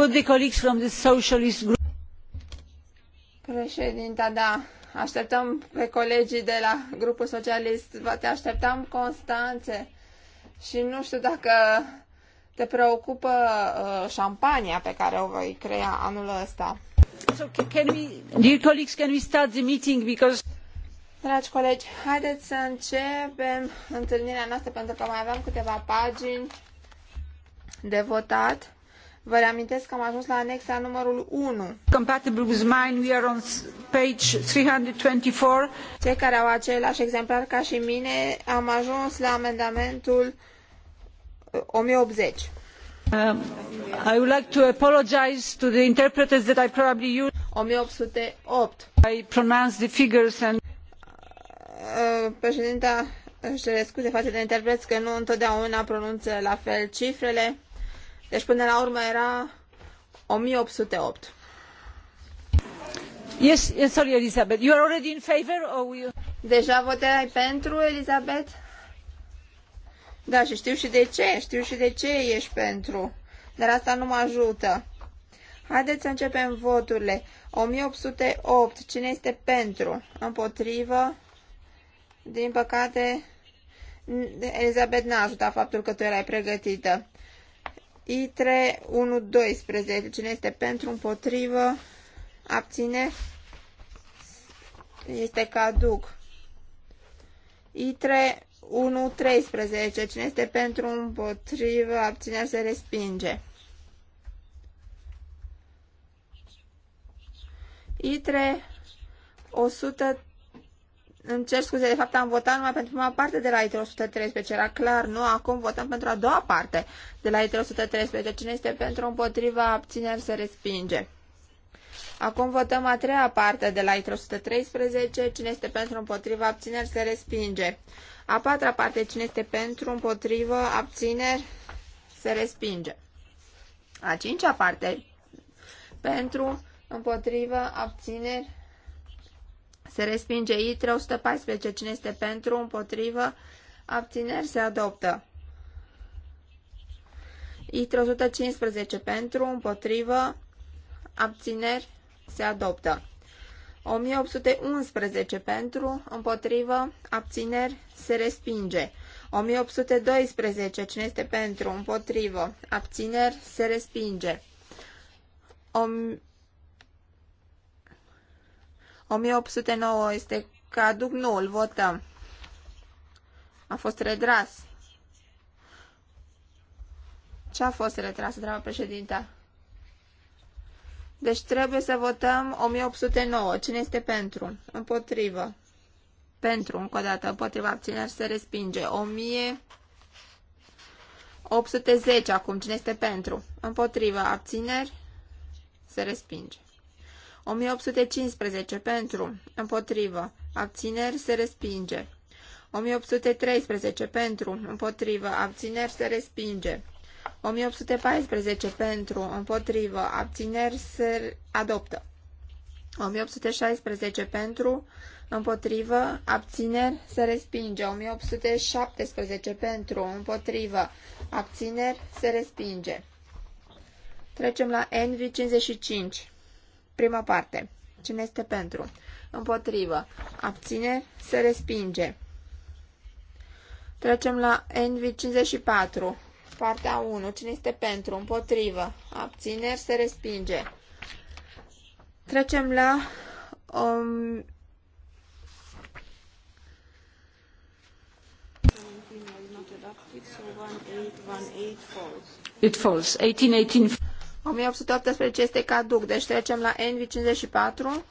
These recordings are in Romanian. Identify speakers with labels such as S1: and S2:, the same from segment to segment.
S1: Could socialist
S2: Președinta, da, așteptăm pe colegii de la grupul socialist, te așteptam Constanțe și nu știu dacă te preocupă uh, șampania pe care o voi crea anul ăsta. Okay. Can we, dear colleagues, can we start the meeting because... Dragi colegi, haideți să începem întâlnirea noastră pentru că mai avem câteva pagini de votat. Vă reamintesc că am ajuns la anexa numărul 1. Compatible with mine, we are on page 324. Cei care au același exemplar ca și mine, am ajuns la amendamentul 1080. Uh, um, I would like to
S1: apologize to the interpreters that I probably used. 1808. I pronounced the figures and
S2: uh, președinta își cere scuze față de interpreți că nu întotdeauna pronunță la fel cifrele. Deci până la urmă era 1808. Yes, yes sorry Elizabeth, you are already in favor or you... Deja votai pentru, Elizabeth? Da, și știu și de ce, știu și de ce ești pentru. Dar asta nu mă ajută. Haideți să începem voturile. 1808. Cine este pentru? Împotrivă? Din păcate, Elizabeth n-a ajutat faptul că tu erai pregătită. ITRE 1.12. Cine este pentru, împotrivă, abține, este caduc. ITRE 1.13. Cine este pentru, împotrivă, abține, se respinge. ITRE 113. Îmi cer scuze, de fapt am votat numai pentru prima parte de la it 113, era clar, nu? Acum votăm pentru a doua parte de la it 113. Cine este pentru, împotriva, abțineri, se respinge. Acum votăm a treia parte de la it 113. Cine este pentru, împotriva, abțineri, se respinge. A patra parte, cine este pentru, împotriva abțineri, se respinge. A cincea parte, pentru, împotriva abțineri, se respinge I 314. Cine este pentru, împotrivă, abțineri, se adoptă. I 315. Pentru, împotrivă, abțineri, se adoptă. 1811 pentru, împotrivă, abțineri, se respinge. 1812, cine este pentru, împotrivă, abțineri, se respinge. 1809 este caduc? Nu, îl votăm. A fost retras. Ce a fost retras, dragă președinte? Deci trebuie să votăm 1809. Cine este pentru? Împotrivă. Pentru, încă o dată, împotriva abțineri se respinge. 1810 acum. Cine este pentru? Împotrivă abțineri se respinge. 1815 pentru, împotrivă, abțineri se respinge. 1813 pentru, împotrivă, abțineri se respinge. 1814 pentru, împotrivă, abțineri se adoptă. 1816 pentru, împotrivă, abțineri se respinge. 1817 pentru, împotrivă, abțineri se respinge. Trecem la NV55. Prima parte. Cine este pentru? Împotrivă. Abține. Se respinge. Trecem la NV54. Partea 1. Cine este pentru? Împotrivă. Abțineri. Se respinge. Trecem la... Um,
S1: It falls. 18, 18.
S2: 1818 este caduc, deci trecem la nv 54.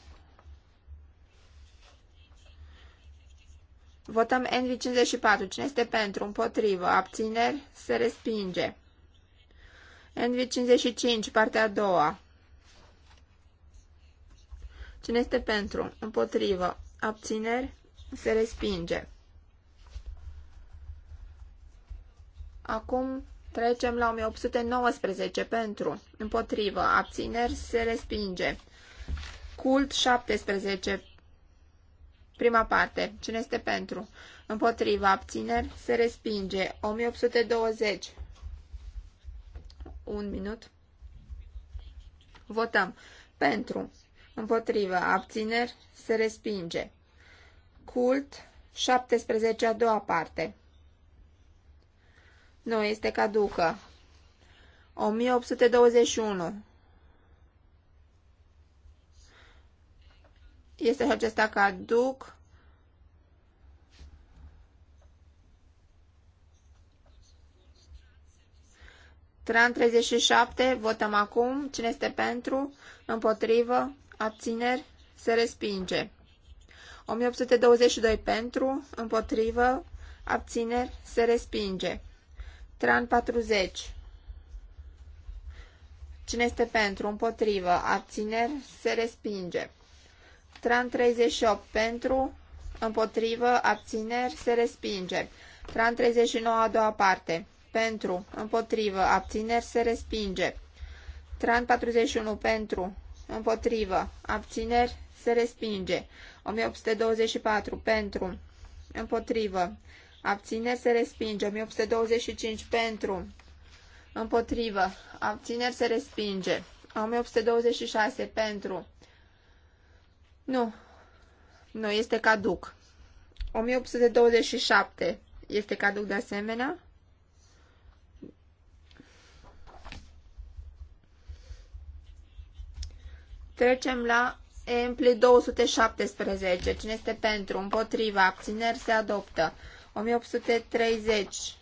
S2: Votăm nv 54. Cine este pentru? Împotrivă. Abțineri? Se respinge. nv 55, partea a doua. Cine este pentru? Împotrivă. Abțineri? Se respinge. Acum Trecem la 1819 pentru, împotrivă, abțineri se respinge. Cult 17, prima parte, cine este pentru? Împotrivă, abțineri se respinge. 1820. Un minut. Votăm. Pentru, împotrivă, abțineri se respinge. Cult 17, a doua parte. Nu, este caducă. 1821. Este și acesta caduc. Tran 37, votăm acum. Cine este pentru? Împotrivă? Abțineri? Se respinge. 1822 pentru, împotrivă, abțineri, se respinge. Tran 40. Cine este pentru, împotrivă, abțineri, se respinge. Tran 38 pentru, împotrivă, abțineri, se respinge. Tran 39 a doua parte, pentru, împotrivă, abțineri, se respinge. Tran 41 pentru, împotrivă, abțineri, se respinge. 1824 pentru, împotrivă, Abțineri se respinge. 1825 pentru. Împotrivă. Abțineri se respinge. 1826 pentru. Nu. Nu, este caduc. 1827 este caduc de asemenea. Trecem la Empli 217. Cine este pentru? Împotriva. Abțineri se adoptă. 1830.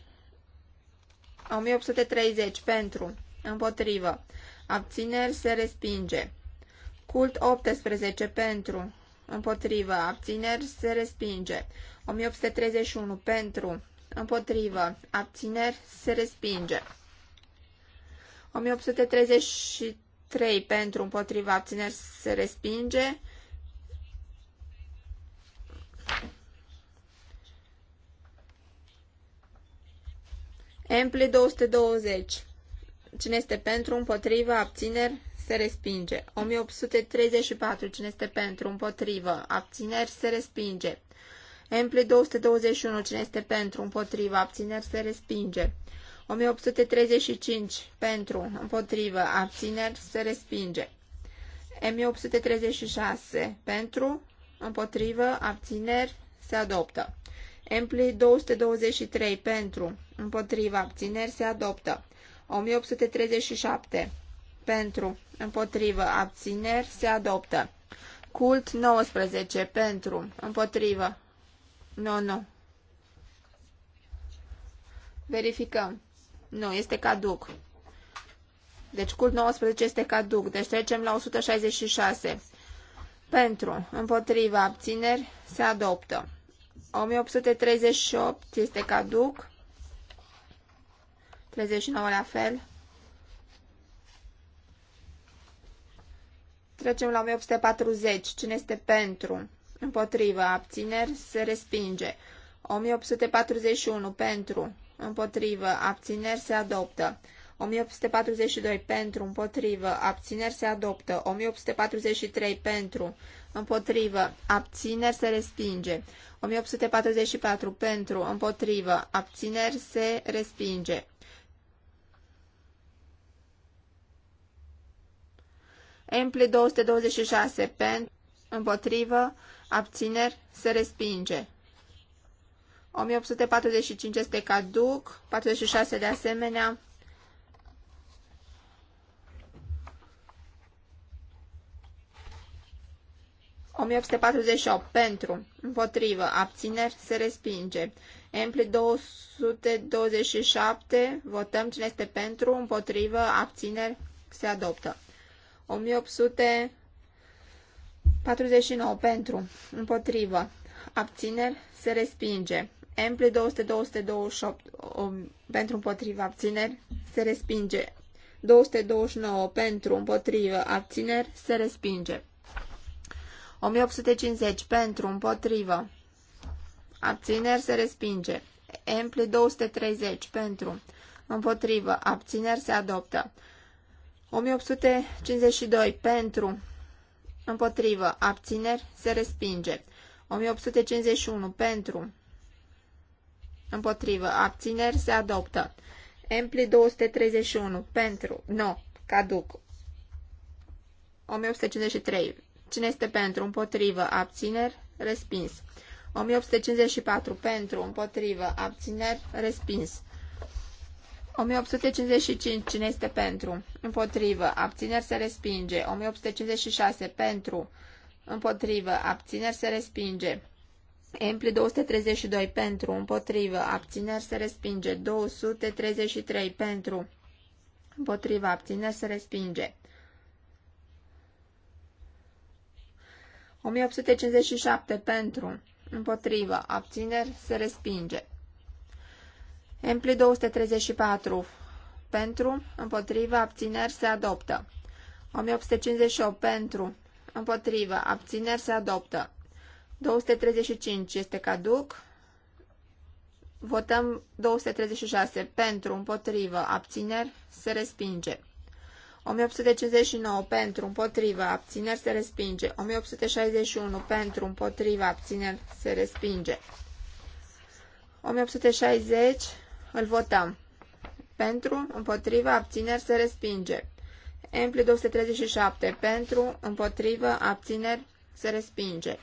S2: 1830 pentru, împotrivă, abțineri se respinge. Cult 18 pentru, împotrivă, abțineri se respinge. 1831 pentru, împotrivă, abțineri se respinge. 1833 pentru, împotrivă, abțineri se respinge. Emple 220. Cine este pentru, împotrivă, abțineri, se respinge. 1834. Cine este pentru, împotrivă, abțineri, se respinge. Emple 221. Cine este pentru, împotrivă, abțineri, se respinge. 1835. Pentru, împotrivă, abțineri, se respinge. 1836. Pentru, împotrivă, abțineri, se adoptă. Empli 223 pentru, împotriva abțineri se adoptă. 1837 pentru, împotrivă abțineri se adoptă. Cult 19 pentru, împotrivă. Nu, nu. Verificăm. Nu, este caduc. Deci cult 19 este caduc. Deci trecem la 166. Pentru, împotriva abțineri se adoptă. 1838 este caduc. 39 la fel. Trecem la 1840. Cine este pentru? Împotrivă. Abțineri. Se respinge. 1841. Pentru. Împotrivă. Abțineri. Se adoptă. 1842 pentru, împotrivă, abțineri se adoptă, 1843 pentru, împotrivă, abțineri se respinge, 1844 pentru, împotrivă, abțineri se respinge. Emple 226 pentru, împotrivă, abțineri se respinge. 1845 este caduc, 46 de asemenea. 1848 pentru, împotrivă, abțineri, se respinge. Empli 227, votăm cine este pentru, împotrivă, abțineri, se adoptă. 1849 pentru, împotrivă, abțineri, se respinge. Empli 228 pentru împotrivă, abțineri, se respinge. 229 pentru împotrivă, abțineri, se respinge. 1850 pentru, împotrivă. Abțineri se respinge. Empli 230 pentru, împotrivă. Abțineri se adoptă. 1852 pentru, împotrivă. Abțineri se respinge. 1851 pentru, împotrivă. Abțineri se adoptă. Empli 231 pentru, nu, caduc. 1853 Cine este pentru? Împotrivă. Abțineri. Respins. 1854 pentru, împotrivă, abțineri, respins. 1855 cine este pentru, împotrivă, abțineri se respinge. 1856 pentru, împotrivă, abțineri se respinge. Empli 232 pentru, împotrivă, abțineri se respinge. 233 pentru, împotrivă, abțineri se respinge. 1857 pentru, împotrivă, abțineri, se respinge. Empli 234 pentru, împotrivă, abțineri, se adoptă. 1858 pentru, împotrivă, abțineri, se adoptă. 235 este caduc. Votăm 236 pentru, împotrivă, abțineri, se respinge. 1859 pentru, împotrivă, abțineri se respinge. 1861 pentru, împotrivă, abțineri se respinge. 1860 îl votăm. Pentru, împotrivă, abțineri se respinge. Empli 237 pentru, împotrivă, abțineri se respinge.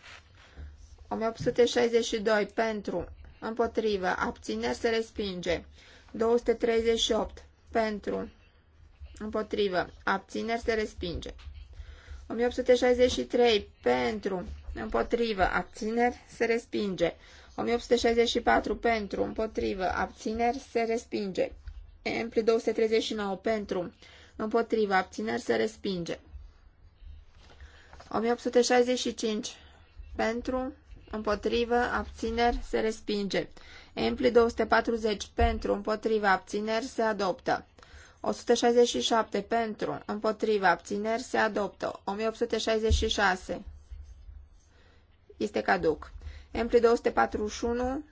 S2: 1862 pentru, împotrivă, abțineri se respinge. 238 pentru, împotrivă, abțineri se respinge. 1863 pentru, împotrivă, abțineri se respinge. 1864 pentru, împotrivă, abțineri se respinge. Empli 239 pentru, împotrivă, abțineri se respinge. 1865 pentru, împotrivă, abțineri se respinge. Empli 240 pentru, împotrivă, abțineri se adoptă. 167 pentru, împotriva, abțineri se adoptă. 1866 este caduc. Empli 241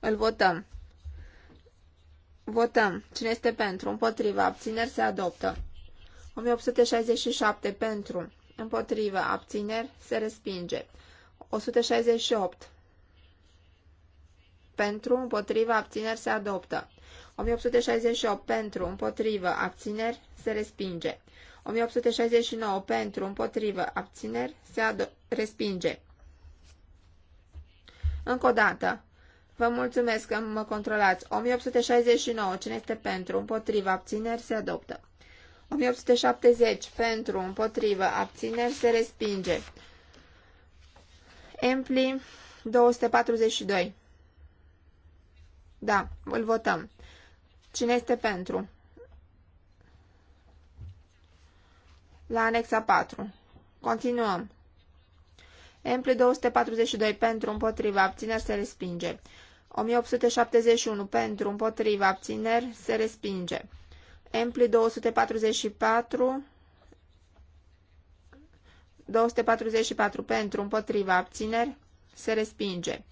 S2: îl votăm. Votăm. Cine este pentru? Împotriva. Abțineri se adoptă. 1867 pentru. împotriva Abțineri se respinge. 168 pentru. Împotriva. Abțineri se adoptă. 1868 pentru, împotrivă, abțineri, se respinge. 1869 pentru, împotrivă, abțineri, se respinge. Încă o dată. Vă mulțumesc că mă controlați. 1869, cine este pentru, împotrivă, abțineri, se adoptă. 1870, pentru, împotrivă, abțineri, se respinge. Empli 242. Da, îl votăm. Cine este pentru? La anexa 4. Continuăm. Emple 242 pentru împotriva abțineri se respinge. 1871 pentru împotriva abțineri se respinge. Emple 244 244 pentru împotriva abțineri se respinge.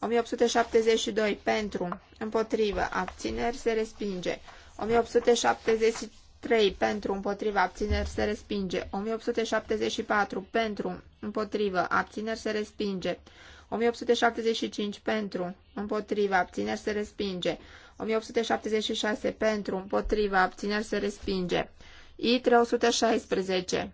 S2: 1872 pentru, împotrivă, abțineri se respinge. 1873 pentru, împotrivă, abțineri se respinge. 1874 pentru, împotrivă, abțineri se respinge. 1875 pentru, împotrivă, abțineri se respinge. 1876 pentru, împotrivă, abțineri se respinge. I 316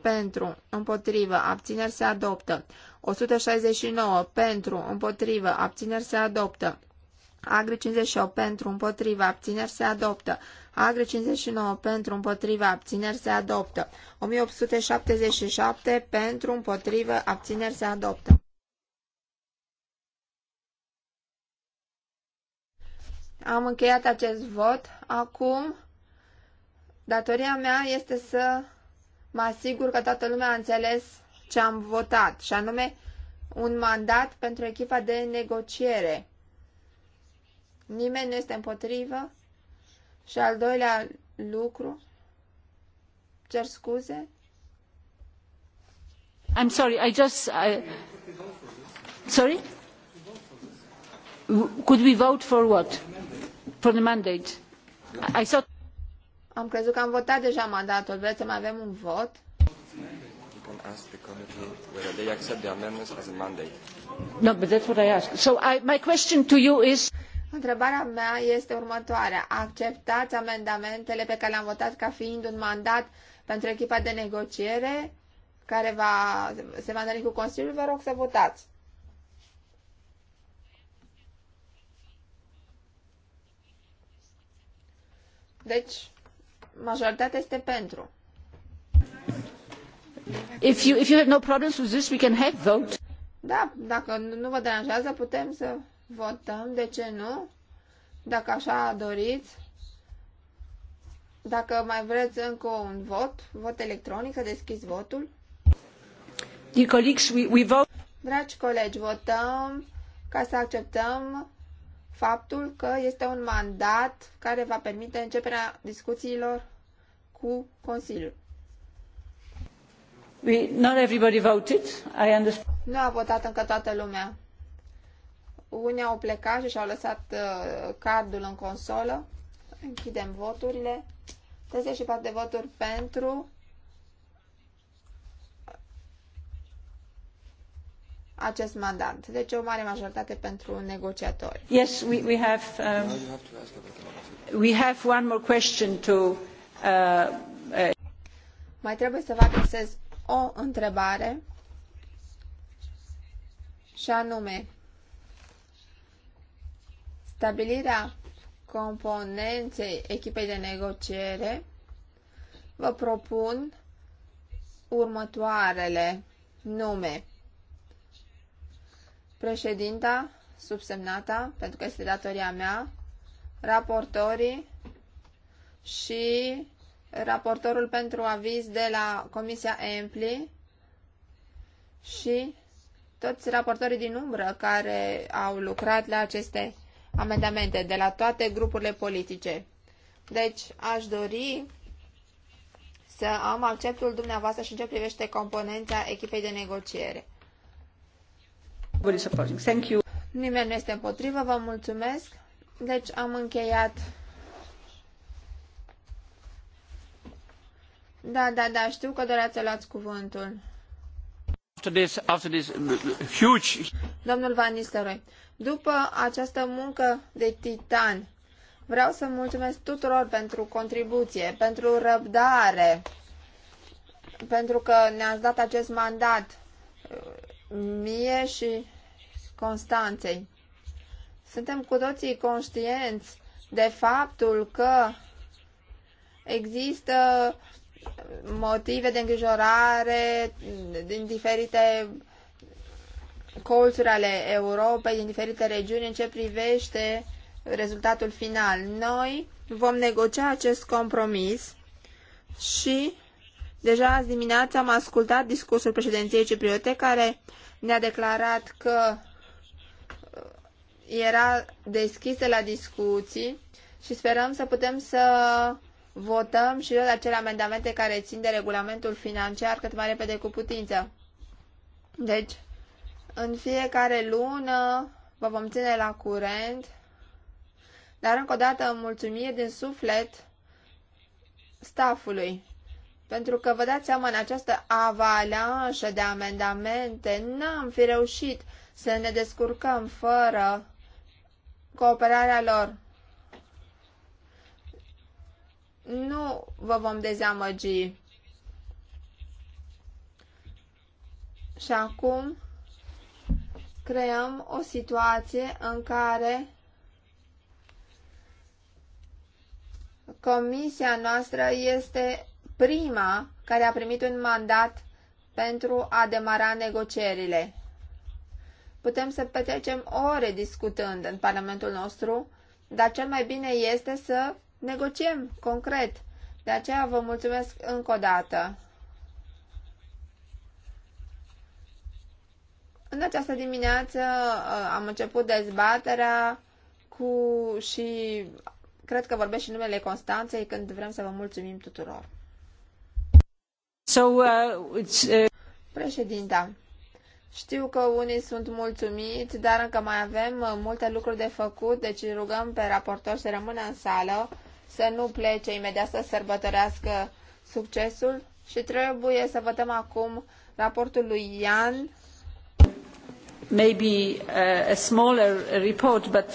S2: pentru, împotrivă, abțineri se adoptă. 169 pentru, împotrivă, abțineri se adoptă. Agri 58 pentru, împotrivă, abțineri se adoptă. Agri 59 pentru, împotrivă, abțineri se adoptă. 1877 pentru, împotrivă, abțineri se adoptă. Am încheiat acest vot. Acum, datoria mea este să mă asigur că toată lumea a înțeles ce am votat, și anume un mandat pentru echipa de negociere. Nimeni nu este împotrivă. Și al doilea lucru, cer scuze.
S1: I'm sorry, I just... I... Sorry? Could we vote for what? For the mandate? I thought...
S2: Am crezut că am votat deja mandatul. Vreți să mai avem un vot? No, but that's what I ask. So
S1: I, my question to you is...
S2: Întrebarea mea este următoarea. Acceptați amendamentele pe care le-am votat ca fiind un mandat pentru echipa de negociere care va, se va întâlni cu Consiliul? Vă rog să votați. Deci, majoritatea este pentru.
S1: If you, if you have no problems with this, we can have vote.
S2: Da, dacă nu vă deranjează, putem să votăm, de ce nu? Dacă așa doriți. Dacă mai vreți încă un vot, vot electronic, să deschizi votul.
S1: Dear colleagues, we, we vote.
S2: Dragi colegi, votăm ca să acceptăm faptul că este un mandat care va permite începerea discuțiilor cu Consiliul.
S1: We, not everybody voted. I
S2: understand. Nu a votat încă toată lumea. Unii au plecat și și-au lăsat uh, cardul în consolă. Închidem voturile. 34 de voturi pentru, acest mandat. Deci o mare majoritate pentru negociatori. Yes,
S1: we, we have um, we have one more question to uh, uh...
S2: Mai trebuie să vă adresez o întrebare și anume stabilirea componenței echipei de negociere vă propun următoarele nume președinta, subsemnata, pentru că este datoria mea, raportorii și raportorul pentru aviz de la Comisia EMPLI și toți raportorii din umbră care au lucrat la aceste amendamente de la toate grupurile politice. Deci aș dori să am acceptul dumneavoastră și în ce privește componența echipei de negociere.
S1: Thank you.
S2: Nimeni nu este împotrivă, vă mulțumesc. Deci am încheiat. Da, da, da, știu că doreați să luați cuvântul.
S1: After this, after this huge...
S2: Domnul Van Nistelrooy, după această muncă de titan, vreau să mulțumesc tuturor pentru contribuție, pentru răbdare, pentru că ne-ați dat acest mandat mie și Constanței. Suntem cu toții conștienți de faptul că există motive de îngrijorare din diferite colțuri ale Europei, din diferite regiuni în ce privește rezultatul final. Noi vom negocia acest compromis și Deja azi dimineața am ascultat discursul președinției cipriote care ne-a declarat că uh, era deschisă la discuții și sperăm să putem să votăm și toate acele amendamente care țin de regulamentul financiar cât mai repede cu putință. Deci, în fiecare lună vă vom ține la curent, dar încă o dată mulțumire din suflet staffului pentru că vă dați seama, în această avalanșă de amendamente, n-am fi reușit să ne descurcăm fără cooperarea lor. Nu vă vom dezamăgi. Și acum creăm o situație în care comisia noastră este prima care a primit un mandat pentru a demara negocierile. Putem să petrecem ore discutând în Parlamentul nostru, dar cel mai bine este să negociem concret. De aceea vă mulțumesc încă o dată. În această dimineață uh, am început dezbaterea cu și cred că vorbesc și numele Constanței când vrem să vă mulțumim tuturor.
S1: So, uh, uh,
S2: Președinta, știu că unii sunt mulțumiți, dar încă mai avem uh, multe lucruri de făcut, deci rugăm pe raportor să rămână în sală, să nu plece imediat să sărbătorească succesul și trebuie să votăm acum raportul lui Ian.
S1: Maybe a smaller report, but...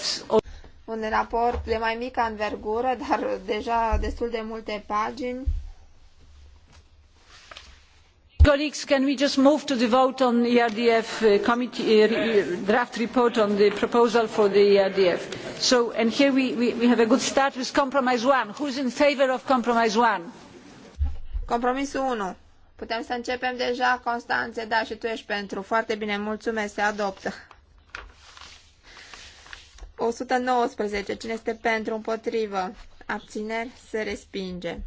S2: Un raport de mai mică învergură, dar deja destul de multe pagini
S1: colleagues can we just move to the vote on the erdf uh, committee uh, uh, draft report on the proposal for the erdf so and here we, we, have a good start with compromise one who's in favor of compromise one
S2: compromisul 1 putem să începem deja Constanțe da și tu ești pentru foarte bine mulțumesc se adoptă 119 cine este pentru împotrivă abțineri se respinge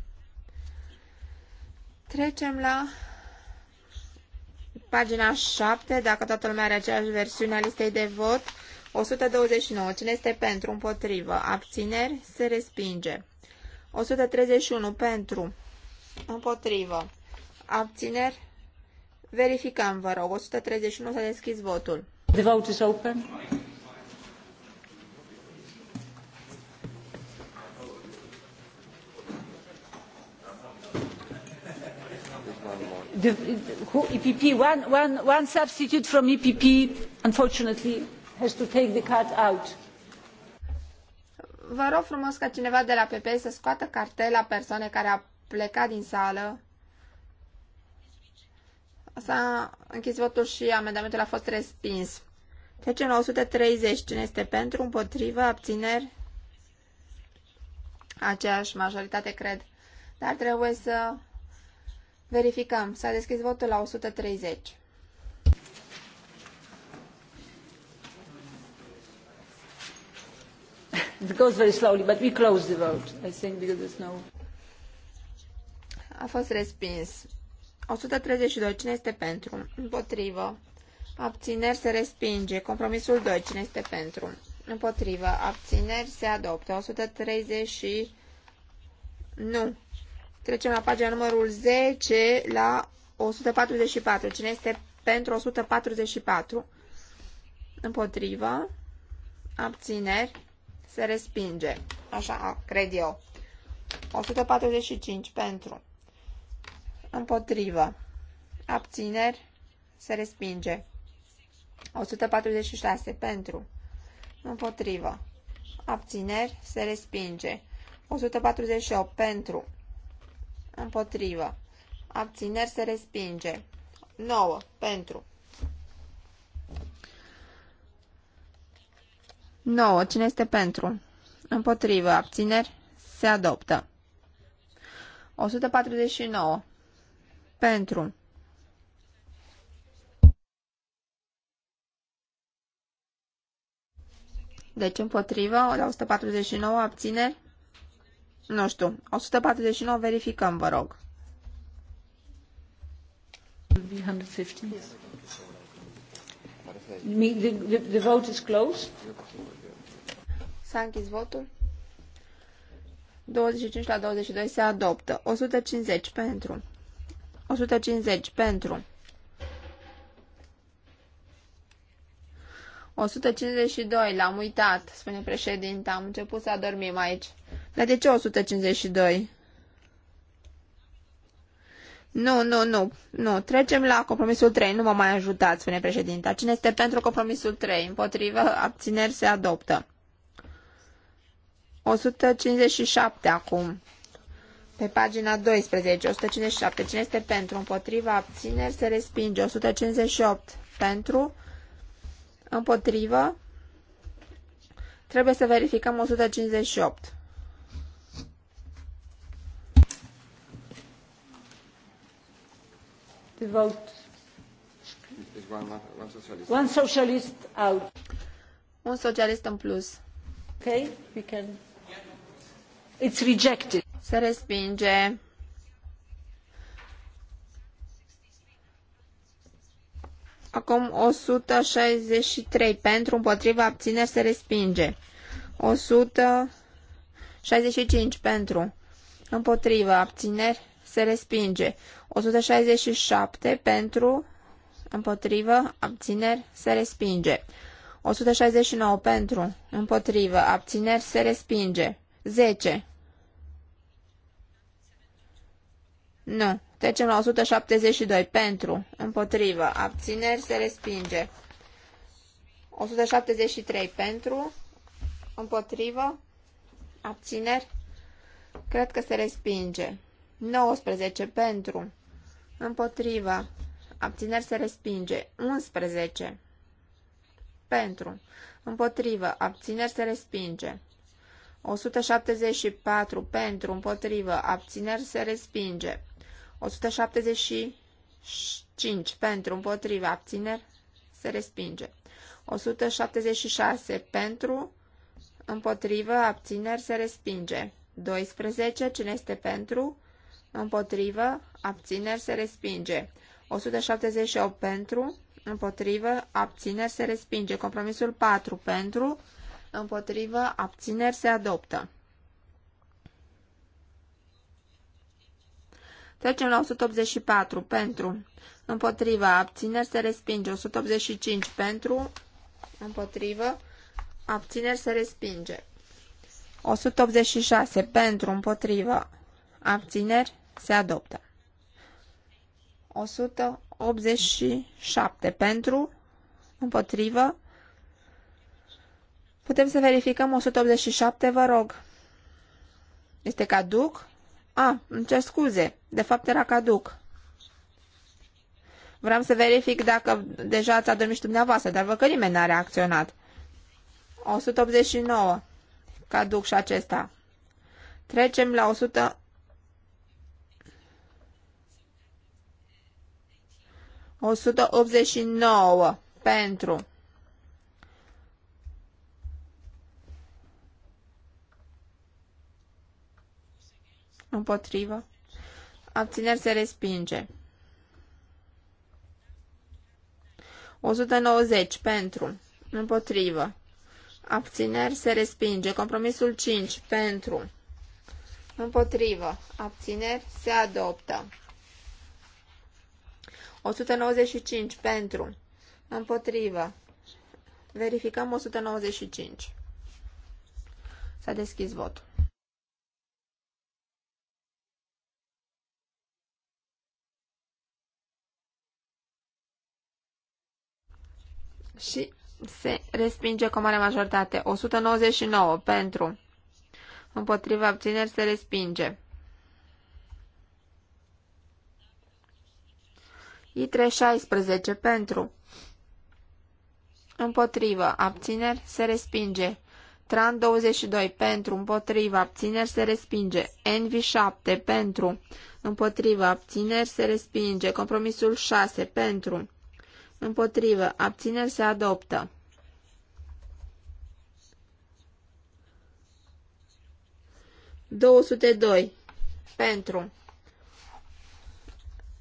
S2: Trecem la Pagina 7, dacă toată lumea are aceeași versiune a listei de vot, 129. Cine este pentru? Împotrivă. Abțineri? Se respinge. 131. Pentru? Împotrivă. Abțineri? Verificăm, vă rog. 131 s-a deschis votul. The vote is open.
S1: who, EPP, one, one, one substitute from EPP, unfortunately, has to take the card out.
S2: Vă rog frumos ca cineva de la PP să scoată cartela persoane care a plecat din sală. S-a închis votul și amendamentul a fost respins. Trecem la 130. Cine este pentru, împotrivă, abțineri? Aceeași majoritate, cred. Dar trebuie să Verificăm. S-a deschis votul la 130.
S1: It goes very slowly, but we close the vote, I think, because there's no...
S2: A fost respins. 132. Cine este pentru? Împotrivă. Abțineri se respinge. Compromisul 2. Cine este pentru? Împotrivă. Abțineri se adoptă. 130 și... Nu. Trecem la pagina numărul 10, la 144. Cine este pentru 144? Împotrivă. Abțineri. Se respinge. Așa cred eu. 145 pentru. Împotrivă. Abțineri. Se respinge. 146 pentru. Împotrivă. Abțineri. Se respinge. 148 pentru. Împotrivă. Abțineri se respinge. 9. Pentru. 9. Cine este pentru? Împotrivă. Abțineri se adoptă. 149. Pentru. Deci împotrivă, la 149 abțineri nu știu. 149 verificăm, vă rog. 150.
S1: The, vote is closed.
S2: S-a închis votul. 25 la 22 se adoptă. 150 pentru. 150 pentru. 152, l-am uitat, spune președinta, am început să adormim aici. Dar de ce 152? Nu, nu, nu, nu, trecem la compromisul 3, nu mă mai ajutați, spune președinta. Cine este pentru compromisul 3? Împotrivă, abțineri se adoptă. 157 acum. Pe pagina 12, 157. Cine este pentru? Împotriva, abțineri se respinge. 158 pentru Împotrivă. Trebuie să verificăm 158. The vote.
S1: One, one, socialist.
S3: one
S2: socialist out. Un socialist în plus. Okay, we can. It's rejected. Se respinge. Acum 163 pentru, împotriva, abțineri se respinge. 165 pentru, împotriva, abțineri se respinge. 167 pentru, împotriva abțineri, se respinge. 169 pentru, împotriva abțineri, se respinge. 10. Nu. Trecem la 172. Pentru, împotrivă, abțineri, se respinge. 173. Pentru, împotrivă, abțineri, cred că se respinge. 19. Pentru, împotrivă, abțineri, se respinge. 11. Pentru, împotrivă, abțineri, se respinge. 174 pentru, împotrivă, abțineri se respinge. 175 pentru, împotriva, abțineri, se respinge. 176 pentru, împotrivă, abțineri, se respinge. 12, cine este pentru, împotrivă, abțineri, se respinge. 178 pentru, împotrivă, abțineri, se respinge. Compromisul 4 pentru, împotrivă, abțineri, se adoptă. Trecem la 184 pentru, împotriva, abțineri se respinge. 185 pentru, împotrivă, abțineri se respinge. 186 pentru, împotrivă, abțineri se adoptă. 187 pentru, împotrivă. Putem să verificăm 187, vă rog. Este caduc? A, îmi cer scuze, de fapt era caduc. Vreau să verific dacă deja ați adormit și dumneavoastră, dar văd că nimeni n-a reacționat. 189. Caduc și acesta. Trecem la 100... 189 pentru împotrivă, abțineri se respinge. 190 pentru, împotrivă, abțineri se respinge. Compromisul 5 pentru, împotrivă, abțineri se adoptă. 195 pentru, împotrivă, verificăm 195. S-a deschis votul. și se respinge cu mare majoritate. 199 pentru, împotriva abțineri se respinge. I316 pentru, împotrivă, abțineri se respinge. Tran 22 pentru, împotriva, abțineri se respinge. nv 7 pentru, împotriva, abțineri se respinge. Compromisul 6 pentru, Împotrivă. Abțineri se adoptă. doi Pentru.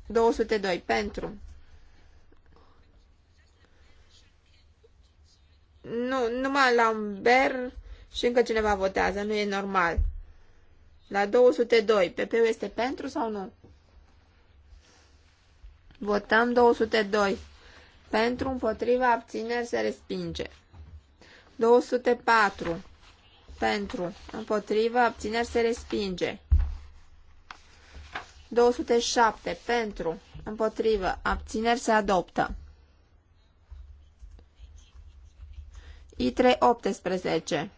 S2: 202. Pentru. Nu, numai la un ber și încă cineva votează. Nu e normal. La 202. pp este pentru sau nu? Votăm 202. Pentru împotriva abțineri se respinge. 204. Pentru împotriva abțineri se respinge. 207. Pentru împotriva abțineri se adoptă. i 318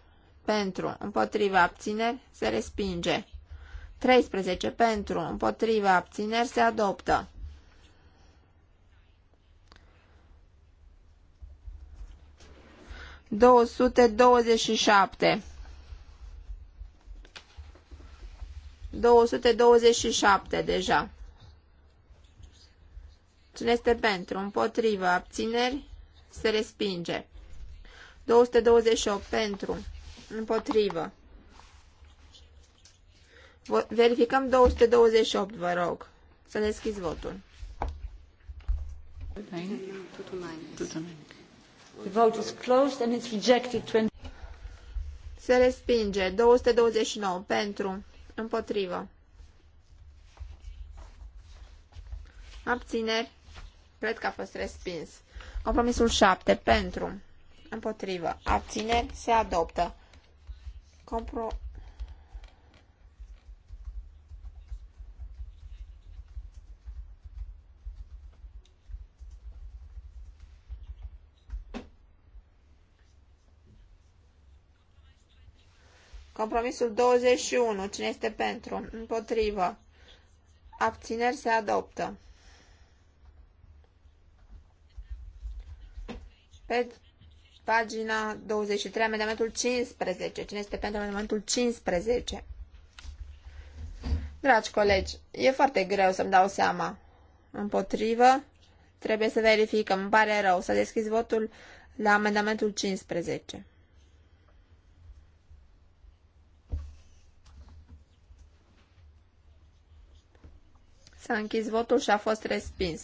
S2: Pentru împotriva abțineri se respinge. 13. Pentru împotriva abțineri se adoptă. 227. 227 deja. Cine este pentru? Împotrivă. Abțineri? Se respinge. 228 pentru. Împotrivă. Verificăm 228, vă rog. Să deschizi votul. 29.
S1: 29 vote is
S2: closed and it's rejected. 20... Se respinge. 229 pentru. Împotrivă. Abțineri. Cred că a fost respins. Compromisul 7 pentru. Împotrivă. Abțineri. Se adoptă. Compromisul 21. Cine este pentru? Împotrivă. Abțineri se adoptă. Pe pagina 23, amendamentul 15. Cine este pentru amendamentul 15? Dragi colegi, e foarte greu să-mi dau seama. Împotrivă, trebuie să verificăm. Îmi pare rău să deschis votul la amendamentul 15. S-a închis votul și a fost respins.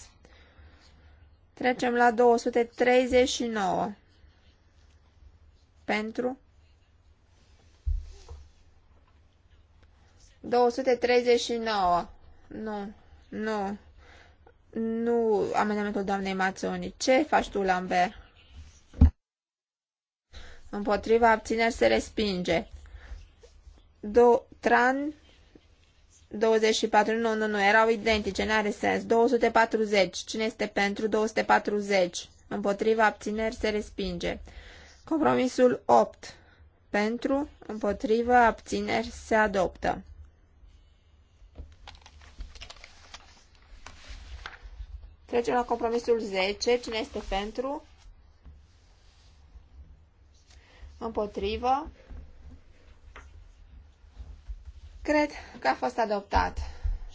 S2: Trecem la 239. Pentru 239. Nu, nu. Nu amendamentul doamnei Mațoni. Ce faci tu, Lambert? Împotriva abțineri se respinge. Do, tran 24, nu, nu, nu, erau identice, n-are sens. 240, cine este pentru 240? Împotriva abțineri se respinge. Compromisul 8, pentru, împotriva abțineri se adoptă. Trecem la compromisul 10, cine este pentru? Împotrivă, Cred că a fost adoptat,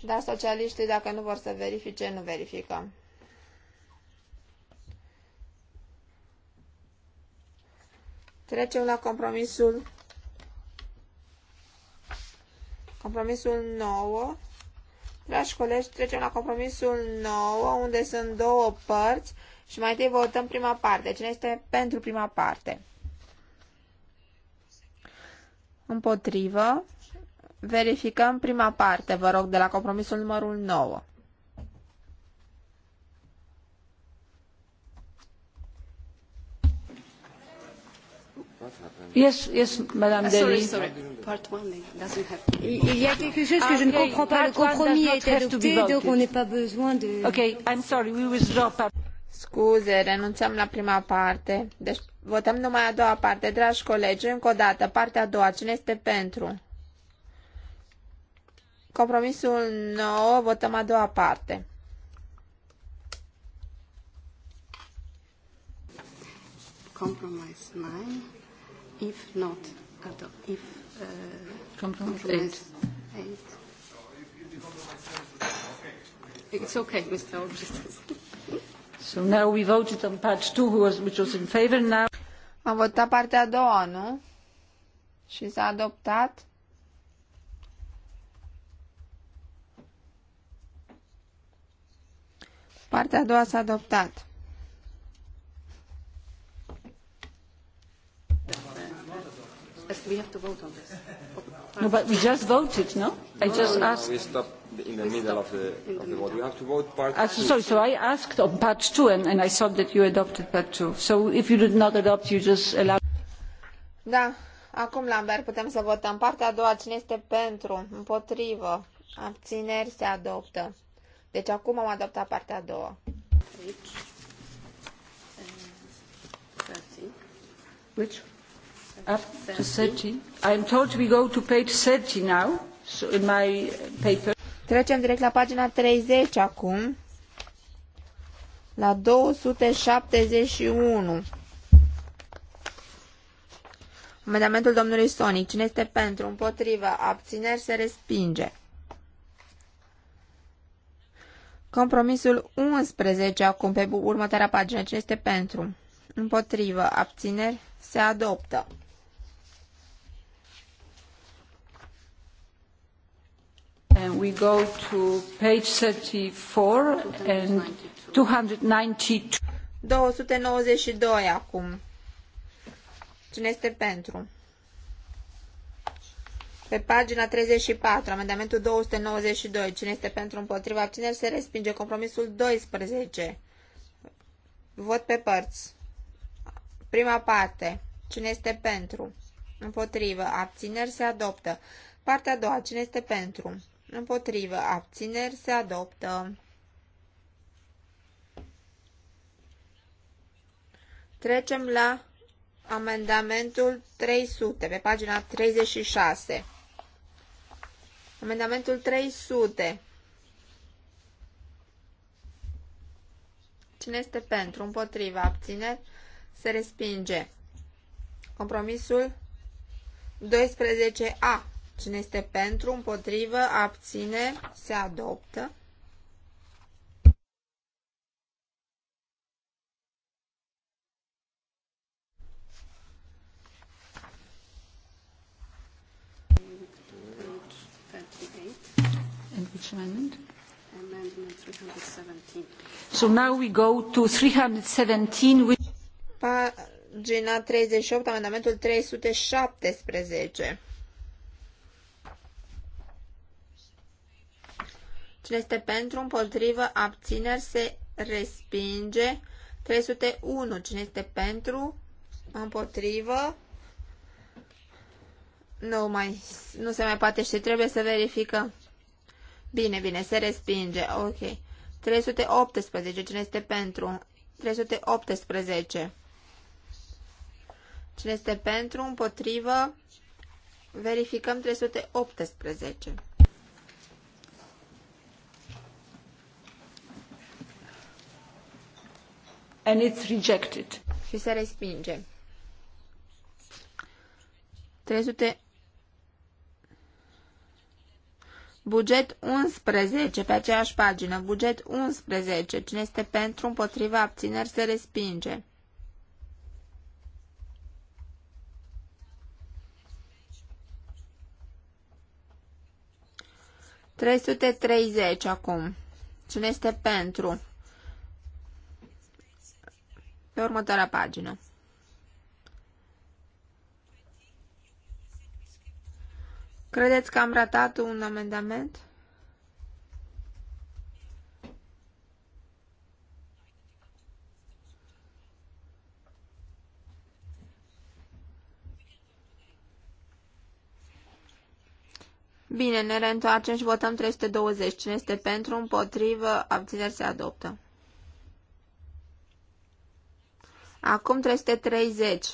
S2: dar socialiștii, dacă nu vor să verifice, nu verificăm. Trecem la compromisul compromisul 9. Dragi colegi, trecem la compromisul 9, unde sunt două părți și mai întâi votăm prima parte. Cine este pentru prima parte? Împotrivă. Verificăm prima parte, vă rog, de la compromisul numărul 9.
S1: Yes, yes, Madame ah, sorry. Part one doesn't have. Il y a quelque chose que je ne ah, comprends pas. Le compromis a été adopté, donc on n'est pas besoin de. Okay,
S2: I'm sorry, we drop. Scuze, renunțăm la prima parte. Deci votăm numai a doua parte. Dragi colegi, încă o dată, partea a doua. Cine este pentru? Compromisul 9, votăm a doua parte. Compromise 9, if not,
S1: if uh, compromise, 8. It's okay, Mr.
S2: Augustus.
S1: So now we voted on part
S2: 2, which was in favor now. Am votat partea a doua, nu? Și s-a adoptat. Partea a doua s-a adoptat.
S1: We have to vote on this. No, but we just voted, no?
S4: I just no, asked. We stopped in the middle of the, of the vote. We have to vote part uh, two. Sorry, so I
S1: asked on part two, and, and I saw that you adopted part two. So if you did not adopt, you just allowed.
S2: Da, acum, Lambert, putem să votăm. Partea a doua, cine este pentru, împotrivă, abțineri, se adoptă. Deci acum am adoptat partea a doua. Aici. Uh,
S1: Which? Up to 30. I'm told we go to page 30 now, so in my paper.
S2: Trecem direct la pagina 30 acum, la 271. Amendamentul domnului Sonic. Cine este pentru? Împotrivă? Abțineri? Se respinge. Compromisul 11 acum pe următoarea pagină. Ce este pentru? Împotrivă. Abțineri. Se adoptă. And
S1: we go to page
S2: 34 and 292. 292 acum. Cine este pentru? Pe pagina 34, amendamentul 292, cine este pentru împotriva abțineri, se respinge. Compromisul 12, vot pe părți. Prima parte, cine este pentru? Împotrivă, abțineri, se adoptă. Partea a doua, cine este pentru? Împotrivă, abțineri, se adoptă. Trecem la amendamentul 300, pe pagina 36. Amendamentul 300. Cine este pentru? Împotriva. Abțineri? Se respinge. Compromisul 12A. Cine este pentru? Împotrivă? Abține? Se adoptă. Which amendment? Amendment 317.
S1: So now we go to 317,
S2: which... Pagina 38, amendamentul 317. Cine este pentru, împotrivă, abțineri, se respinge. 301. Cine este pentru, împotrivă, nu, mai, nu se mai poate și trebuie să verificăm. Bine, bine, se respinge. Ok. 318. Cine este pentru? 318. Cine este pentru? Împotrivă? Verificăm 318. And it's rejected. Și se respinge. 300 Buget 11, pe aceeași pagină, buget 11, cine este pentru, împotriva, abțineri, se respinge. Trei treizeci acum. Cine este pentru? Pe următoarea pagină. Credeți că am ratat un amendament? Bine, ne reîntoarcem și votăm 320. Cine este pentru, împotrivă, abțineri se adoptă. Acum 330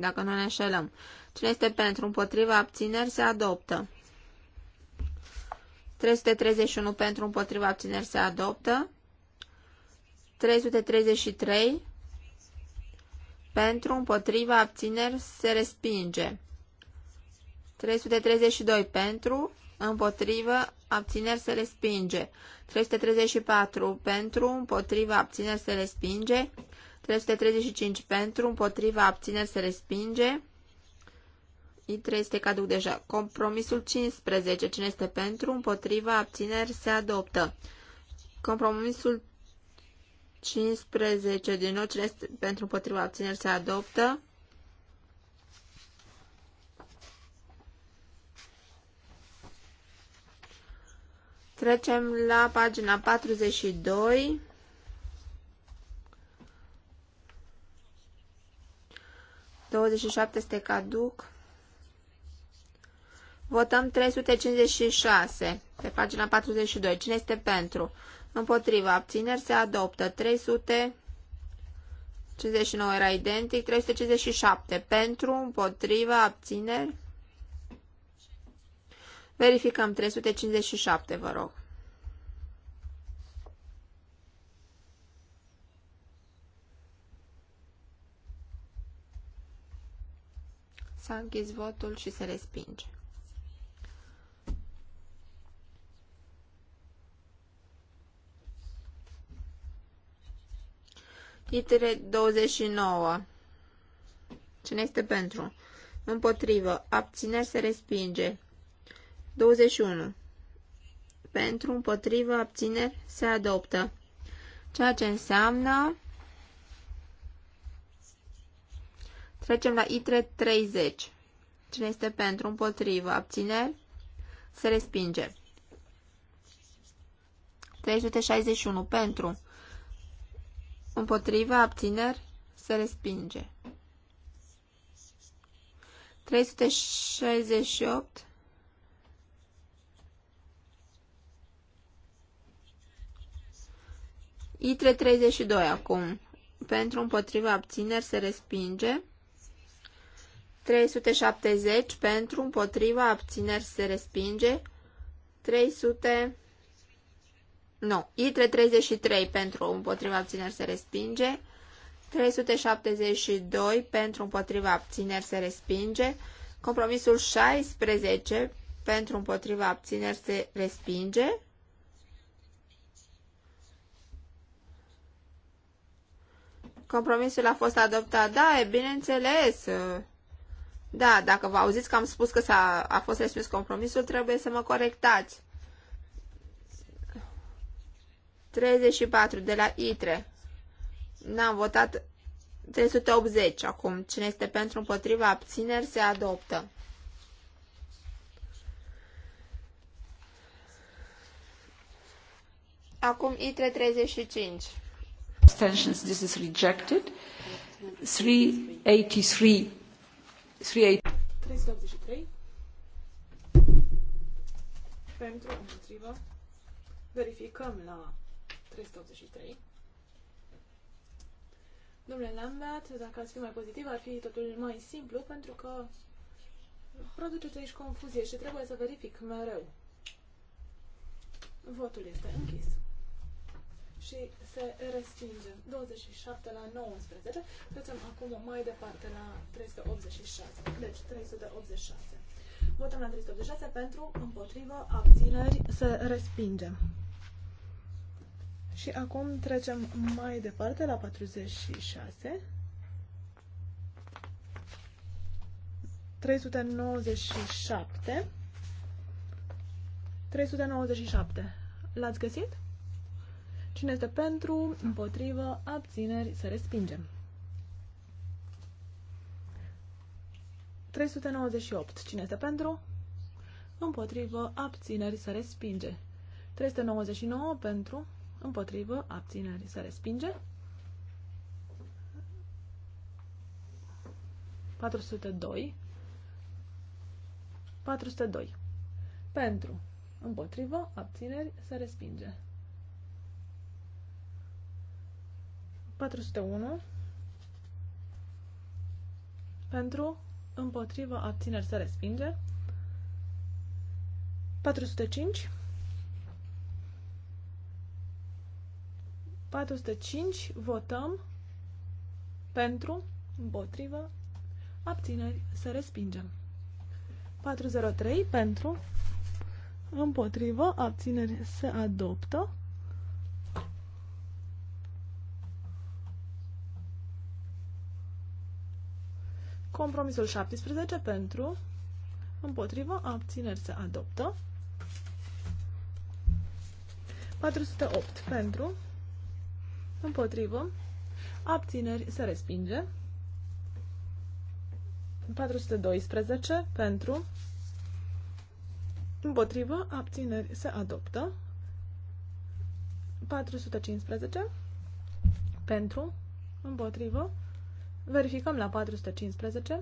S2: dacă nu ne înșelăm. Cine este pentru, împotriva, abțineri, se adoptă. 331 pentru, împotriva, abțineri, se adoptă. 333 pentru, împotriva, abțineri, se respinge. 332 pentru, împotriva abțineri se respinge. 334 pentru, împotriva abțineri se respinge. 335 pentru, împotriva, abțineri, se respinge. I3 este caduc deja. Compromisul 15. Cine este pentru, împotriva, abțineri, se adoptă. Compromisul 15 din nou, cine este pentru, împotriva, abțineri, se adoptă. Trecem la pagina 42. 27 este caduc. Votăm 356 pe pagina 42. Cine este pentru? Împotriva. Abțineri se adoptă. 359 era identic. 357 pentru, împotriva, abțineri. Verificăm 357, vă rog. S-a închis votul și se respinge. Titre 29. Cine este pentru? Împotrivă. Abțineri se respinge. 21. Pentru, împotrivă, abțineri se adoptă. Ceea ce înseamnă Trecem la ITRE 30. Cine este pentru, împotrivă, abțineri, se respinge. 361 pentru, împotrivă, abțineri, se respinge. 368 ITRE 32 acum. Pentru împotriva abțineri se respinge. 370 pentru, împotriva, abțineri se respinge. 300... Nu, I333 pentru, împotriva, abțineri se respinge. 372 pentru, împotriva, abțineri se respinge. Compromisul 16 pentru, împotriva, abțineri se respinge. Compromisul a fost adoptat, da, e bineînțeles. Da, dacă vă auziți că am spus că s-a, a fost respins compromisul, trebuie să mă corectați. 34 de la ITRE. N-am votat 380 acum. Cine este pentru împotriva abțineri se adoptă. Acum ITRE 35. Abstentions, this is
S1: rejected. 383
S3: 383 pentru, împotrivă, verificăm la 383. Domnule Lambert, dacă ați fi mai pozitiv, ar fi totul mai simplu, pentru că produceți aici confuzie și trebuie să verific mereu. Votul este închis și se respinge. 27 la 19. Trecem acum mai departe la 386. Deci 386. Votăm la 386 pentru, împotrivă, abțineri, se respinge. Și acum trecem mai departe la 46. 397. 397. L-ați găsit? Cine este pentru, împotrivă, abțineri, să respingem. 398. Cine este pentru? Împotrivă, abțineri, să respinge. 399 pentru, împotrivă, abțineri, să respinge. 402. 402. Pentru, împotrivă, abțineri, să respinge. 401 pentru, împotrivă, abțineri să respinge. 405 405 votăm pentru, împotrivă, abțineri să respingem. 403 pentru, împotrivă, abțineri se adoptă. Compromisul 17 pentru, împotrivă, abțineri se adoptă. 408 pentru, împotrivă, abțineri se respinge. 412 pentru, împotrivă, abțineri se adoptă. 415 pentru, împotrivă, Verificăm la 415.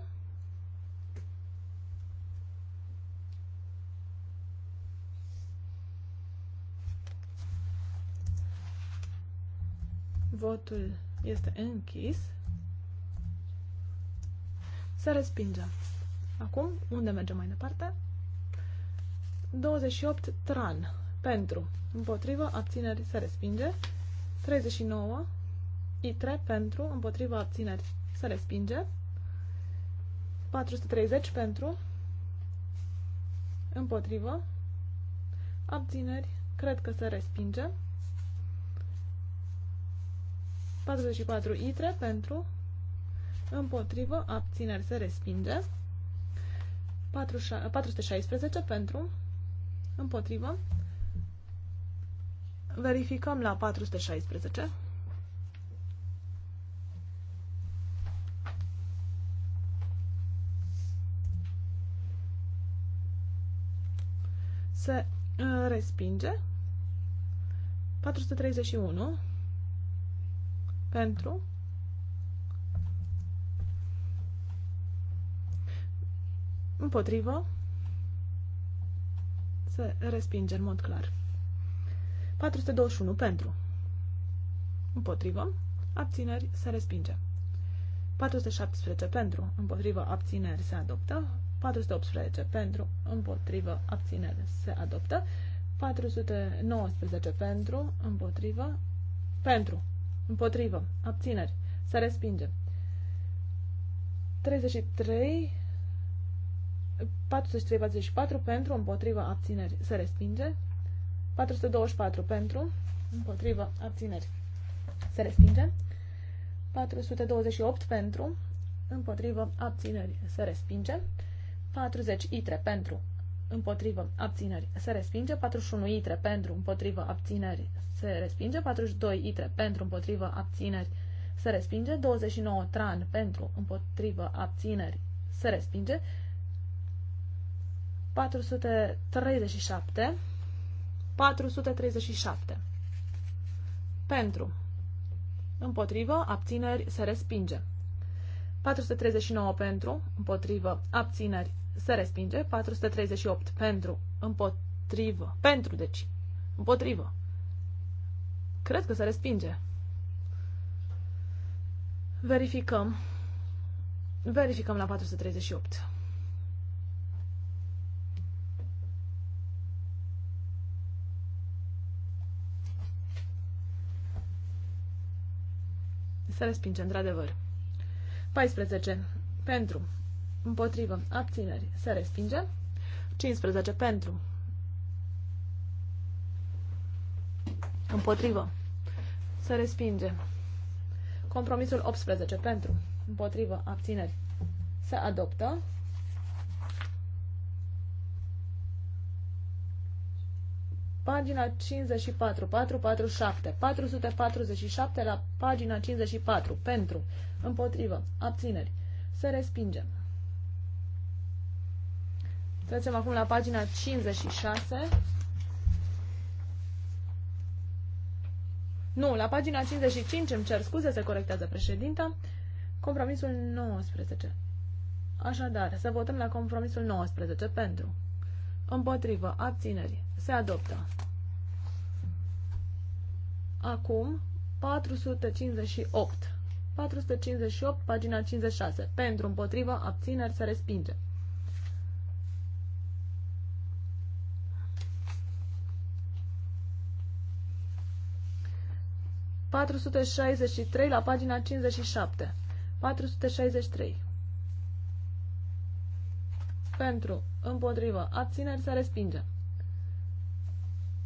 S3: Votul este închis. Se respinge. Acum, unde mergem mai departe? 28 tran. Pentru. Împotrivă. Abțineri. Se respinge. 39. I3 pentru. Împotrivă. Abțineri să respinge. 430 pentru, împotrivă, abțineri, cred că se respinge. 44 itre pentru, împotrivă, abțineri, se respinge. 416 pentru, împotrivă. Verificăm la 416. se uh, respinge. 431 pentru împotrivă se respinge în mod clar. 421 pentru împotrivă abțineri se respinge. 417 pentru împotrivă abțineri se adoptă. 418 pentru, împotrivă, abținere se adoptă. 419 pentru, împotrivă, pentru, împotrivă, abțineri, se respinge. 33, 43, 44 pentru, împotrivă, abțineri, se respinge. 424 pentru, împotrivă, abțineri, se respinge. 428 pentru, împotrivă, abțineri, se respinge. 40 itre pentru împotrivă abțineri se respinge, 41 itre pentru împotrivă abțineri se respinge, 42 itre pentru împotrivă abțineri se respinge, 29 tran pentru împotrivă abțineri se respinge, 437 437 pentru împotrivă abțineri se respinge 439 pentru împotrivă abțineri se respinge. 438 pentru, împotrivă, pentru, deci, împotrivă. Cred că se respinge. Verificăm. Verificăm la 438. Se respinge, într-adevăr. 14. Pentru. Împotrivă. Abțineri. Se respinge. 15 pentru. Împotrivă. Se respinge. Compromisul 18 pentru. Împotrivă. Abțineri. Se adoptă. Pagina 54, 447, 447 la pagina 54, pentru, împotrivă, abțineri, să respingem. Trecem acum la pagina 56. Nu, la pagina 55, îmi cer scuze, se corectează președinta, compromisul 19. Așadar, să votăm la compromisul 19 pentru. Împotrivă, abțineri, se adoptă. Acum, 458. 458, pagina 56. Pentru, împotrivă, abțineri, se respinge. 463 la pagina 57. 463. Pentru, împotrivă, abțineri se respinge.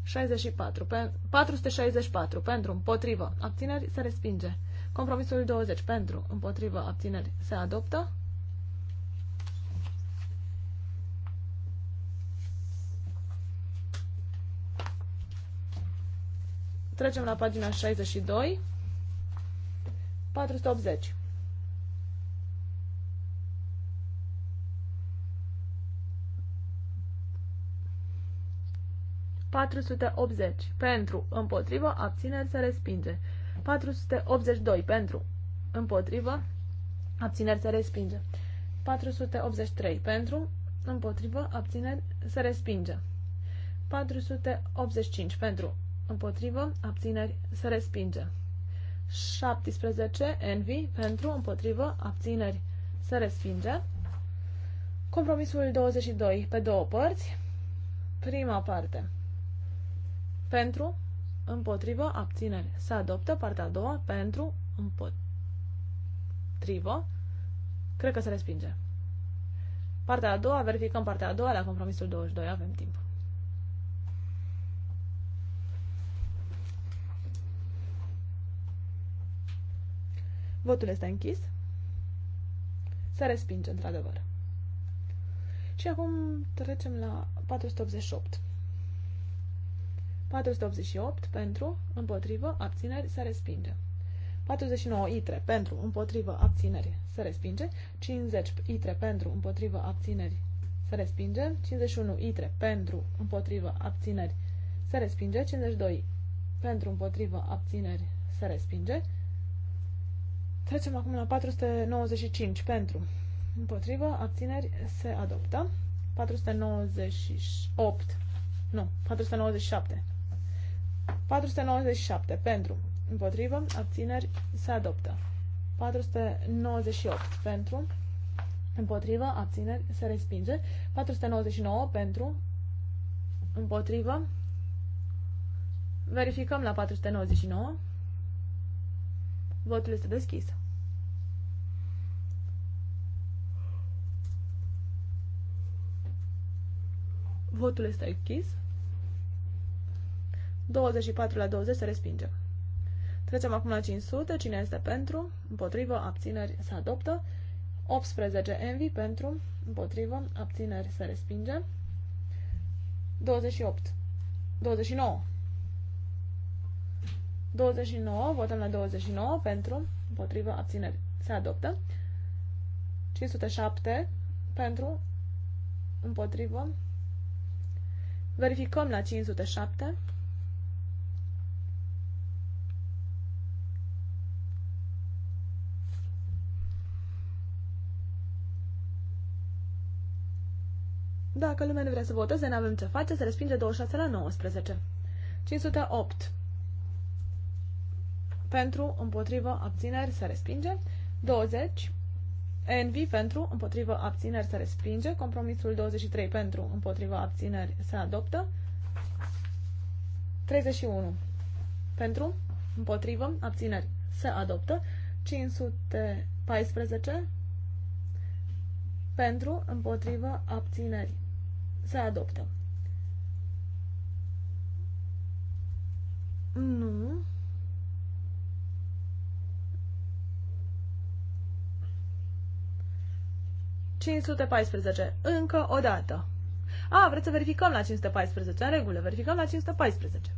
S3: 64, pe, 464, pentru, împotrivă, abțineri se respinge. Compromisul 20, pentru, împotrivă, abțineri se adoptă. Trecem la pagina 62. 480. ...480. Pentru, împotrivă, abțineri, se respinge. 482. Pentru, împotrivă, abțineri, se respinge. 483. Pentru, împotrivă, abțineri, se respinge. 485. Pentru, împotrivă, abțineri, se respinge. 17, Envy, pentru, împotrivă, abțineri, se respinge. Compromisul 22, pe două părți. Prima parte, pentru, împotrivă, abțineri, se adoptă. Partea a doua, pentru, împotrivă, cred că se respinge. Partea a doua, verificăm partea a doua la compromisul 22, avem timp. Votul este închis. Se respinge, într-adevăr. Și acum trecem la 488. 488 pentru, împotrivă, abțineri, se respinge. 49 itre pentru, împotrivă, abțineri, se respinge. 50 itre pentru, împotrivă, abțineri, se respinge. 51 itre pentru, împotrivă, abțineri, se respinge. 52 pentru, împotrivă, abțineri, se respinge. Trecem acum la 495 pentru. Împotrivă, abțineri, se adoptă. 498. Nu, 497. 497 pentru. Împotrivă, abțineri, se adoptă. 498 pentru. Împotrivă, abțineri, se respinge. 499 pentru. Împotrivă. Verificăm la 499. Votul este deschis. Votul este închis. 24 la 20 se respinge. Trecem acum la 500. Cine este pentru? Împotrivă. Abțineri se adoptă. 18 envy pentru. Împotrivă. Abțineri se respinge. 28. 29 29, votăm la 29 pentru, împotrivă, abțineri, se adoptă. 507 pentru, împotrivă. Verificăm la 507. Dacă lumea nu vrea să voteze, nu avem ce face, se respinge 26 la 19. 508 pentru, împotrivă, abțineri, se respinge. 20. NV pentru, împotrivă, abțineri, se respinge. Compromisul 23 pentru, împotrivă, abțineri, se adoptă. 31. Pentru, împotrivă, abțineri, se adoptă. 514 pentru, împotrivă, abțineri, se adoptă. Nu. 514. Încă o dată. A, vreți să verificăm la 514. În regulă, verificăm la 514.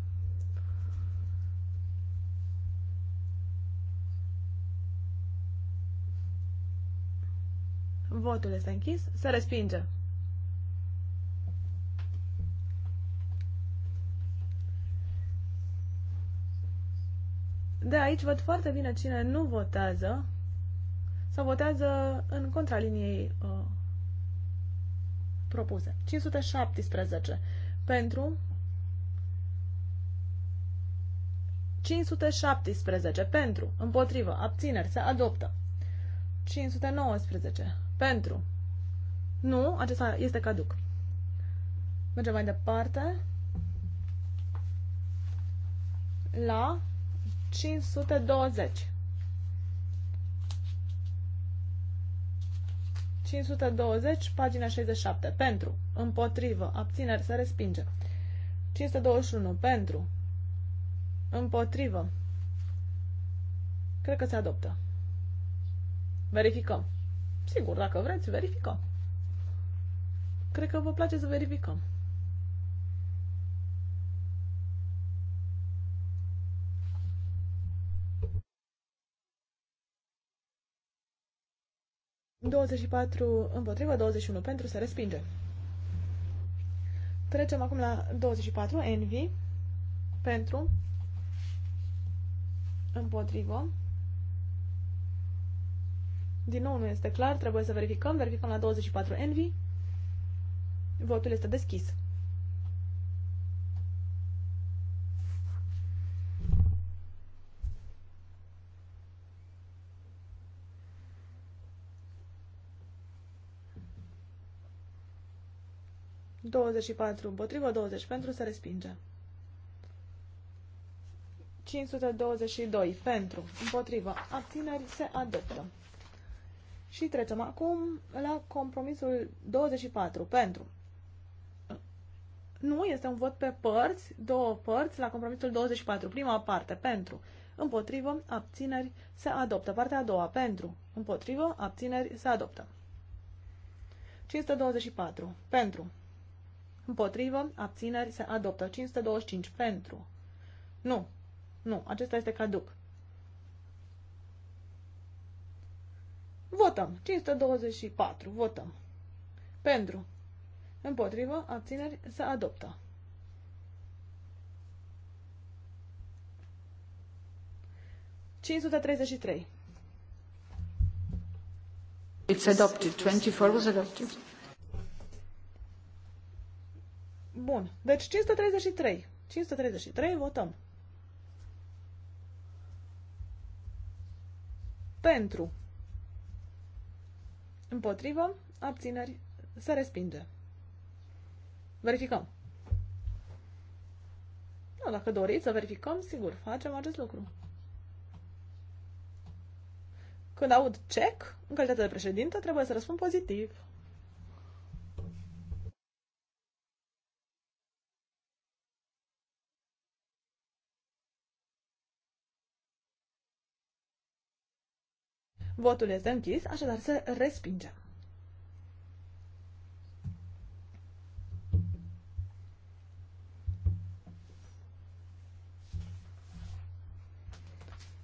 S3: Votul este închis. Se respinge. De aici văd foarte bine cine nu votează. Să votează în contraliniei liniei uh, propuse. 517 pentru 517 pentru, împotrivă, abțineri, se adoptă. 519 pentru. Nu, acesta este caduc. Mergem mai departe. La 520 520, pagina 67. Pentru. Împotrivă. Abțineri. Se respinge. 521. Pentru. Împotrivă. Cred că se adoptă. Verificăm. Sigur, dacă vreți, verificăm. Cred că vă place să verificăm. 24 împotriva, 21 pentru, se respinge. Trecem acum la 24, Envy, pentru, împotrivă. Din nou nu este clar, trebuie să verificăm. Verificăm la 24 Envy. Votul este deschis. 524 împotrivă, 20 pentru, se respinge. 522 pentru, împotrivă, abțineri, se adoptă. Și trecem acum la compromisul 24 pentru. Nu, este un vot pe părți, două părți, la compromisul 24. Prima parte, pentru. Împotrivă, abțineri, se adoptă. Partea a doua, pentru. Împotrivă, abțineri, se adoptă. 524. Pentru. Împotrivă, abțineri, se adoptă. 525 pentru. Nu. Nu, acesta este caduc. Votăm. 524. Votăm. Pentru. Împotrivă, abțineri, se adoptă.
S1: It's adopted. 24 was adopted.
S3: Bun. Deci 533. 533 votăm. Pentru. Împotrivă. Abțineri. Se respinge. Verificăm. Da, dacă doriți să verificăm, sigur, facem acest lucru. Când aud check, în calitate de președinte, trebuie să răspund pozitiv. Votul este închis, așadar se respinge.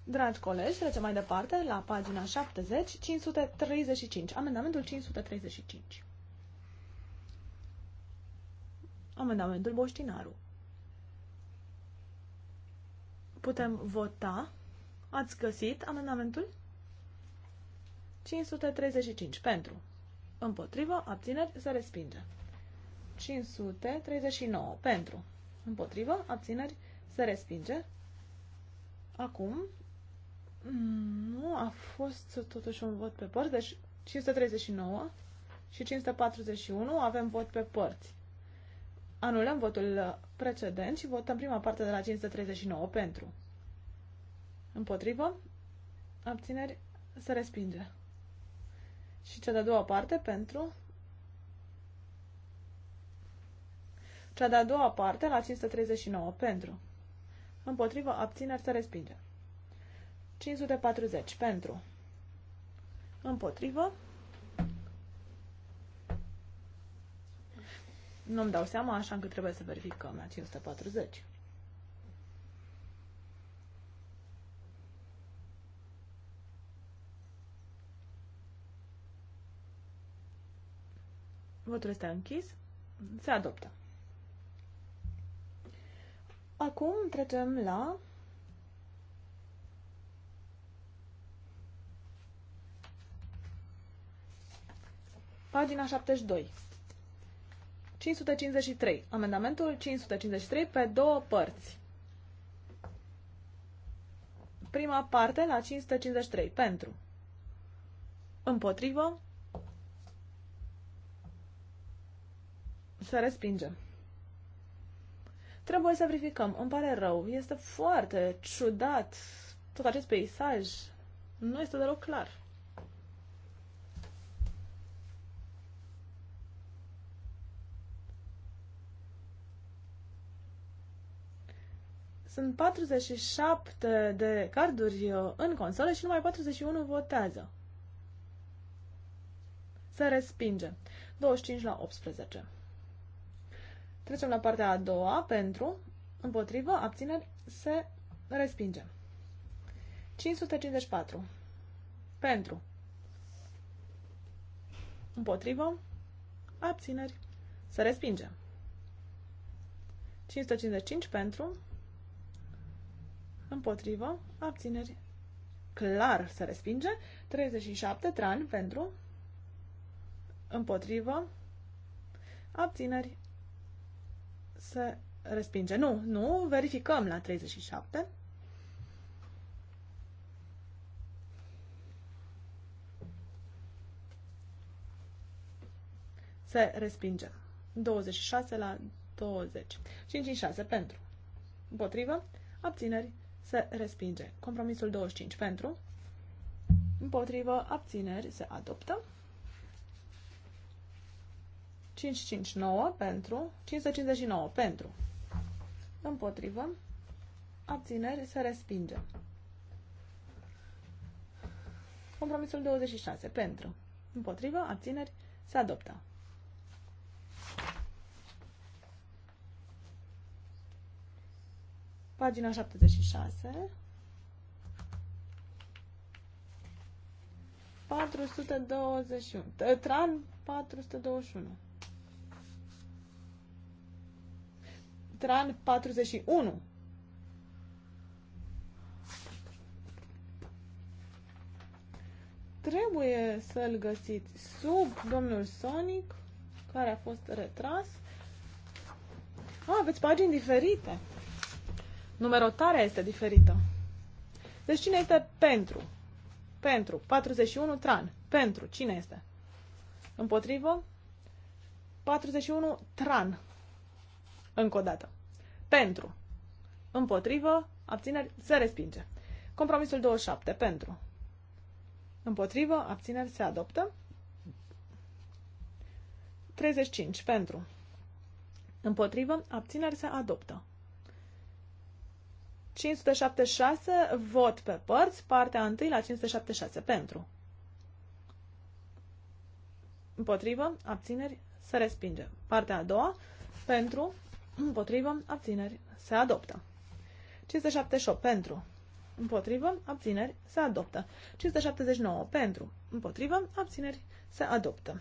S3: Dragi colegi, trecem mai departe la pagina 70, 535, amendamentul 535. Amendamentul Boștinaru. Putem vota. Ați găsit amendamentul? 535 pentru. Împotrivă, abțineri, se respinge. 539 pentru. Împotrivă, abțineri, se respinge. Acum, nu a fost totuși un vot pe părți, deci 539 și 541 avem vot pe părți. Anulăm votul precedent și votăm prima parte de la 539 pentru. Împotrivă, abțineri, se respinge. Și cea de-a doua parte pentru Cea de-a doua parte, la 539, pentru. Împotrivă, abțineri, să respinge. 540, pentru. Împotrivă. Nu-mi dau seama, așa încât trebuie să verificăm la 540. Votul este închis. Se adoptă. Acum trecem la pagina 72. 553. Amendamentul 553 pe două părți. Prima parte la 553. Pentru. Împotrivă. Se respinge. Trebuie să verificăm. Îmi pare rău. Este foarte ciudat tot acest peisaj. Nu este deloc clar. Sunt 47 de carduri uh, în consolă și numai 41 votează. Se respinge. 25 la 18. Trecem la partea a doua, pentru, împotrivă, abțineri, se respinge. 554. Pentru. Împotrivă, abțineri, se respinge. 555 pentru, împotrivă, abțineri, clar se respinge. 37 tran pentru, împotrivă, abțineri, se respinge. Nu, nu. Verificăm la 37. Se respinge. 26 la 20. 5 6 pentru. Împotrivă. Abțineri. Se respinge. Compromisul 25 pentru. Împotrivă. Abțineri. Se adoptă. 559 pentru, 559 pentru, împotrivă, abțineri, se respinge. Compromisul 26 pentru, împotrivă, abțineri, se adoptă. Pagina 76. 421. Tran 421. Tran 41. Trebuie să-l găsiți sub domnul Sonic, care a fost retras. A, aveți pagini diferite. Numerotarea este diferită. Deci cine este pentru? Pentru. 41 tran. Pentru. Cine este? Împotrivă? 41 tran. Încă o dată. Pentru. Împotrivă. Abțineri. Se respinge. Compromisul 27. Pentru. Împotrivă. Abțineri. Se adoptă. 35. Pentru. Împotrivă. Abțineri. Se adoptă. 576. Vot pe părți. Partea 1 la 576. Pentru. Împotrivă. Abțineri. Se respinge. Partea a doua. Pentru împotrivă, abțineri, se adoptă. 578 pentru, împotrivă, abțineri, se adoptă. 579 pentru, împotrivă, abțineri, se adoptă.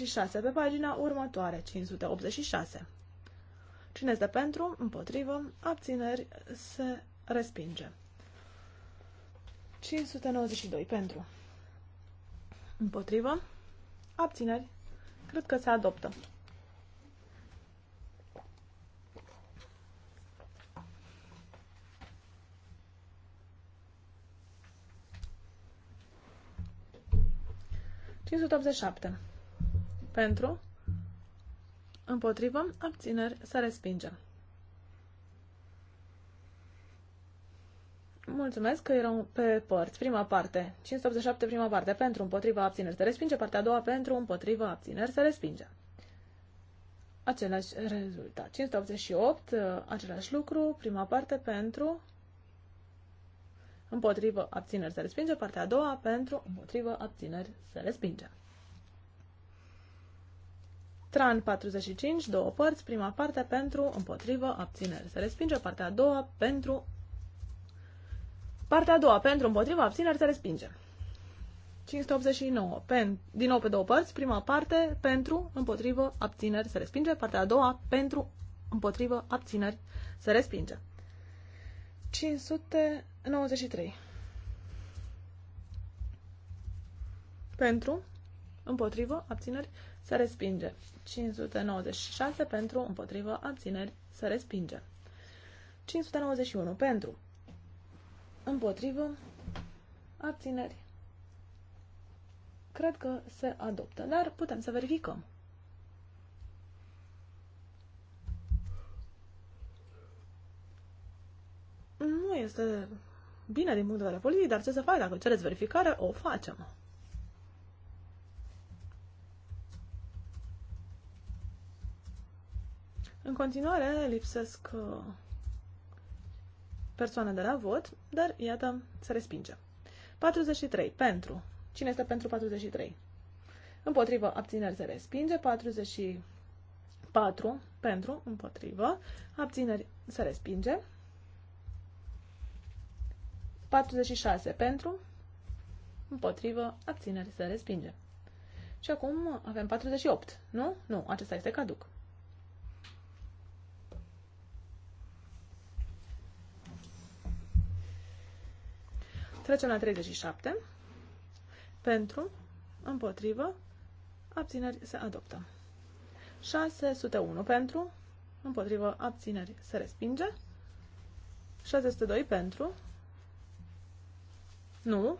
S3: ...586, pe pagina următoare, 586. Cine este pentru, împotrivă, abțineri, se respinge. 592 pentru. Împotrivă. Abțineri. Cred că se adoptă. Pentru, împotrivă, abțineri, să respingem. Mulțumesc că erau pe părți. Prima parte, 587, prima parte, pentru, împotriva, abțineri, se respinge. Partea a doua, pentru, împotriva, abțineri, se respinge. Același rezultat. 588, același lucru, prima parte, pentru, împotriva abțineri, se respinge. Partea a doua, pentru, împotriva abțineri, se respinge. Tran 45, două părți, prima parte pentru, împotrivă, abțineri. Se respinge partea a doua pentru, Partea a doua, pentru împotriva abțineri se respinge. 589. Pen, din nou pe două părți. Prima parte, pentru, împotrivă, abțineri, se respinge. Partea a doua, pentru, împotrivă, abțineri, se respinge. 593. Pentru, împotrivă, abțineri, se respinge. 596 pentru, împotrivă, abțineri, se respinge. 591 pentru, Împotrivă. Abțineri. Cred că se adoptă, dar putem să verificăm. Nu este bine din punct de vedere politic, dar ce să faci dacă cereți verificare, o facem. În continuare, lipsesc uh, persoane de la vot, dar iată, se respinge. 43. Pentru. Cine este pentru 43? Împotrivă, abțineri se respinge. 44. Pentru, împotrivă, abțineri se respinge. 46. Pentru, împotrivă, abțineri se respinge. Și acum avem 48, nu? Nu, acesta este caduc. Trecem la 37. Pentru, împotrivă, abțineri se adoptă. 601 pentru, împotrivă, abțineri se respinge. 602 pentru, nu,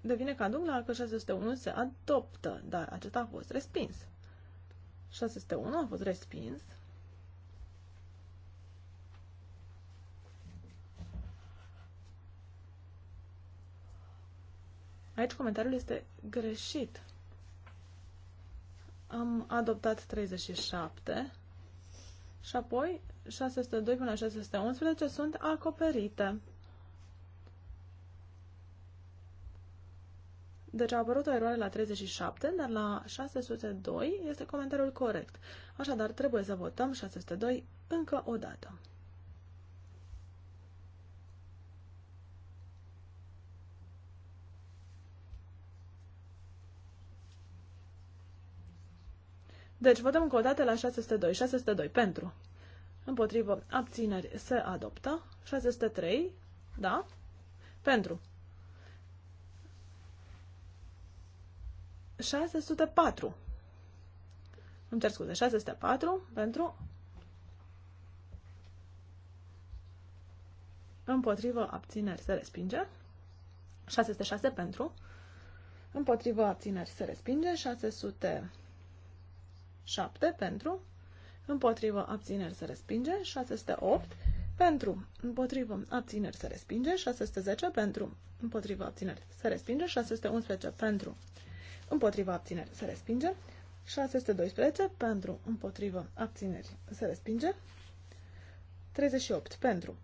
S3: devine caduc la că 601 se adoptă, dar acesta a fost respins. 601 a fost respins. Aici comentariul este greșit. Am adoptat 37 și apoi 602 până la 611 sunt acoperite. Deci a apărut o eroare la 37, dar la 602 este comentariul corect. Așadar, trebuie să votăm 602 încă o dată. Deci votăm încă o dată la 602. 602 pentru. Împotrivă. Abțineri se adoptă. 603. Da. Pentru. 604. Îmi cer scuze. 604 pentru. Împotrivă. Abțineri se respinge. 606 pentru. Împotrivă. Abțineri se respinge. 600. 7 pentru, împotrivă, abțineri se respinge, 608 pentru, împotrivă, abțineri se respinge, 610 pentru, împotrivă, abțineri se respinge, 611 pentru, împotrivă, abțineri se respinge, 612 pentru, împotrivă, abțineri se respinge, 38 pentru,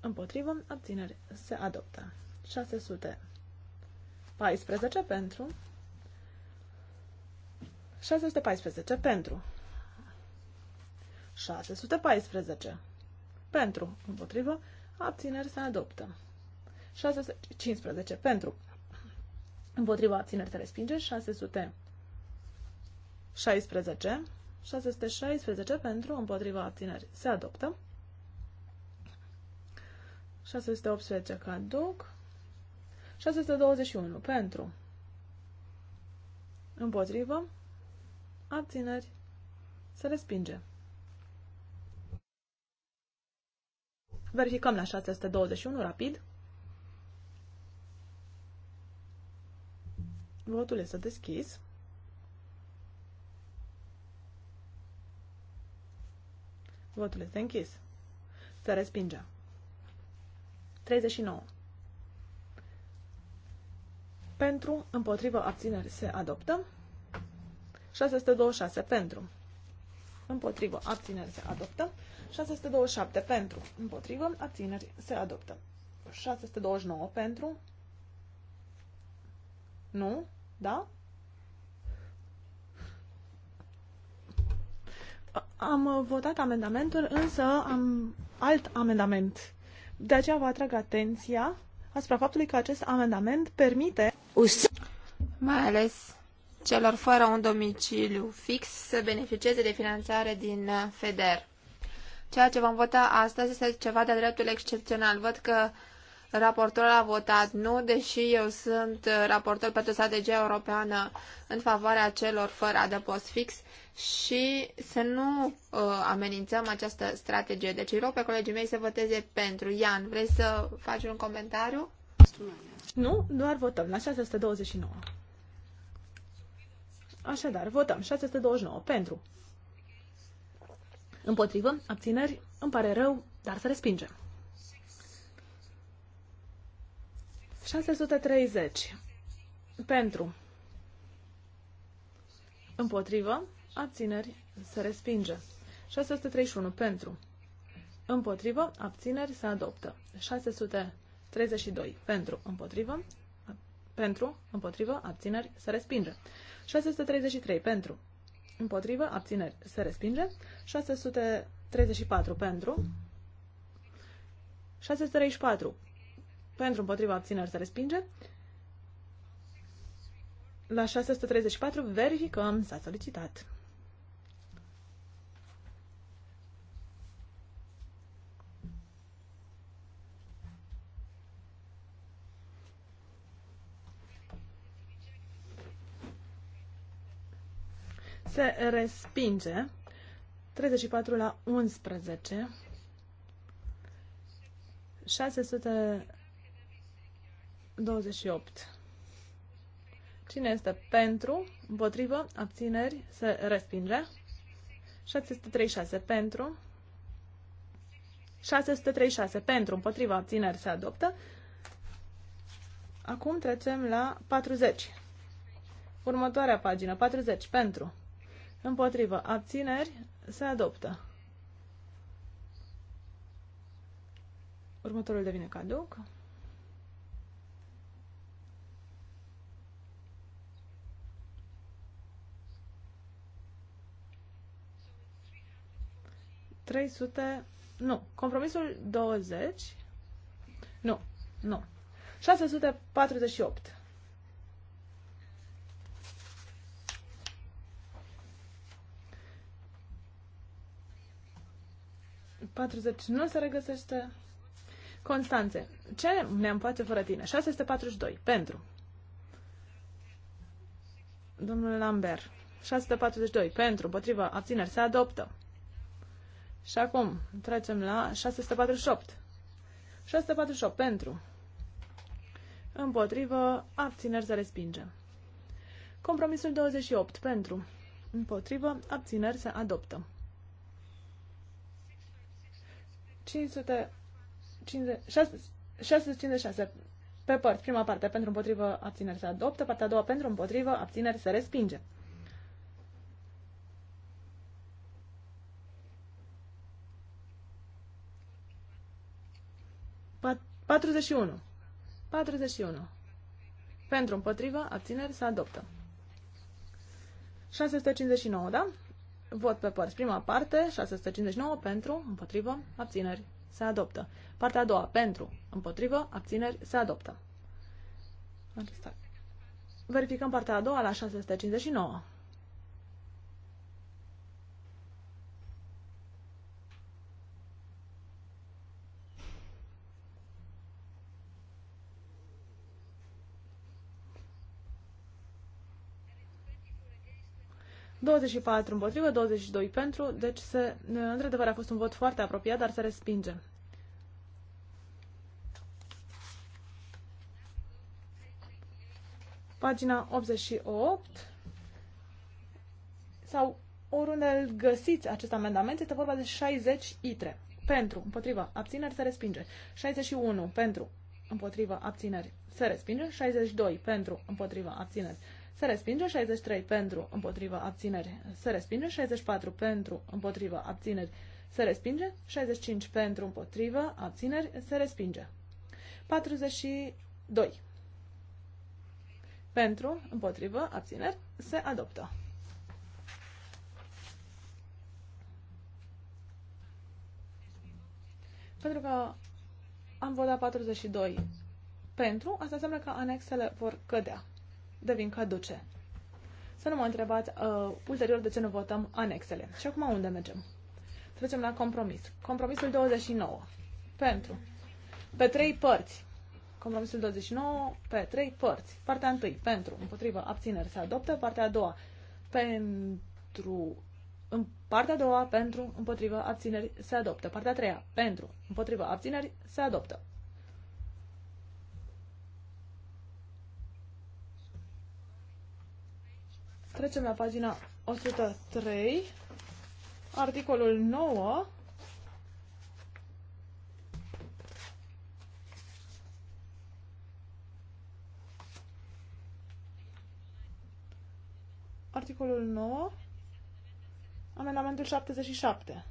S3: împotrivă, abțineri se adoptă, 614 pentru, 614 pentru. 614 pentru. Împotrivă. Abțineri se adoptă. 615 pentru. Împotriva abțineri se respinge. 616. 616 pentru. Împotriva abțineri se adoptă. 618 caduc. 621 pentru. Împotrivă abțineri, se respinge. Verificăm la 621 rapid. Votul este deschis. Votul este închis. Se respinge. 39. Pentru, împotrivă, abțineri se adoptă. 626 pentru. Împotrivă. Abțineri se adoptă. 627 pentru. Împotrivă. Abțineri se adoptă. 629 pentru. Nu? Da? Am votat amendamentul, însă am alt amendament. De aceea vă atrag atenția asupra faptului că acest amendament permite... Mai ales
S2: celor fără un domiciliu fix să beneficieze de finanțare din uh, FEDER. Ceea ce vom vota astăzi este ceva de dreptul excepțional. Văd că raportorul a votat nu, deși eu sunt uh, raportor pentru strategia europeană în favoarea celor fără adăpost fix și să nu uh, amenințăm această strategie. Deci îi rog pe colegii mei să voteze pentru. Ian, vrei să faci un comentariu?
S3: Nu, doar votăm la 629. Așadar, votăm 629 pentru. Împotrivă, abțineri, îmi pare rău, dar să respingem. 630 pentru. Împotrivă, abțineri, se respinge. 631 pentru. Împotrivă, abțineri, se adoptă. 632 pentru, împotrivă, pentru, împotrivă, abțineri, se respinge. 633 pentru. Împotrivă, abțineri, se respinge. 634 pentru. 634 pentru, împotrivă, abțineri, se respinge. La 634 verificăm, s-a solicitat. Se respinge. 34 la 11. 628. Cine este pentru, împotrivă, abțineri, se respinge. 636 pentru. 636 pentru, împotrivă, abțineri, se adoptă. Acum trecem la 40. Următoarea pagină, 40 pentru. Împotrivă. Abțineri. Se adoptă. Următorul devine caduc. Trei sute... Nu. Compromisul 20... Nu. Nu. 648. 49 se regăsește. Constanțe, ce ne-am face fără tine? 642. Pentru. Domnul Lambert. 642. Pentru. Împotriva. Abțineri. Se adoptă. Și acum trecem la 648. 648. Pentru. Împotrivă. Abțineri. Se respinge. Compromisul 28. Pentru. Împotrivă. Abțineri. Se adoptă. 656 pe părți. Prima parte pentru împotrivă abțineri se adoptă, partea a doua pentru împotrivă abțineri se respinge. Pa 41. 41. Pentru împotrivă abțineri se adoptă. 659, da? Vot pe părți. Prima parte, 659 pentru, împotrivă, abțineri, se adoptă. Partea a doua, pentru, împotrivă, abțineri, se adoptă. Verificăm partea a doua la 659. 24 împotrivă, 22 pentru, deci se, într-adevăr a fost un vot foarte apropiat, dar se respinge. Pagina 88 sau oriunde îl găsiți acest amendament, este vorba de 60 itre. Pentru, împotrivă, abțineri, se respinge. 61 pentru, împotrivă, abțineri, se respinge. 62 pentru, împotrivă, abțineri, se respinge, 63 pentru, împotrivă, abțineri, se respinge, 64 pentru, împotrivă, abțineri, se respinge, 65 pentru, împotrivă, abțineri, se respinge. 42 pentru, împotrivă, abțineri, se adoptă. Pentru că am votat 42 pentru, asta înseamnă că anexele vor cădea devin caduce. Să nu mă întrebați uh, ulterior de ce nu votăm anexele. Și acum unde mergem? Trecem la compromis. Compromisul 29. Pentru. Pe trei părți. Compromisul 29 pe trei părți. Partea 1. Pentru. Împotrivă. Abțineri. Se adoptă. Partea a doua. Pentru. În partea a doua, pentru, împotrivă, abțineri, se adoptă. Partea a treia, pentru, împotrivă, abțineri, se adoptă. Trecem la pagina 103, articolul 9. Articolul 9, amendamentul 77.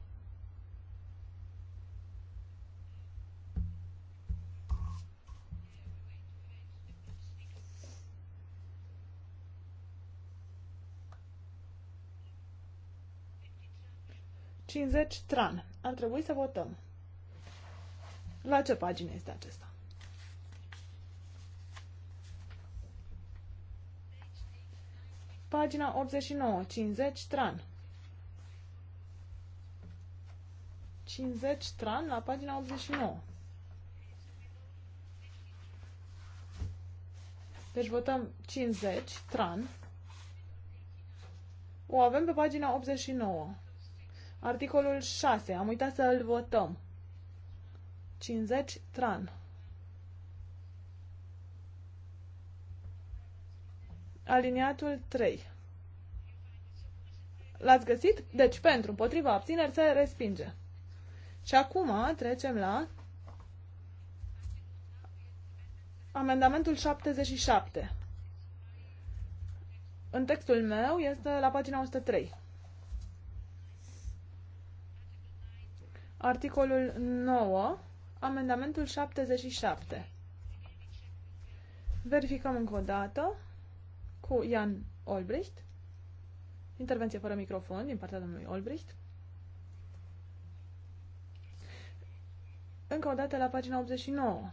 S3: 50 tran. Ar trebui să votăm. La ce pagină este acesta? Pagina 89, 50 tran. 50 tran la pagina 89. Deci votăm 50 tran. O avem pe pagina 89. Articolul 6. Am uitat să îl votăm. 50 tran. Aliniatul 3. L-ați găsit? Deci pentru, împotriva, abțineri se respinge. Și acum trecem la amendamentul 77. În textul meu este la pagina 103. Articolul 9, amendamentul 77. Verificăm încă o dată cu Ian Olbricht. Intervenție fără microfon din partea domnului Olbricht. Încă o dată la pagina 89.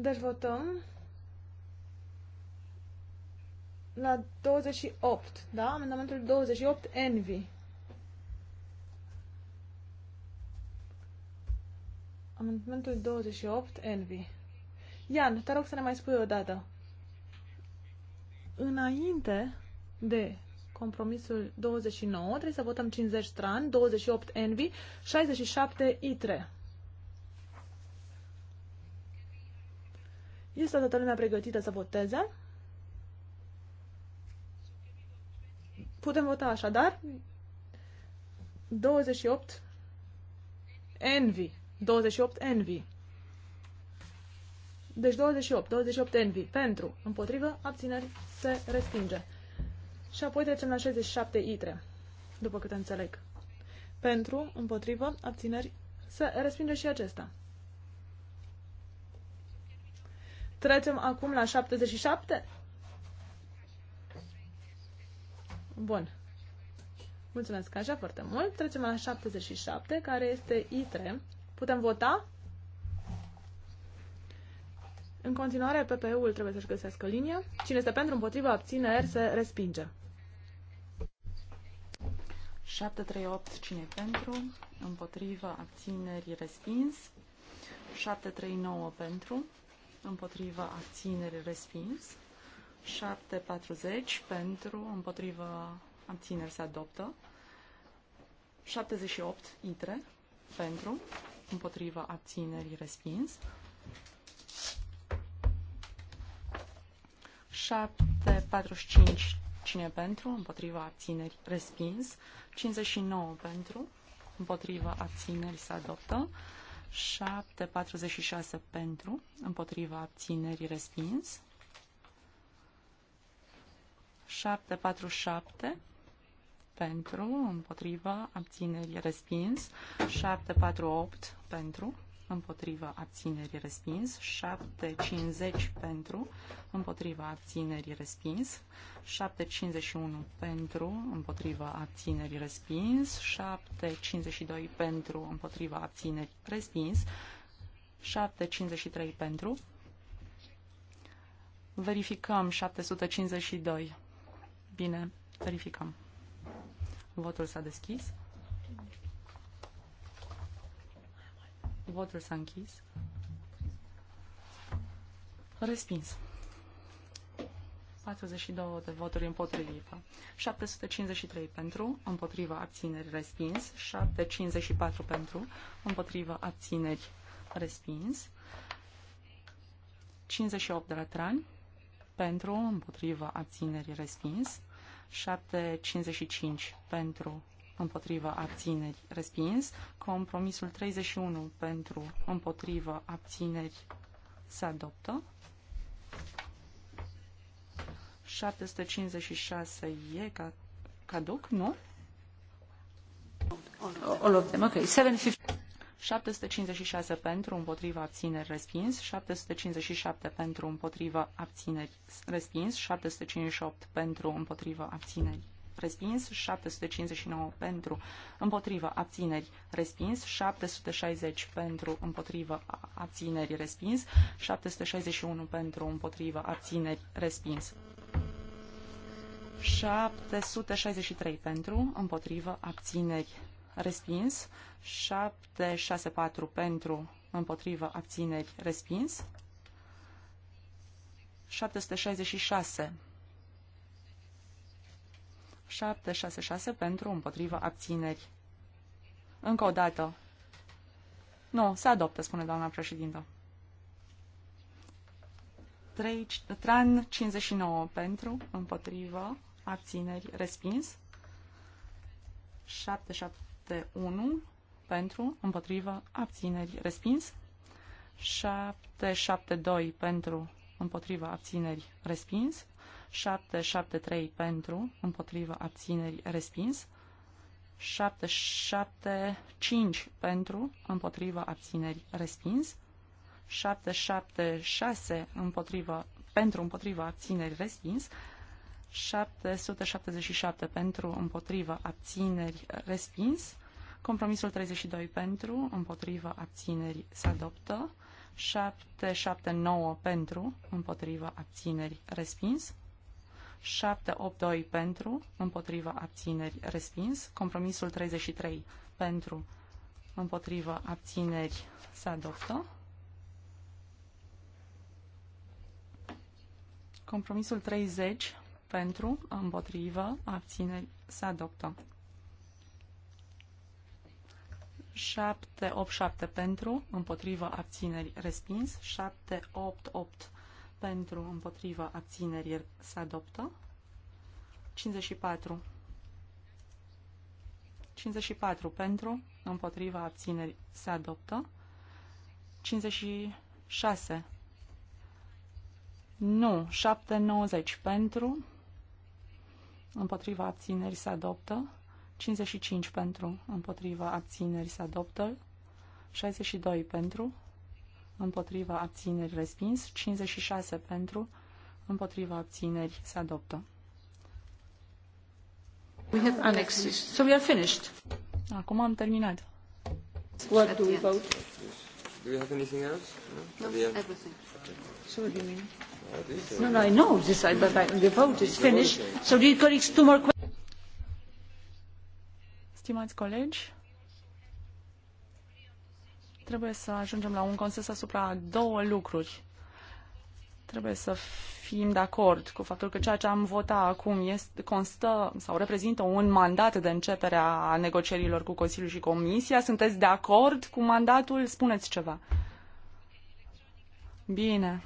S3: Deci votăm la 28, da? Amendamentul 28, Envy. Amendamentul 28, Envy. Ian, te rog să ne mai spui o dată. Înainte de compromisul 29, trebuie să votăm 50 tran, 28 Envy, 67 ITRE. Este toată lumea pregătită să voteze? Putem vota așadar. 28 Envy. 28 Envy. Deci 28. 28 Envy. Pentru. Împotrivă. Abțineri. Se respinge. Și apoi trecem la 67 itre. După cât înțeleg. Pentru. Împotrivă. Abțineri. Se respinge și acesta. Trecem acum la 77? Bun. Mulțumesc așa foarte mult. Trecem la 77, care este I3. Putem vota? În continuare, PPE-ul trebuie să-și găsească linia. Cine este pentru, împotriva, R se respinge. 738, cine pentru,
S5: împotriva, abțineri, respins. 739 pentru, împotriva abținere respins. 740 pentru împotriva abțineri se adoptă. 78 itre pentru împotriva abținerii respins. 745 cine pentru, împotriva abținerii respins. 59 pentru, împotriva abținerii se adoptă. 746 pentru, împotriva abținerii respins. 747 pentru, împotriva abținerii respins. 748 pentru, împotriva abținerii respins, 750 pentru, împotriva abținerii respins, 751 pentru, împotriva abținerii respins, 752 pentru, împotriva abținerii respins, 753 pentru. Verificăm 752. Bine, verificăm. Votul s-a deschis. Votul s-a închis. Respins. 42 de voturi împotrivă. 753 pentru, împotriva abțineri respins. 754 pentru, împotriva abțineri respins. 58 de la Tran, pentru, împotriva abțineri respins. 755 pentru, împotrivă, abțineri, respins. Compromisul 31 pentru, împotrivă, abțineri, se adoptă. 756 e ca, caduc, nu?
S1: All of them, Okay.
S5: 756 pentru, împotriva abțineri, respins. 757 pentru, împotriva abțineri, respins. 758 pentru, împotriva abțineri, respins, 759 pentru, împotrivă, abțineri, respins, 760 pentru, împotrivă, abțineri, respins, 761 pentru, împotrivă, abțineri, respins. 763 pentru, împotrivă, abțineri, respins, 764 pentru, împotrivă, abțineri, respins, 766 766 pentru, împotrivă, abțineri. Încă o dată. Nu, se adoptă, spune doamna președintă. 3, tran 59 pentru, împotrivă, abțineri, respins. 771 pentru, împotrivă, abțineri, respins. 772 pentru, împotrivă, abțineri, respins. 773 pentru, împotrivă, abțineri, respins. 775 pentru, împotrivă, abțineri, respins. 776 împotrivă, pentru, împotrivă, abțineri, respins. 777 pentru, împotrivă, abțineri, respins. Compromisul 32 pentru, împotrivă, abțineri, se adoptă. 779 pentru, împotrivă, abțineri, respins. 7-8-2 pentru, împotriva abțineri respins. Compromisul 33 pentru, împotriva abțineri se adoptă. Compromisul 30 pentru, împotriva abțineri se adoptă. 7-8-7 pentru, împotriva abțineri respins. 788 pentru, împotriva, abțineri se adoptă. 54. 54 pentru, împotriva, abțineri se adoptă. 56. Nu, 790 pentru, împotriva, abținerii se adoptă. 55 pentru, împotriva, abținerii se adoptă. 62 pentru, împotriva abțineri respins, 56 pentru, împotriva abțineri se adoptă. We have annexes, so we are finished. Acum am terminat.
S1: What do we vote? Do we have anything else? No, no everything. Okay. So what do you mean? Oh, no, no, I know this, I, but I, the vote is finished. So, do you colleagues, two more questions. Stimați colegi,
S5: Trebuie să ajungem la un consens asupra două lucruri. Trebuie să fim de acord cu faptul că ceea ce am votat acum este, constă sau reprezintă un mandat de începere a negocierilor cu Consiliul și Comisia. Sunteți de acord cu mandatul? Spuneți ceva. Bine.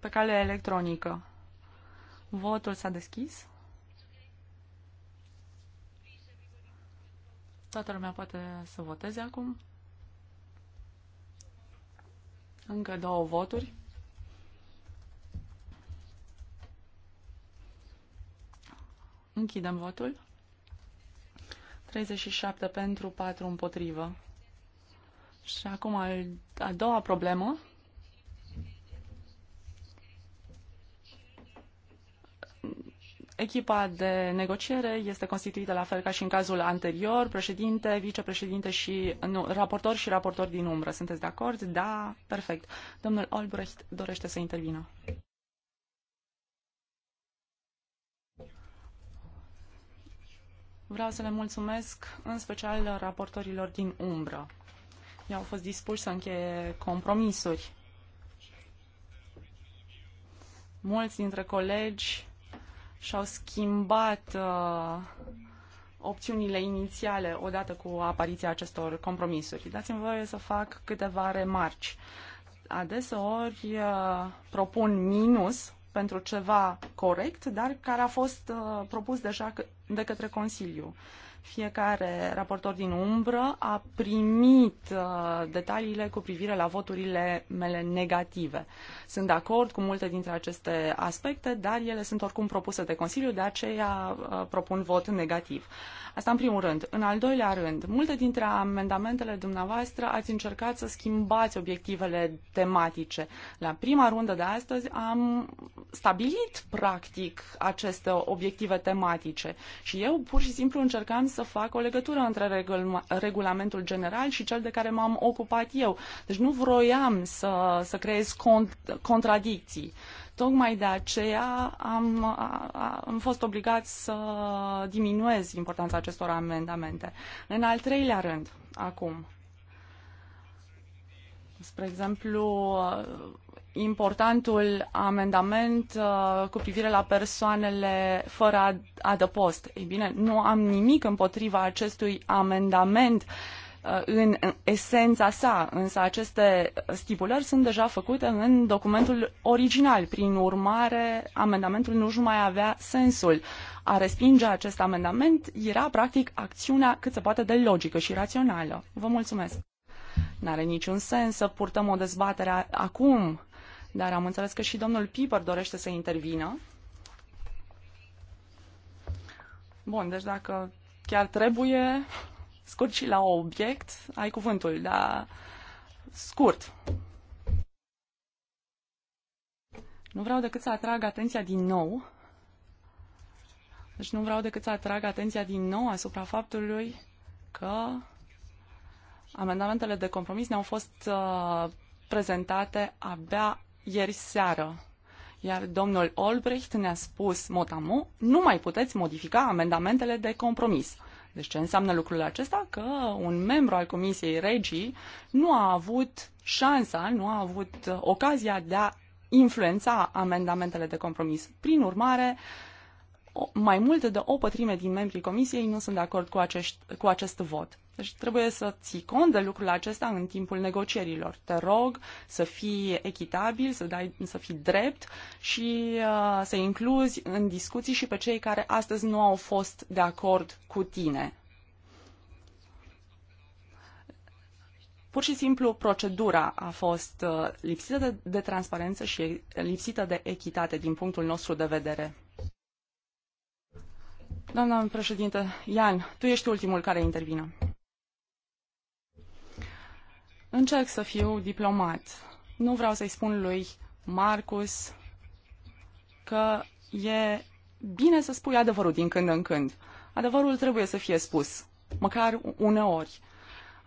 S5: Pe cale electronică. Votul s-a deschis. Toată lumea poate să voteze acum. Încă două voturi. Închidem votul. 37 pentru, 4 împotrivă. Și acum a doua problemă Echipa de negociere este constituită la fel ca și în cazul anterior, președinte, vicepreședinte și nu, raportor și raportor din umbră. Sunteți de acord? Da, perfect. Domnul Olbrecht dorește să intervină. Vreau să le mulțumesc în special raportorilor din umbră. Ei au fost dispuși să încheie compromisuri. Mulți dintre colegi și-au schimbat uh, opțiunile inițiale odată cu apariția acestor compromisuri. Dați-mi voie să fac câteva remarci. Adeseori uh, propun minus pentru ceva corect, dar care a fost uh, propus deja de către Consiliu. Uh, fiecare raportor din umbră a primit uh, detaliile cu privire la voturile mele negative. Sunt de acord cu multe dintre aceste aspecte, dar ele sunt oricum propuse de Consiliu, de aceea uh, propun vot negativ. Asta în primul rând. În al doilea rând, multe dintre amendamentele dumneavoastră ați încercat să schimbați obiectivele tematice. La prima rundă de astăzi am stabilit practic aceste obiective tematice și eu pur și simplu încercam să fac o legătură între regul, regulamentul general și cel de care m-am ocupat eu. Deci nu vroiam să, să creez cont, contradicții. Tocmai de aceea am, am fost obligat să diminuez importanța acestor amendamente. În al treilea rând, acum, spre exemplu, importantul amendament uh, cu privire la persoanele fără adăpost. Ei bine, nu am nimic împotriva acestui amendament uh, în esența sa, însă aceste stipulări sunt deja făcute în documentul original. Prin urmare, amendamentul nu-și mai avea sensul. A respinge acest amendament era, practic, acțiunea cât se poate de logică și rațională. Vă mulțumesc! N-are niciun sens să purtăm o dezbatere acum dar am înțeles că și domnul Piper dorește să intervină. Bun, deci dacă chiar trebuie, scurt și la obiect, ai cuvântul, dar scurt. Nu vreau decât să atrag atenția din nou. Deci nu vreau decât să atrag atenția din nou asupra faptului că amendamentele de compromis ne-au fost uh, prezentate abia ieri seară. Iar domnul Olbricht ne-a spus, motamu, nu mai puteți modifica amendamentele de compromis. Deci ce înseamnă lucrul acesta? Că un membru al Comisiei Regii nu a avut șansa, nu a avut uh, ocazia de a influența amendamentele de compromis. Prin urmare, mai mult de o pătrime din membrii Comisiei nu sunt de acord cu, acești, cu acest vot. Deci trebuie să ții cont de lucrul acesta în timpul negocierilor. Te rog să fii echitabil, să, dai, să fii drept și uh, să incluzi în discuții și pe cei care astăzi nu au fost de acord cu tine. Pur și simplu, procedura a fost uh, lipsită de, de transparență și lipsită de echitate din punctul nostru de vedere. Doamna președinte, Ian, tu ești ultimul care intervine. Încerc să fiu diplomat. Nu vreau să-i spun lui Marcus că e bine să spui adevărul din când în când. Adevărul trebuie să fie spus, măcar uneori.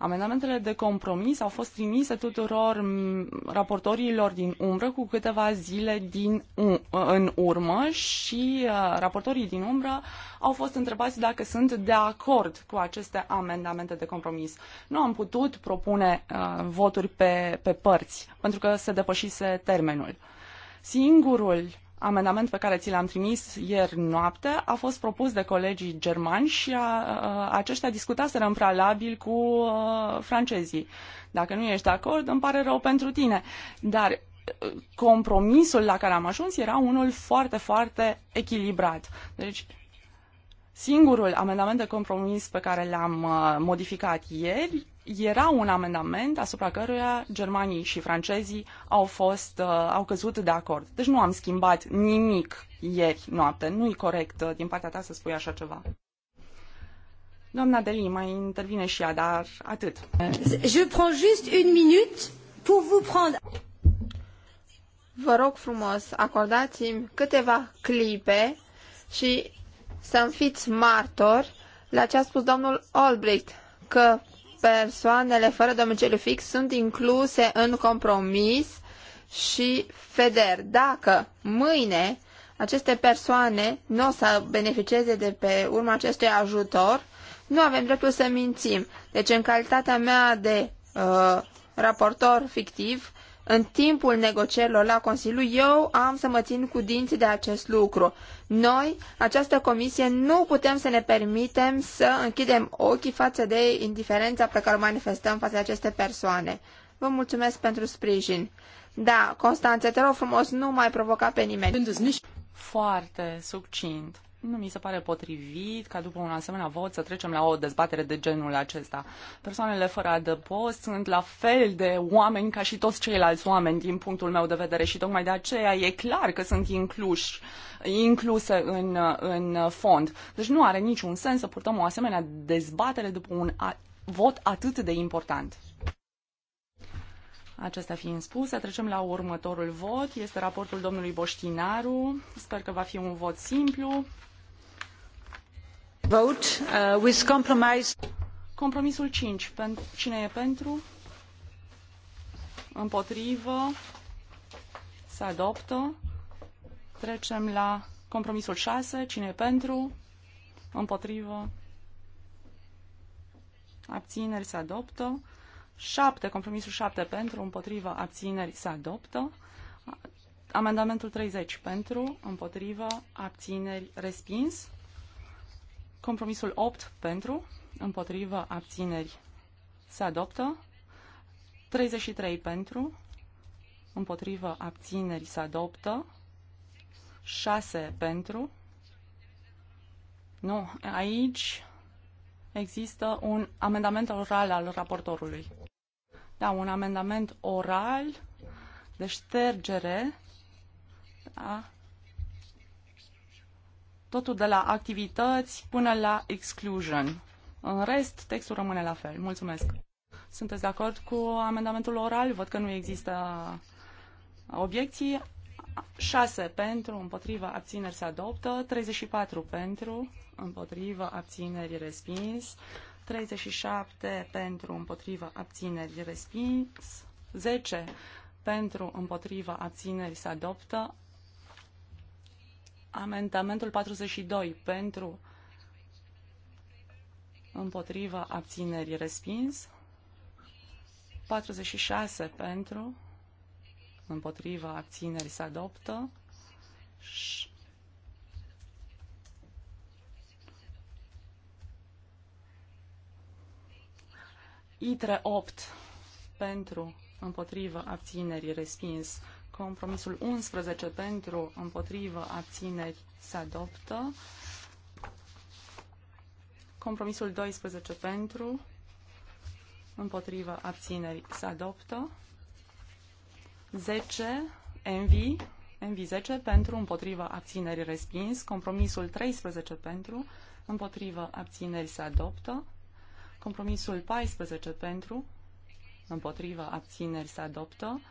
S5: Amendamentele de compromis au fost trimise tuturor mm, raportorilor din umbră cu câteva zile din, în urmă și uh, raportorii din umbră au fost întrebați dacă sunt de acord cu aceste amendamente de compromis. Nu am putut propune uh, voturi pe, pe părți pentru că se depășise termenul. Singurul amendament pe care ți l-am trimis ieri noapte a fost propus de colegii germani și a, a, aceștia discutaseră în prealabil cu a, francezii. Dacă nu ești de acord, îmi pare rău pentru tine. Dar compromisul la care am ajuns era unul foarte, foarte echilibrat. Deci, singurul amendament de compromis pe care l-am modificat ieri era un amendament asupra căruia germanii și francezii au fost, uh, au căzut de acord. Deci nu am schimbat nimic ieri noapte. Nu-i corect uh, din partea ta să spui așa ceva. Doamna Deli, mai intervine și ea, dar atât. Je
S2: prends juste une minute pour vous prendre... Vă rog frumos, acordați-mi câteva clipe și să-mi fiți martor la ce a spus domnul Albrecht, că persoanele fără domiciliu fix sunt incluse în compromis și FEDER. Dacă mâine aceste persoane nu o să beneficieze de pe urma acestui ajutor, nu avem dreptul să mințim. Deci, în calitatea mea de uh, raportor fictiv, în timpul negocierilor la Consiliu, eu am să mă țin cu dinții de acest lucru. Noi, această comisie, nu putem să ne permitem să închidem ochii față de indiferența pe care o manifestăm față de aceste persoane. Vă mulțumesc pentru sprijin. Da, Constanțe, te rog frumos, nu mai provoca pe nimeni.
S5: Foarte succint nu mi se pare potrivit ca după un asemenea vot să trecem la o dezbatere de genul acesta. Persoanele fără adăpost sunt la fel de oameni ca și toți ceilalți oameni din punctul meu de vedere și tocmai de aceea e clar că sunt incluși, incluse în, în fond. Deci nu are niciun sens să purtăm o asemenea dezbatere după un a- vot atât de important. Acestea fiind spuse, trecem la următorul vot. Este raportul domnului Boștinaru. Sper că va fi un vot simplu. Vote uh, with compromise. Compromisul 5. cine e pentru? Împotrivă? Se adoptă. Trecem la compromisul 6. Cine e pentru? Împotrivă? Abțineri se adoptă. 7. Compromisul 7 pentru, împotrivă, abțineri se adoptă. Amendamentul 30 pentru, împotrivă, abțineri respins. Compromisul 8 pentru, împotrivă, abțineri se adoptă. 33 pentru, împotrivă, abțineri se adoptă. 6 pentru. Nu, aici există un amendament oral al raportorului. Da, un amendament oral de ștergere a totul de la activități până la exclusion. În rest, textul rămâne la fel. Mulțumesc. Sunteți de acord cu amendamentul oral? Văd că nu există obiecții. 6 pentru, împotriva, abțineri se adoptă, 34 pentru, împotriva, abțineri respins, 37 pentru, împotriva, abțineri respins, 10 pentru, împotriva, abțineri se adoptă, Amendamentul 42 pentru împotriva abținerii respins. 46 pentru împotriva abținerii se adoptă. 3 8 pentru, împotriva abținerii respins. Compromisul 11 pentru, împotrivă, abțineri se adoptă. Compromisul 12 pentru, împotrivă, abțineri se adoptă. 10, envi, envi 10 pentru, împotrivă, abțineri respins. Compromisul 13 pentru, împotrivă, abțineri se adoptă. Compromisul 14 pentru, împotrivă, abțineri se adoptă.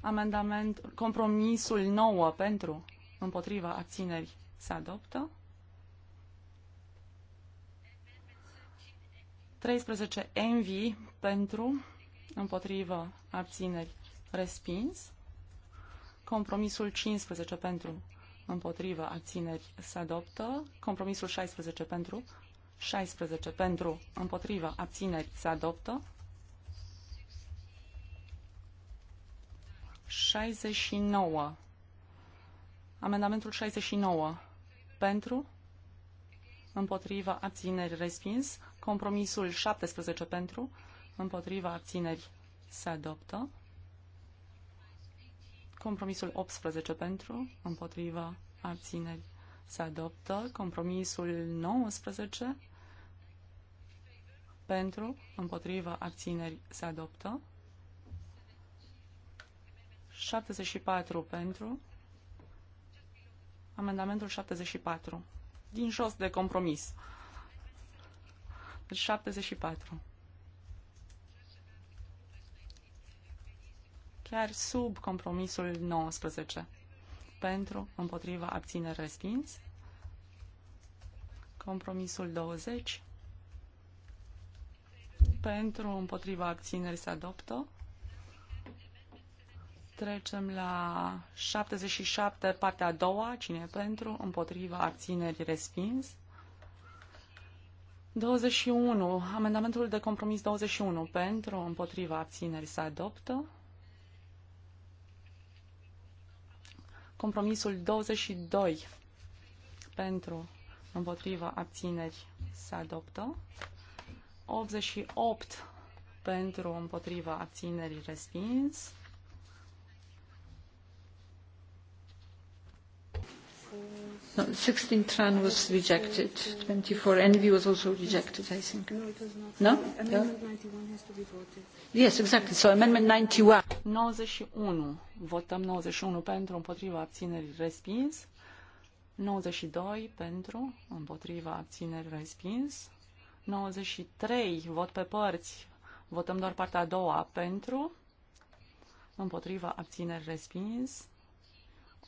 S5: Amendament, compromisul nouă pentru, împotriva abțineri se adoptă. 13 envi pentru, împotriva abțineri respins. Compromisul 15 pentru, împotriva abțineri se adoptă. Compromisul 16 pentru, 16 pentru, împotriva abțineri se adoptă. 69. Amendamentul 69. Pentru? Împotriva abțineri respins. Compromisul 17 pentru. Împotriva abțineri se adoptă. Compromisul 18 pentru. Împotriva abțineri se adoptă. Compromisul 19 pentru. Împotriva abțineri se adoptă. 74 pentru. Amendamentul 74. Din jos de compromis. Deci 74. Chiar sub compromisul 19. Pentru, împotriva, abține, respins. Compromisul 20. Pentru, împotriva, abțineri se adoptă. Trecem la 77, partea a doua, cine e pentru, împotriva, abțineri, respins. 21, amendamentul de compromis 21, pentru, împotriva, abțineri, se adoptă. Compromisul 22, pentru, împotriva, abțineri, se adoptă. 88, pentru, împotriva, abțineri, respins.
S1: No, 16 tran was rejected. 24 envy was also rejected, I think. No, it was not. No? Yes, exactly. So amendment 91. 91. Votăm 91
S5: pentru, împotriva abținerii respins. 92 pentru, împotriva abținerii respins. 93 vot pe părți. Votăm doar partea a doua pentru, împotriva abțineri respins.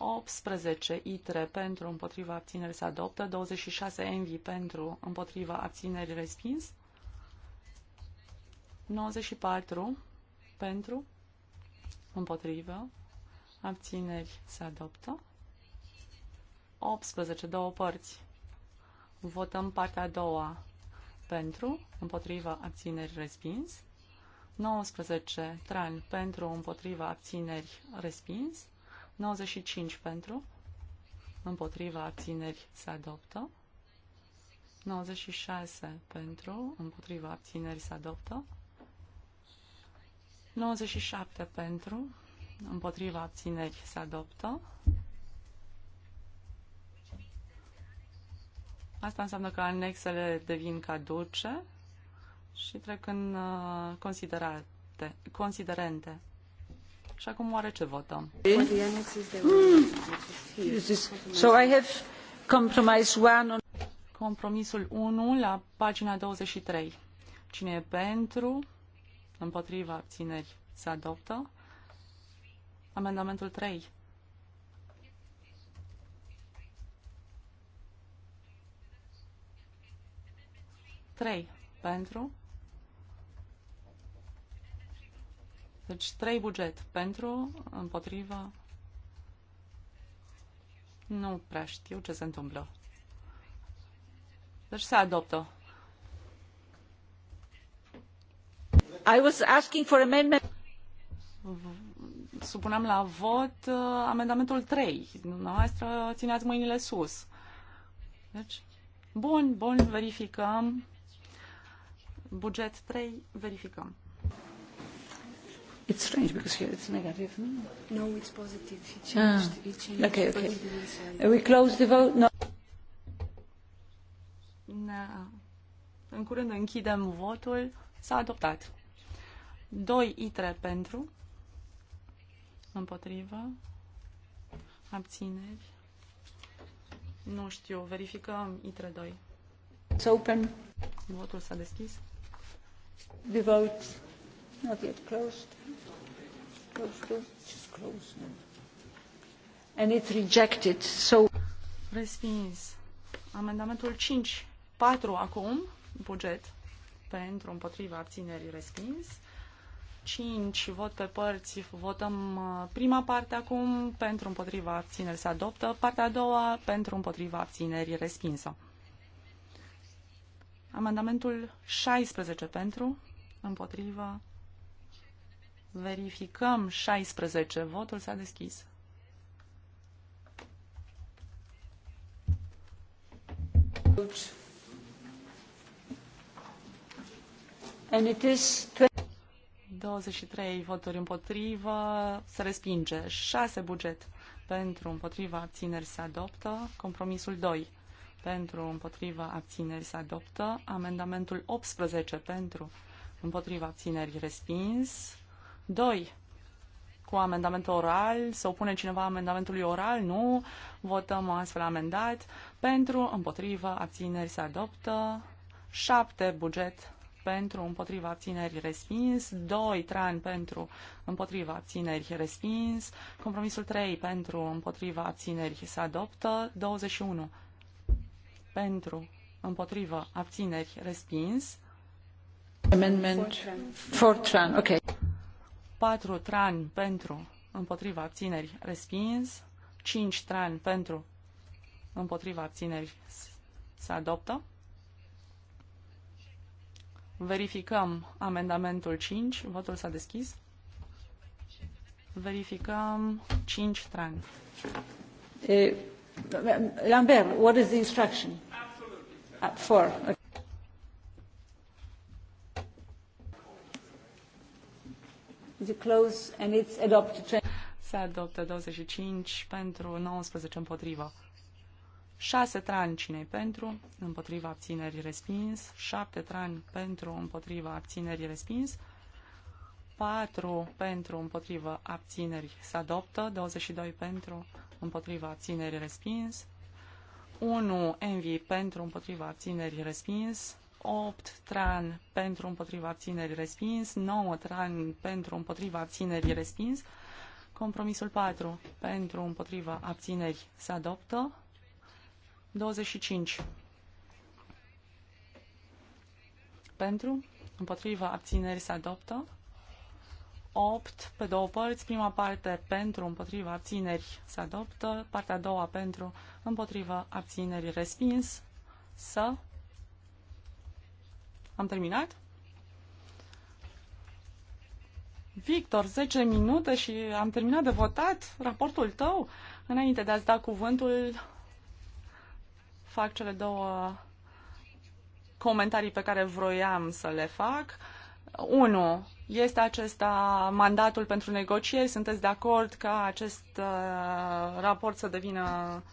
S5: 18 itre pentru împotriva abțineri se adoptă, 26 envi pentru împotriva abțineri respins, 94 pentru împotriva abțineri se adoptă, 18 două părți. Votăm partea a doua pentru, împotriva abțineri respins, 19 tran pentru, împotriva abțineri respins, 95 pentru, împotriva abțineri se adoptă. 96 pentru, împotriva abțineri se adoptă. 97 pentru, împotriva abțineri se adoptă. Asta înseamnă că anexele devin caduce și trec în uh, considerate, considerente. Și acum oare ce votăm? Compromisul 1 la pagina 23. Cine e pentru? Împotriva abțineri se adoptă. Amendamentul 3. Trei pentru, Deci trei buget pentru, împotriva. Nu prea știu ce se întâmplă. Deci se adoptă.
S1: I was asking for amendment. Supunem la vot uh,
S5: amendamentul 3. Dumneavoastră țineați mâinile sus. Deci, bun, bun, verificăm. Buget 3, verificăm.
S1: It's strange because here it's negative. No, hmm. no it's positive. It changed. Ah. It changed okay, okay. Inside. we close the vote. No.
S5: Na. În curând închidem votul. S-a adoptat. 2 itre pentru. Împotrivă. Abțineri. Nu știu. Verificăm itre 2. It's open. Votul s-a deschis.
S1: The vote not yet closed și too? She's And it's rejected. So respins. Amendamentul
S5: 5, 4 acum, buget pentru împotriva abținerii respins. 5 vot pe părți, votăm uh, prima parte acum, pentru împotriva abținerii se adoptă, partea a doua pentru împotriva abținerii respinsă. Amendamentul 16 pentru, împotriva Verificăm 16. Votul s-a deschis.
S1: And it is
S5: 23 voturi împotrivă, se respinge. 6 buget pentru, împotriva, abțineri se adoptă. Compromisul 2 pentru, împotriva, abțineri se adoptă. Amendamentul 18 pentru, împotriva, abțineri respins. 2. Cu amendament oral, să opune cineva amendamentului oral? Nu. Votăm astfel amendat. Pentru, împotrivă, abțineri se adoptă. 7. Buget pentru, împotriva abțineri respins, 2 tran pentru, împotriva abțineri respins, compromisul 3 pentru, împotriva abțineri se adoptă, 21 pentru, împotriva abțineri respins.
S1: Amendment 4 tran, ok.
S5: 4 tran pentru, împotriva abțineri respins, 5 tran pentru, împotriva abțineri se adoptă. Verificăm amendamentul 5, votul s-a deschis. Verificăm 5 tran.
S1: Eh, Lambert, what is the instruction? Absolutely. Uh, Four. Okay. Se adoptă 25
S5: pentru 19 împotriva. 6 trani cinei pentru, împotriva abținerii respins, 7 trani pentru, împotriva abținerii respins, 4 pentru, împotriva abținerii se adoptă, 22 pentru, împotriva abținerii respins, 1 envii pentru, împotriva abținerii respins, 8 tran pentru împotriva abținerii respins, 9 tran pentru împotriva abținerii respins, compromisul 4 pentru împotriva abținerii se adoptă, 25 pentru împotriva abținerii se adoptă, 8 pe două părți, prima parte pentru împotriva abținerii se adoptă, partea a doua pentru împotriva abținerii respins, să am terminat? Victor, 10 minute și am terminat de votat raportul tău. Înainte de a-ți da cuvântul, fac cele două comentarii pe care vroiam să le fac. 1. Este acesta mandatul pentru negocieri? Sunteți de acord ca acest uh, raport să devină,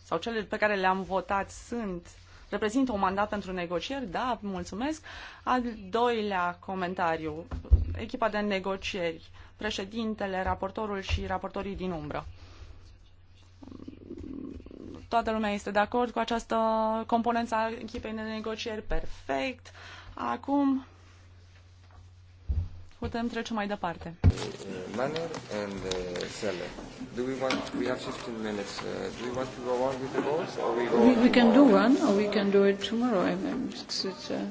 S5: sau cele pe care le-am votat sunt reprezintă un mandat pentru negocieri, da, mulțumesc. Al doilea comentariu, echipa de negocieri, președintele, raportorul și raportorii din umbră. Toată lumea este de acord cu această componență a echipei de negocieri, perfect. Acum Putem trece mai departe.
S1: Manner and uh, seller. Do we want, we have 15 minutes. Uh, do we want to go on with the votes or we go We, on we can do one or we can do it tomorrow. I mean, it's, it's, uh,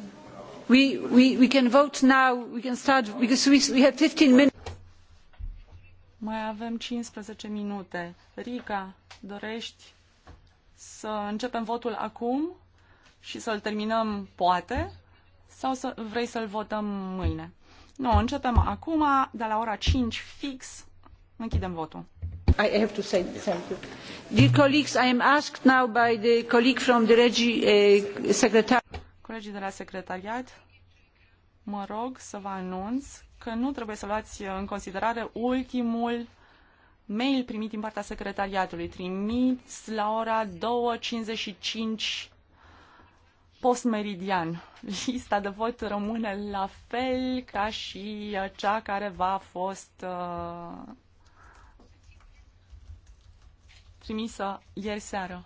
S1: we, we, we can vote now. We can start because we, we have 15 minutes.
S5: Mai avem 15 minute. Rica, dorești să începem votul acum și să-l terminăm poate sau să vrei să-l votăm mâine? Nu, începem acum, de la ora 5 fix, închidem votul.
S1: I have to say thank you. Dear colleagues, I am asked now by the colleague from the Regi uh, secretar-
S5: Colegii de la secretariat, mă rog să vă anunț că nu trebuie să luați în considerare ultimul mail primit din partea secretariatului, trimis la ora 2.55 postmeridian. Lista de vot rămâne la fel ca și cea care va fost uh, trimisă ieri seară.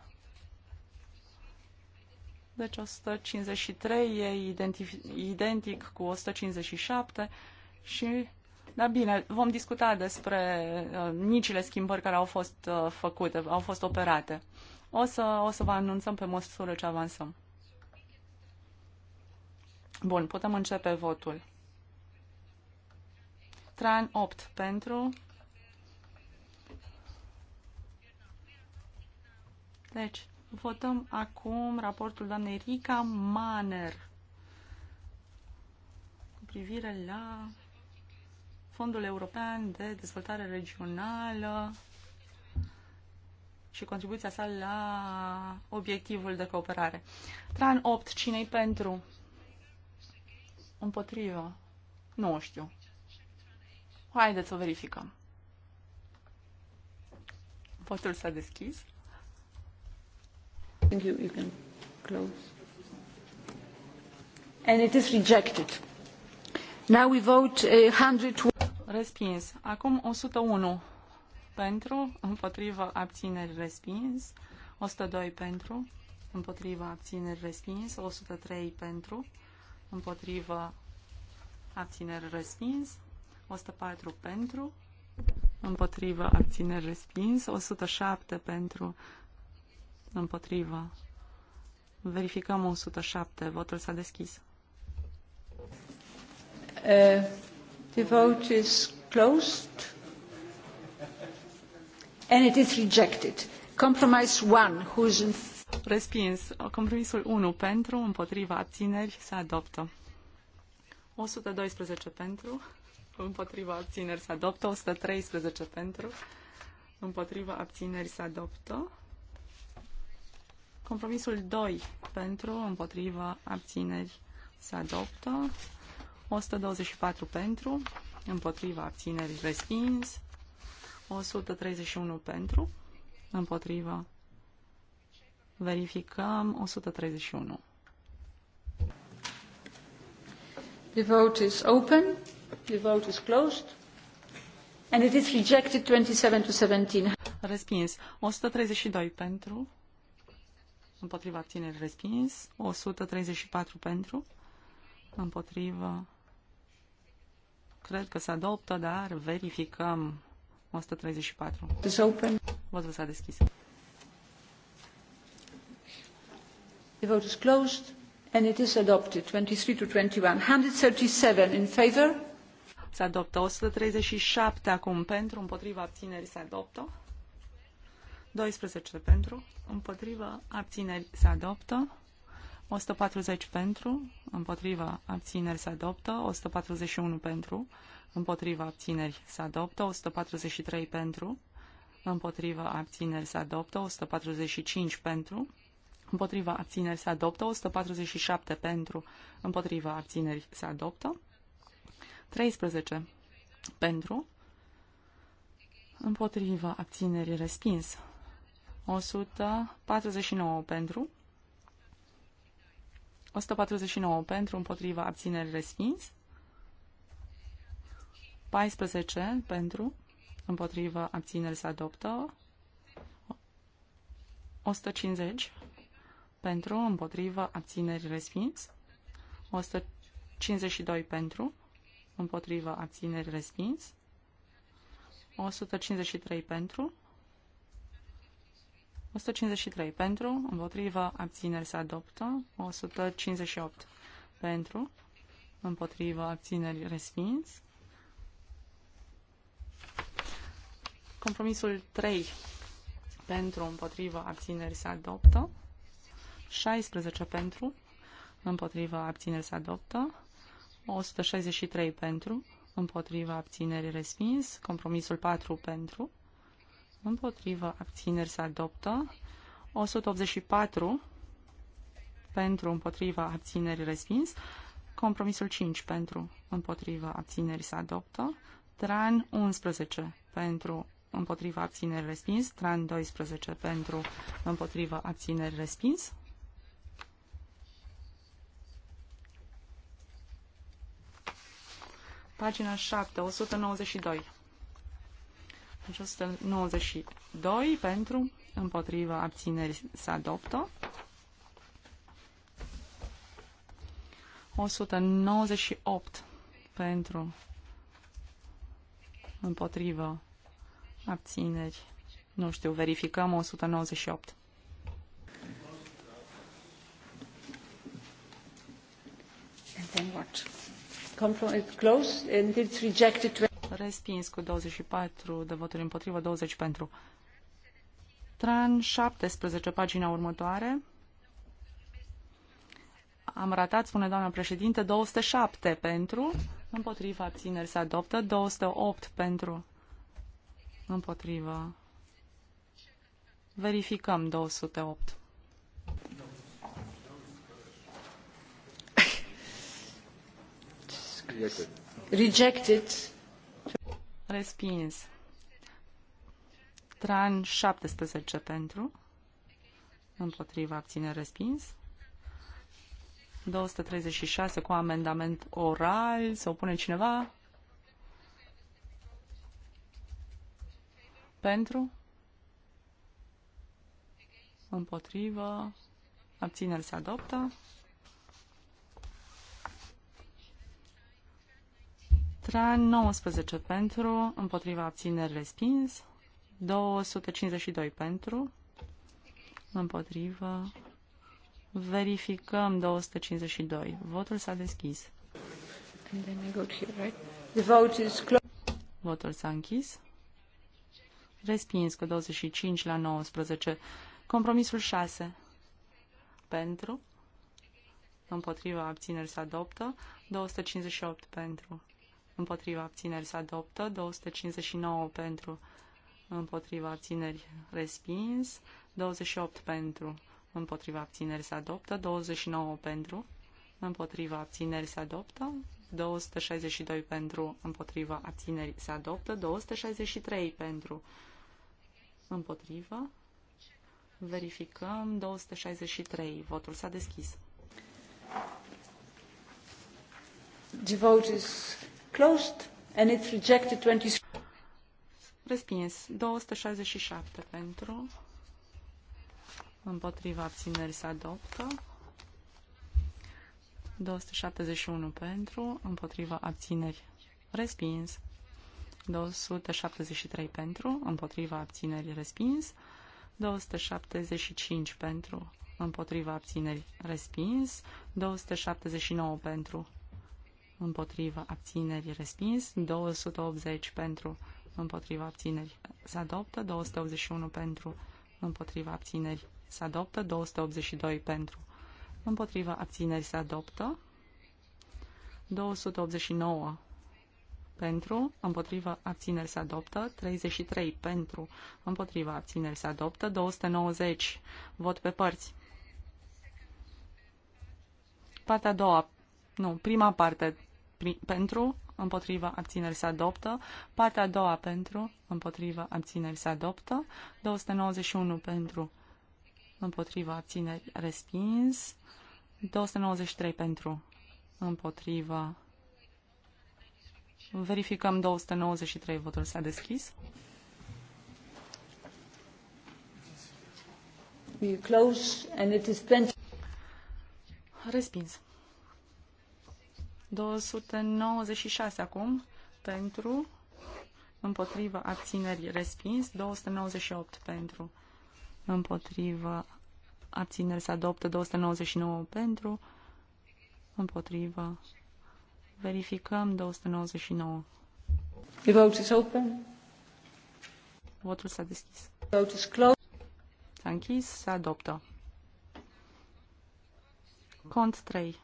S5: Deci 153 e identic cu 157 și, da bine, vom discuta despre uh, micile schimbări care au fost uh, făcute, au fost operate. O să, o să vă anunțăm pe măsură ce avansăm. Bun, putem începe votul. Tran 8 pentru. Deci, votăm acum raportul doamnei Rica Maner cu privire la Fondul European de Dezvoltare Regională și contribuția sa la obiectivul de cooperare. Tran 8, cine pentru? Împotrivă. Nu știu. Haideți să verificăm. Votul
S1: s-a deschis. Thank you. You can close. And it is rejected. Now we vote 100. Uh,
S5: respins. Acum 101 pentru, împotrivă, abțineri, respins. 102 pentru, împotrivă, abțineri, respins. 103 pentru, împotrivă, abțineri respins, 104 pentru, împotrivă, abțineri respins, 107 pentru, împotrivă. Verificăm 107,
S1: votul s-a deschis. Uh, the vote is closed and it is rejected. Compromise 1, who is in Respins. Compromisul 1 pentru,
S5: împotriva abțineri se adoptă. 112 pentru, împotriva abțineri se adoptă. 113 pentru, împotriva abțineri se adoptă. Compromisul 2 pentru, împotriva abțineri se adoptă. 124 pentru, împotriva abțineri respins. 131 pentru, împotriva Verificăm 131.
S1: The vote is open. The vote is closed. And it is rejected 27 to 17. Respins.
S5: 132 pentru. Împotriva abțineri respins. 134 pentru. Împotriva. Cred că se adoptă, dar verificăm. 134. Is open. Votul s-a
S1: deschis. The vote is closed and it is adopted. 23 to 21. 137 in favor. Se adoptă 137 acum pentru, împotriva abțineri se adoptă.
S5: 12 pentru, împotriva abțineri se adoptă. 140 pentru, împotriva abțineri se adoptă, 141 pentru, împotriva abțineri se adoptă, 143 pentru, împotriva abțineri se adoptă, 145 pentru, împotriva abțineri se adoptă, 147 pentru, împotriva abțineri se adoptă, 13 pentru, împotriva abțineri respins, 149 pentru, 149 pentru, împotriva abțineri respins, 14 pentru, împotriva abțineri se adoptă, 150 pentru, împotrivă, abțineri, respins. 152 pentru, împotrivă, abțineri, respins. 153 pentru, 153 pentru, împotrivă, abțineri se adoptă, 158 pentru, împotrivă, abțineri respins. Compromisul 3 pentru, împotrivă, abțineri se adoptă. 16 pentru, împotriva abțineri se adoptă, 163 pentru, împotriva abțineri respins, compromisul 4 pentru, împotriva abțineri se adoptă, 184 pentru, împotriva abțineri respins, compromisul 5 pentru, împotriva abțineri se adoptă, tran 11 pentru, împotriva abțineri respins, tran 12 pentru, împotriva abțineri respins, Pagina 7, 192. Deci 192 pentru, împotriva abțineri să adoptă. 198 pentru, împotrivă, abțineri. Nu știu, verificăm
S1: 198. then what? closed
S5: Respins cu 24 de voturi împotrivă, 20 pentru. Tran 17, pagina următoare. Am ratat, spune doamna președinte, 207 pentru, împotriva abțineri se adoptă, 208 pentru, împotriva. Verificăm 208.
S1: Rejected.
S5: Respins. Tran 17 pentru. Împotriva abține respins. 236 cu amendament oral. Se opune cineva? Pentru? Împotrivă? Abțineri se adoptă. tran 19 pentru, împotriva abțineri respins, 252 pentru, împotrivă, verificăm 252. Votul s-a deschis. Votul s-a închis. Respins cu 25 la 19. Compromisul 6. Pentru. Împotriva abțineri se adoptă. 258 pentru împotriva abțineri se adoptă, 259 pentru, împotriva abțineri respins, 28 pentru, împotriva abțineri se adoptă, 29 pentru, împotriva abțineri se adoptă, 262 pentru, împotriva abțineri se adoptă, 263 pentru, împotriva, verificăm, 263, votul s-a deschis. The vote is Closed and it's rejected 20. Respins. 267 pentru. Împotriva abținerii. se adoptă. 271 pentru. Împotriva abținerii. Respins. 273 pentru. Împotriva abținerii. Respins. 275 pentru. Împotriva abținerii. Respins. 279 pentru împotriva abținerii respins, 280 pentru împotriva abținerii se adoptă, 281 pentru împotriva abținerii se adoptă, 282 pentru împotriva abținerii se adoptă, 289 pentru, împotriva abțineri se adoptă, 33 pentru, împotriva abțineri se adoptă, 290 vot pe părți. Partea a doua, nu, prima parte, pentru, împotriva abțineri se adoptă, partea a doua pentru, împotriva abțineri se adoptă, 291 pentru, împotriva abțineri respins, 293 pentru, împotriva. Verificăm 293, votul s-a deschis. close and it is Respins. 296 acum pentru, împotrivă, abțineri, respins. 298 pentru, împotrivă, abțineri, se adoptă. 299 pentru, împotrivă. Verificăm 299. The vote is open. Votul s-a deschis. vote is closed. S-a închis, se adoptă. Cont 3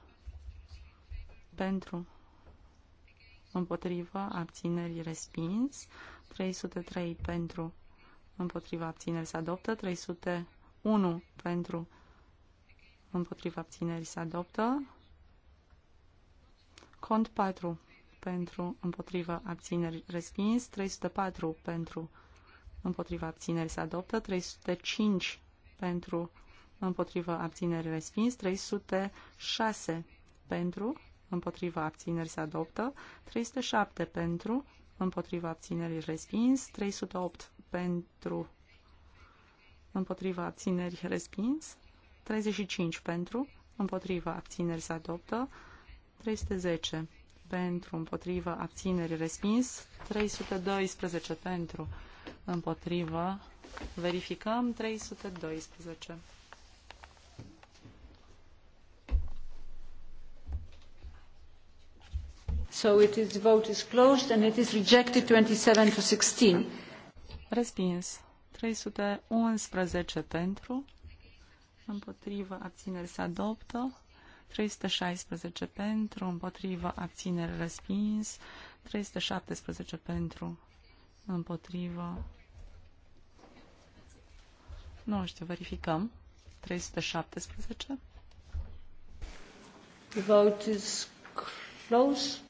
S5: pentru împotrivă, abțineri, respins, 303 pentru, împotriva abțineri, se adoptă, 301 pentru, împotriva abțineri, se adoptă, cont 4 pentru, împotriva abțineri, respins, 304 pentru, împotriva abțineri, se adoptă, 305 pentru, împotriva abțineri, respins, 306 pentru, împotriva abținerii se adoptă, 307 pentru, împotriva abținerii respins, 308 pentru, împotriva abținerii respins, 35 pentru, împotriva abținerii se adoptă, 310 pentru, împotriva abținerii respins, 312 pentru, împotriva, verificăm,
S1: 312. So it is vote is closed and it is rejected 27 to 16. Respins. 311
S5: pentru. Împotrivă abțineri se adoptă. 316 pentru. Împotrivă abțineri respins. 317 pentru. Împotrivă. Nu știu, verificăm. 317. The vote is closed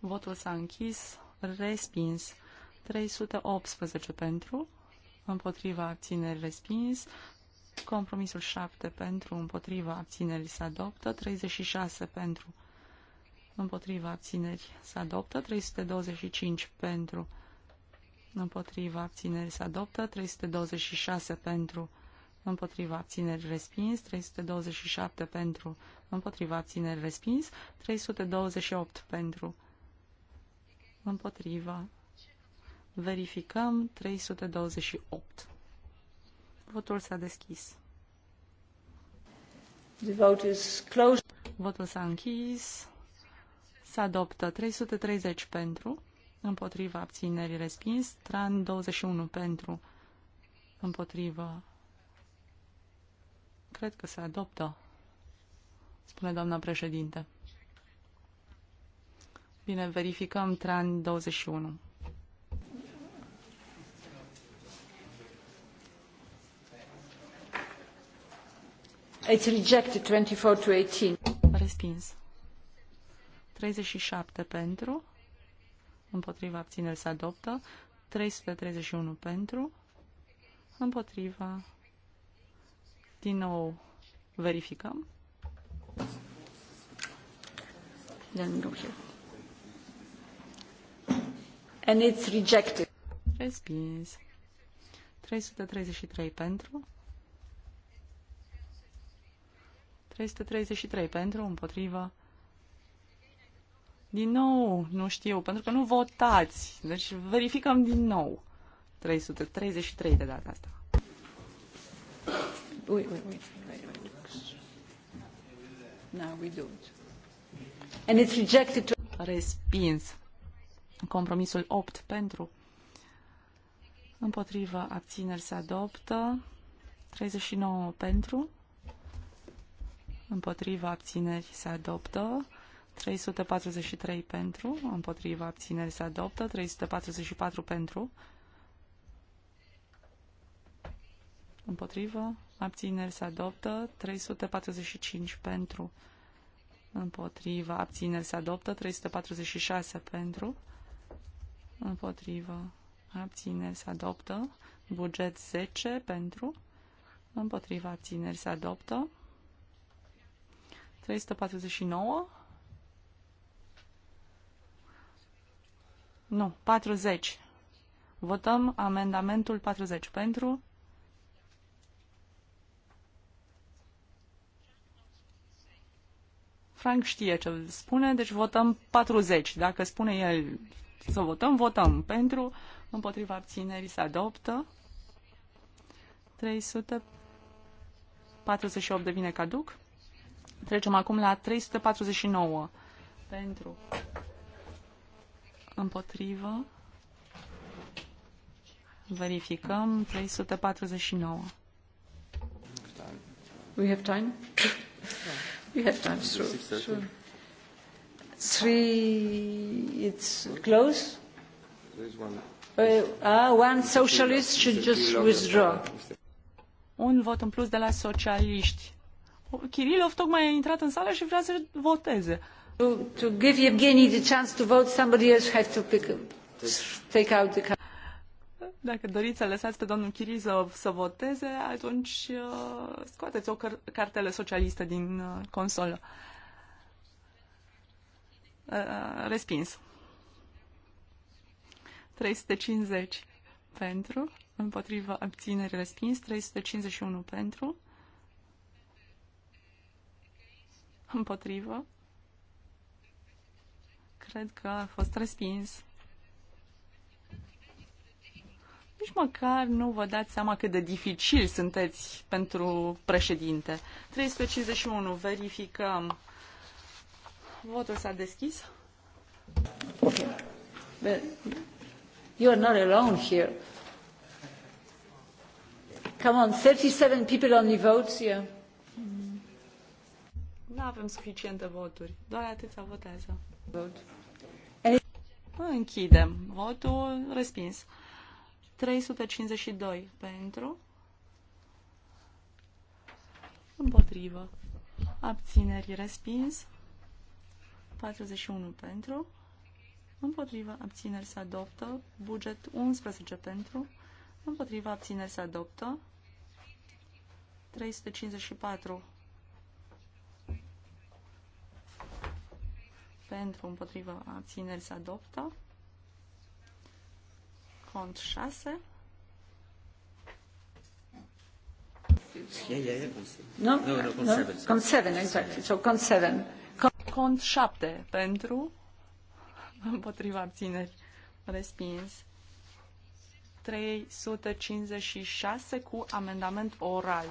S5: Votul s-a închis. Respins. 318 pentru. Împotriva abțineri respins. Compromisul 7 pentru. Împotriva abținerii se adoptă. 36 pentru. Împotriva abțineri se adoptă. 325 pentru. Împotriva abținerii se adoptă. 326 pentru împotriva abțineri respins, 327 pentru, împotriva abțineri respins, 328 pentru, împotrivă. Verificăm 328. Votul s-a deschis. The vote is closed. Votul s-a închis. Se adoptă 330 pentru, împotriva abținerii respins, tran 21 pentru, împotriva. Cred că se adoptă, spune doamna președinte. Bine, verificăm tren
S1: 21. It's rejected 24 to 18. Respins. 37 pentru.
S5: Împotriva abțineri se adoptă. 331 pentru. Împotriva. Din nou verificăm.
S1: Then we go here and it's rejected. Respins. 333
S5: pentru. 333 pentru, împotriva. Din nou, nu știu, pentru că nu votați. Deci verificăm din nou. 333 de data asta.
S1: Ui, ui, ui. No, we don't. And it's rejected.
S5: Respins. Compromisul 8 pentru, împotrivă, abțineri se adoptă. 39 pentru, împotrivă, abțineri se adoptă. 343 pentru, Împotrivă abțineri se adoptă, 344 pentru, împotrivă, abțineri se adoptă, 345 pentru, Împotrivă abțineri se adoptă, 346 pentru, împotrivă, abțineri se adoptă, buget 10 pentru, împotriva abțineri se adoptă, 349, nu, 40. Votăm amendamentul 40 pentru, Frank știe ce spune, deci votăm 40. Dacă spune el să votăm, votăm pentru, împotriva abținerii se adoptă. 348 devine caduc. Trecem acum la 349 pentru, împotrivă, verificăm 349.
S1: We have time? We have time, sure. sure. Three, it's close. One. Uh, ah, one socialist should just withdraw.
S5: Un vot în plus de la socialiști. Kirilov tocmai a intrat în
S1: sală și vrea să voteze. To, to give Evgeny the chance to vote, somebody else had to pick, take out the card.
S5: Dacă doriți să lăsați pe domnul Chiril să, voteze, atunci uh, scoateți o car- cartelă socialistă din uh, consolă. Uh, respins. 350 pentru, împotriva abținere respins, 351 pentru, împotrivă, cred că a fost respins. Nici măcar nu vă dați seama cât de dificil sunteți pentru președinte. 351, verificăm Votul s-a deschis.
S1: Ok. you are not alone here. Come on, 37 people only votes, yeah.
S5: Mm. Nu avem suficiente voturi. Doar atâția votează. Vote. Închidem. Votul respins. 352 pentru. Împotrivă. Abțineri respins. 41 pentru, împotriva abțineri se adoptă, buget 11 pentru, împotriva abțineri se adoptă, 354 pentru, împotriva abțineri se adoptă, cont 6,
S1: Yeah, yeah, yeah. No, no, no, no. no, seven. cont 7. exactly. So con seven.
S5: Cont 7 pentru, împotriva abțineri, respins. 356 cu amendament oral.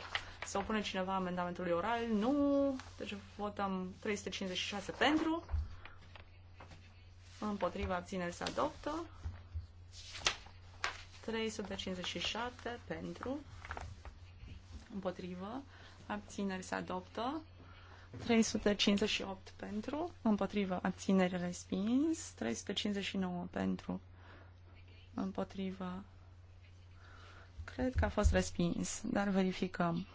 S5: Să opune cineva amendamentului oral? Nu. Deci votăm 356 pentru. Împotriva abțineri se adoptă. 357 pentru. Împotrivă. Abțineri se adoptă. 358 pentru, împotrivă, abținere respins, 359 pentru, împotrivă, cred că a fost respins, dar verificăm.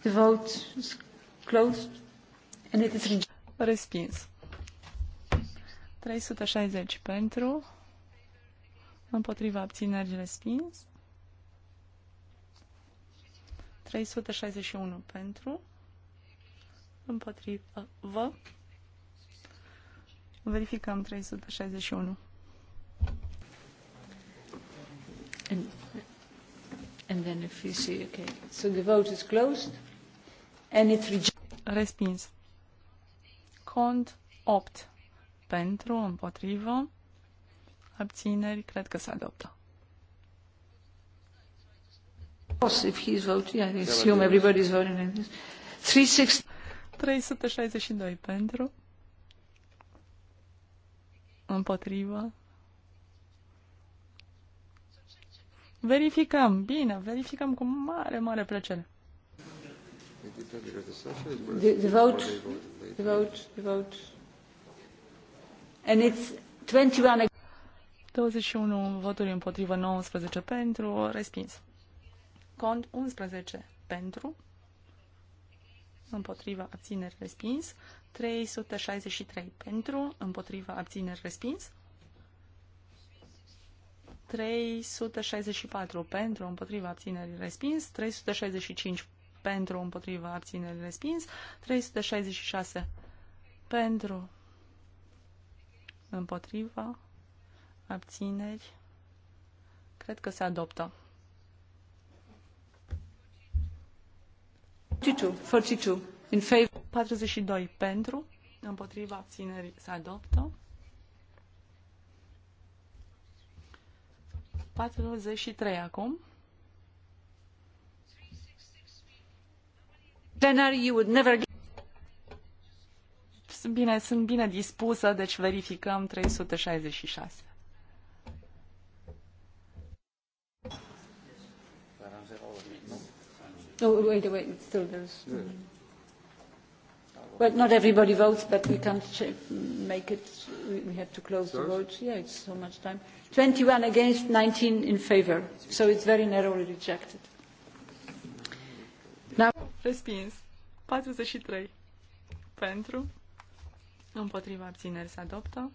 S1: The vote is closed and it is
S5: respins. 360 pentru, Împotriva abținerii respins. 361 pentru. Împotriva vă. Verificăm 361.
S1: And, and then if you see, okay. So the vote is closed and it Respins.
S5: Cont 8 pentru, împotrivă abțineri, cred că se adoptă. If he's voting, I assume everybody's voting 362 pentru. Împotrivă. Verificăm, bine, verificăm cu mare, mare plăcere.
S1: The, the vote, the vote, the vote. And it's 21 21
S5: voturi împotrivă, 19 pentru, respins. Cont 11 pentru, împotrivă, abțineri respins, 363 pentru, împotrivă, abțineri respins, 364 pentru, împotrivă, abțineri, respins, 365 pentru, împotrivă, abțineri, respins, 366 pentru, împotrivă, abțineri, cred că se adoptă. 42, 42, in favor. 42 pentru, împotriva abținerii se adoptă. 43 acum. you would never Bine, sunt bine dispusă, deci verificăm 366.
S1: No, wait, wait, still there's... Mm.
S4: Well, not everybody votes, but
S1: we can't make it. We have to close Sorry? the votes. Yeah, it's so much time. 21 against, 19 in favor. So it's very narrowly rejected. Now...
S5: Respins. 43 pentru. Împotriva abțineri se adoptă.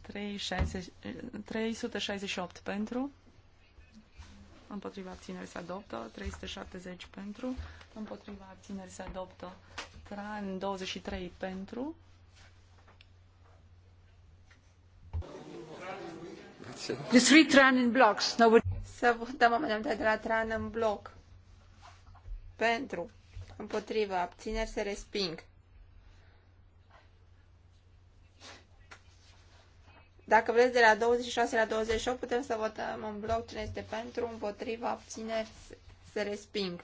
S5: 368 pentru împotriva abțineri se adoptă, 370 pentru, împotriva abțineri se adoptă, 23 pentru.
S1: The
S2: three tran in blocks. Nobody... Să votăm amendamentul de la tran în bloc. Pentru, împotriva, abțineri se resping. Dacă vreți, de la 26 la 28 putem să votăm în bloc cine este pentru, împotriva, abțineri, se resping.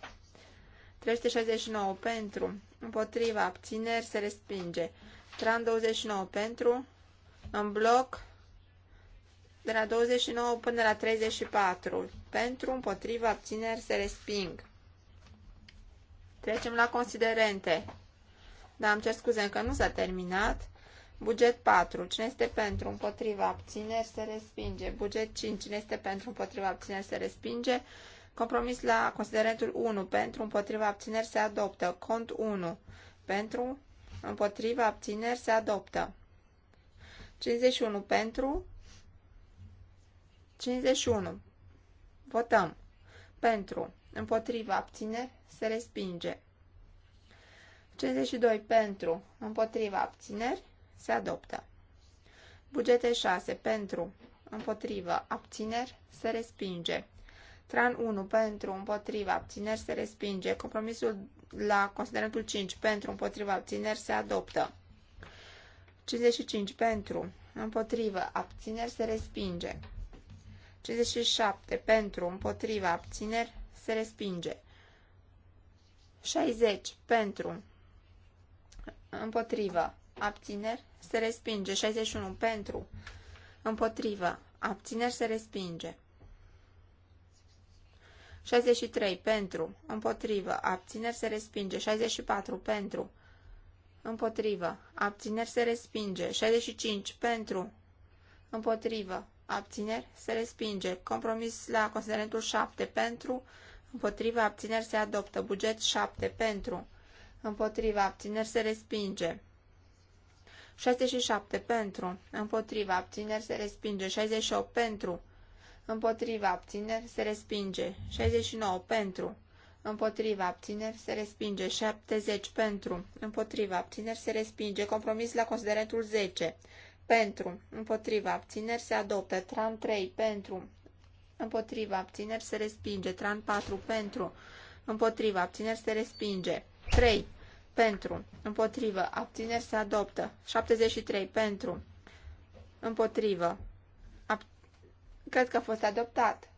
S2: 369 pentru, împotriva, abțineri, se respinge. Tran 29 pentru, în bloc, de la 29 până la 34. Pentru, împotriva, abțineri, se resping. Trecem la considerente. Dar am cer scuze, încă nu s-a terminat. Buget 4. Cine este pentru? Împotriva abțineri se respinge. Buget 5. Cine este pentru? Împotriva abțineri se respinge. Compromis la considerentul 1. Pentru? Împotriva abțineri se adoptă. Cont 1. Pentru? Împotriva abțineri se adoptă. 51 pentru. 51. Votăm. Pentru. Împotriva abțineri se respinge. 52 pentru. Împotriva abțineri se adoptă. Bugete 6 pentru, împotrivă, abțineri, se respinge. Tran 1 pentru, împotrivă, abțineri, se respinge. Compromisul la considerentul 5 pentru, împotrivă, abțineri, se adoptă. 55 pentru, împotrivă, abțineri, se respinge. 57 pentru, împotrivă, abțineri, se respinge. 60 pentru, împotrivă, abțineri, se respinge. 61 pentru, împotrivă, abțineri, se respinge. 63 pentru, împotrivă, abțineri, se respinge. 64 pentru, împotrivă, abțineri, se respinge. 65 pentru, împotrivă, abțineri, se respinge. Compromis la considerentul 7 pentru, împotrivă, abțineri, se adoptă. Buget 7 pentru, împotrivă, abțineri, se respinge. 67 pentru, împotriva abțineri se respinge, 68 pentru, împotriva abțineri se respinge, 69 pentru, împotriva abțineri se respinge, 70 pentru, împotriva abțineri se respinge, compromis la considerentul 10 pentru, împotriva abțineri se adoptă, tran 3 pentru, împotriva abțineri se respinge, tran 4 pentru, împotriva abțineri se respinge, 3 pentru, împotrivă, abțineri se adoptă. 73 pentru, împotrivă, ab... cred că a fost adoptat.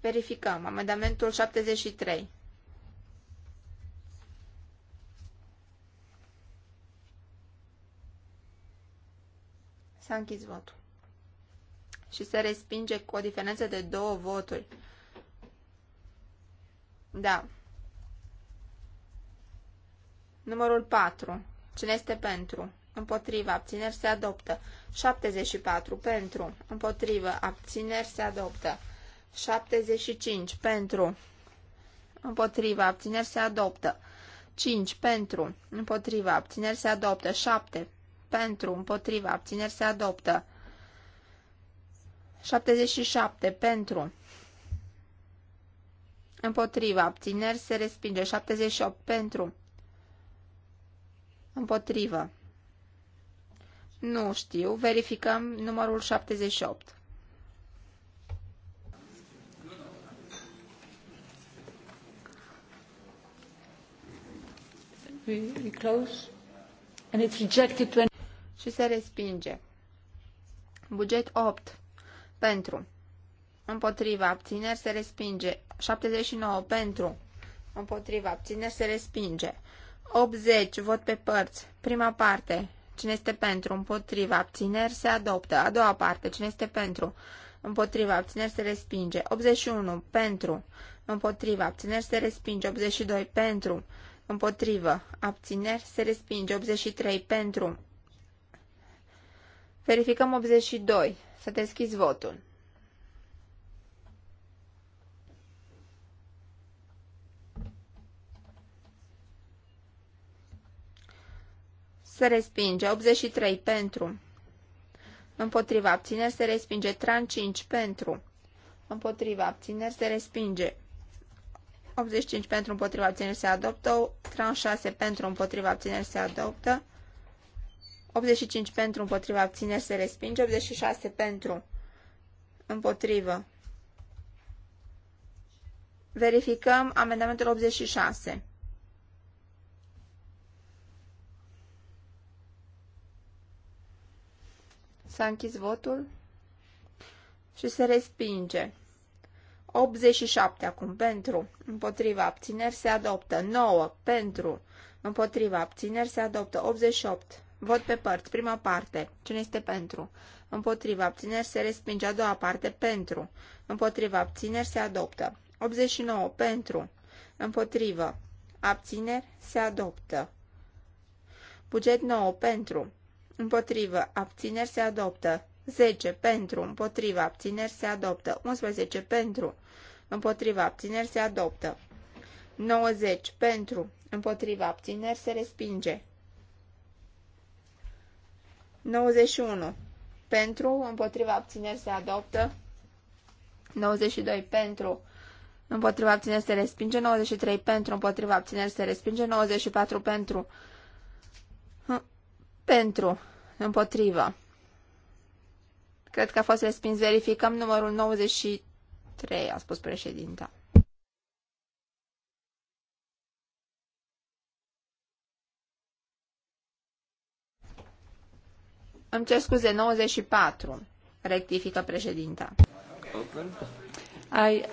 S2: Verificăm. Amendamentul 73. S-a închis votul. Și se respinge cu o diferență de două voturi. Da. Numărul 4. Cine este pentru? Împotrivă. Abțineri se adoptă. 74. Pentru. Împotrivă. Abțineri se adoptă. 75. Pentru. Împotrivă. Abțineri se adoptă. 5. Pentru. Împotrivă. Abțineri se adoptă. 7. Pentru. Împotrivă. Abțineri se adoptă. 77. Pentru. Împotrivă. Abțineri se respinge. 78. Pentru. Împotrivă. Nu știu. Verificăm numărul 78. We, we close. And it's rejected when... Și se respinge. Buget 8. Pentru. Împotriva abțineri se respinge. 79 pentru. Împotriva abțineri se respinge. 80. Vot pe părți. Prima parte. Cine este pentru? Împotriva. Abțineri se adoptă. A doua parte. Cine este pentru? Împotriva. Abțineri se respinge. 81. Pentru. Împotriva. Abțineri se respinge. 82. Pentru. Împotrivă. Abțineri se respinge. 83. Pentru. Verificăm 82. Să deschizi votul. se respinge. 83 pentru. Împotriva abțineri se respinge. Tran 5 pentru. Împotriva abțineri se respinge. 85 pentru împotriva abțineri se adoptă. Tran 6 pentru împotriva abțineri se adoptă. 85 pentru împotriva abțineri se respinge. 86 pentru împotrivă. Verificăm amendamentul 86. S-a închis votul și se respinge. 87 acum pentru, împotriva abțineri se adoptă. 9 pentru, împotriva abțineri se adoptă. 88. Vot pe părți. Prima parte. Cine este pentru? Împotriva abțineri se respinge. A doua parte pentru. Împotriva abțineri se adoptă. 89 pentru. împotriva Abțineri se adoptă. Buget 9 pentru împotrivă, abțineri se adoptă. 10 pentru, împotrivă, abțineri se adoptă. 11 pentru, împotrivă, abțineri se adoptă. 90 pentru, împotrivă, abțineri se respinge. 91 pentru, Împotrivă. abțineri se adoptă. 92 pentru, împotriva abțineri se respinge. 93 pentru, împotriva abțineri se respinge. 94 pentru, pentru. Împotrivă. Cred că a fost respins. Verificăm numărul 93, a spus președinta. Îmi cer scuze, 94, rectifică președinta. I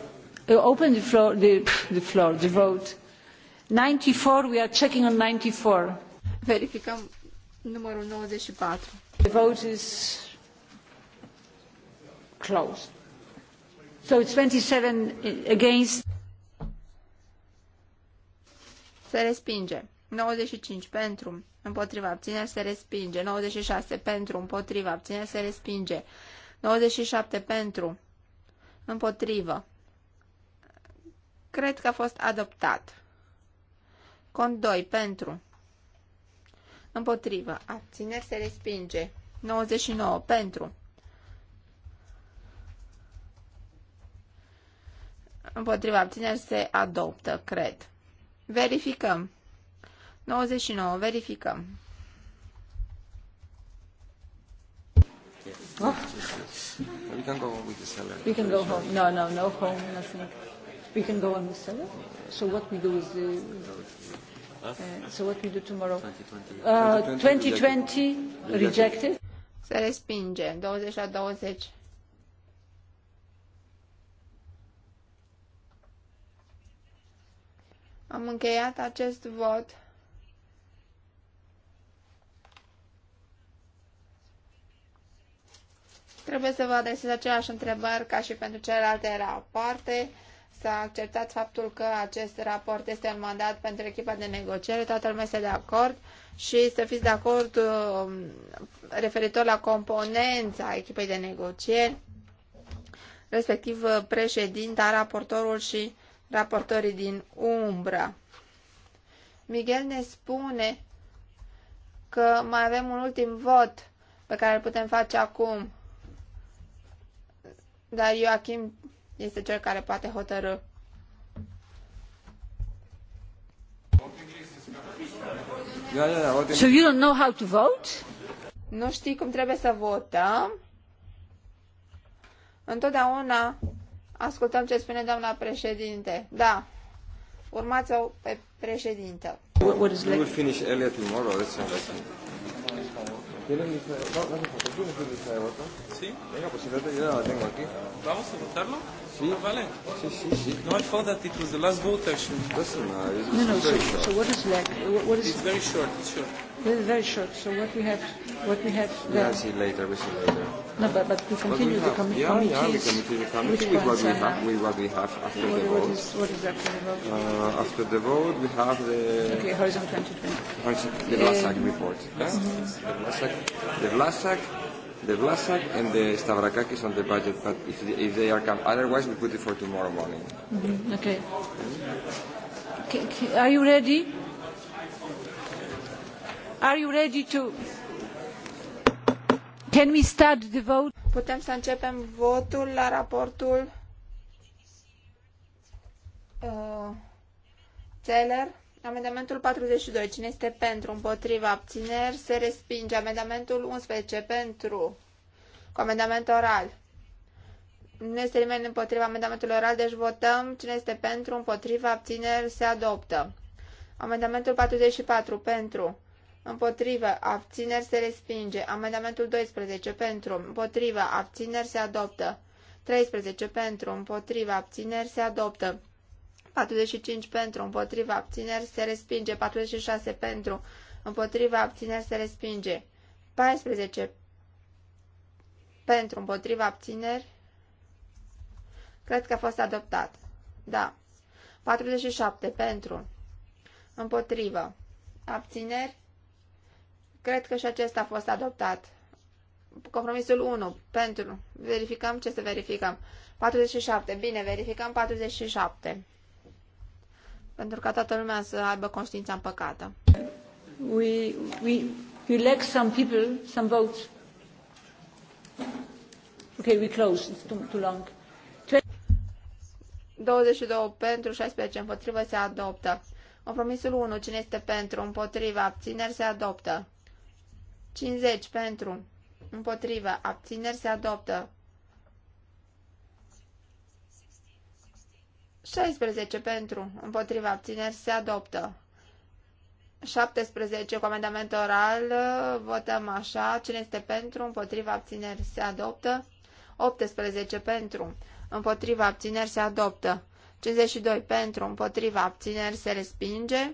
S1: uh, open the floor, the, the floor, the vote. 94, we are checking on 94. Verificăm Numărul 94. The vote is closed. So it's 27 against.
S2: Se respinge. 95 pentru, împotriva abține, se respinge. 96 pentru, împotriva abține, se respinge. 97 pentru, împotrivă. Cred că a fost adoptat. Cont 2 pentru, Împotrivă. Abțineri se respinge. 99. Pentru. Împotriva abțineri se adoptă, cred. Verificăm. 99. Verificăm.
S1: Oh. We can go home with the seller. We can go home. No, no, no home, nothing. We can go on the seller. So what we do is... Uh, Uh, so what we do tomorrow? Uh, 2020 rejected.
S2: Se respinge. 20 la 20. Am încheiat acest vot. Trebuie să vă adresez aceleași întrebări ca și pentru celelalte parte s-a acceptat faptul că acest raport este un mandat pentru echipa de negociere, toată lumea este de acord și să fiți de acord um, referitor la componența echipei de negocieri, respectiv uh, președinta, raportorul și raportorii din umbră. Miguel ne spune că mai avem un ultim vot pe care îl putem face acum. Dar Joachim este cel care poate hotărâ. So you don't know how to vote? Nu știi cum trebuie să votăm? Întotdeauna ascultăm ce spune doamna președinte. Da, urmați-o pe președinte. What, what is We will finish earlier tomorrow. That's
S3: ¿Tienen mis no, no hace falta. ¿Tienes mi lista de votos? Sí. Venga, pues si no te ayuda, la tengo aquí.
S2: ¿Vamos a votarlo? Sí. Ah, vale. Sí, sí, sí. No, I thought that it was the last vote, actually. Doesn't
S5: matter.
S1: It's no, no, very so, short. so what is lag? What, what is... It's very short, it's short. This is very short. So what we have, what we have. There. Yeah, I see later. We see later. No, but but we continue but the committee. yeah, Yeah, we continue the committee with what we have. With what we have after what, the vote. What is, what is after the vote?
S4: Uh, after the vote, we have the. Okay, Horizon 2020. the um, Vlasak um, report. Yeah? Mm-hmm. The Vlasak. The Vlasak the Vlasak and the Stavrakakis on the budget, but if, the, if they are come, otherwise we put it for tomorrow morning.
S1: Mm-hmm. Okay. Mm-hmm. Are you ready? Are you ready to...
S2: Can we start the vote? Putem să începem votul la raportul uh, Zeller. Amendamentul 42. Cine este pentru? Împotriva? Abțineri? Se respinge. Amendamentul 11. Pentru? Cu amendament oral. Nu este nimeni împotriva amendamentului oral, deci votăm. Cine este pentru? Împotriva? Abțineri? Se adoptă. Amendamentul 44. Pentru? împotrivă, abțineri se respinge. Amendamentul 12 pentru, împotrivă, abțineri se adoptă. 13 pentru, împotrivă, abțineri se adoptă. 45 pentru, împotrivă, abțineri se respinge. 46 pentru, împotrivă, abțineri se respinge. 14 pentru, împotrivă, abțineri. Cred că a fost adoptat. Da. 47 pentru, împotrivă, abțineri Cred că și acesta a fost adoptat. Compromisul 1. Pentru. Verificăm ce să verificăm. 47. Bine, verificăm 47. Pentru ca toată lumea să aibă conștiința păcată.
S1: We, we, we lack some
S2: people, some votes. Okay, we close. It's too, too long. 22 pentru, 16 împotrivă se adoptă. Compromisul 1. Cine este pentru, împotriva, abțineri se adoptă. 50 pentru, împotrivă, abțineri se adoptă. 16 pentru, împotriva abțineri se adoptă. 17 cu amendament oral, votăm așa. Cine este pentru, împotriva abțineri se adoptă. 18 pentru, împotriva abțineri se adoptă. 52 pentru, împotriva abțineri se respinge.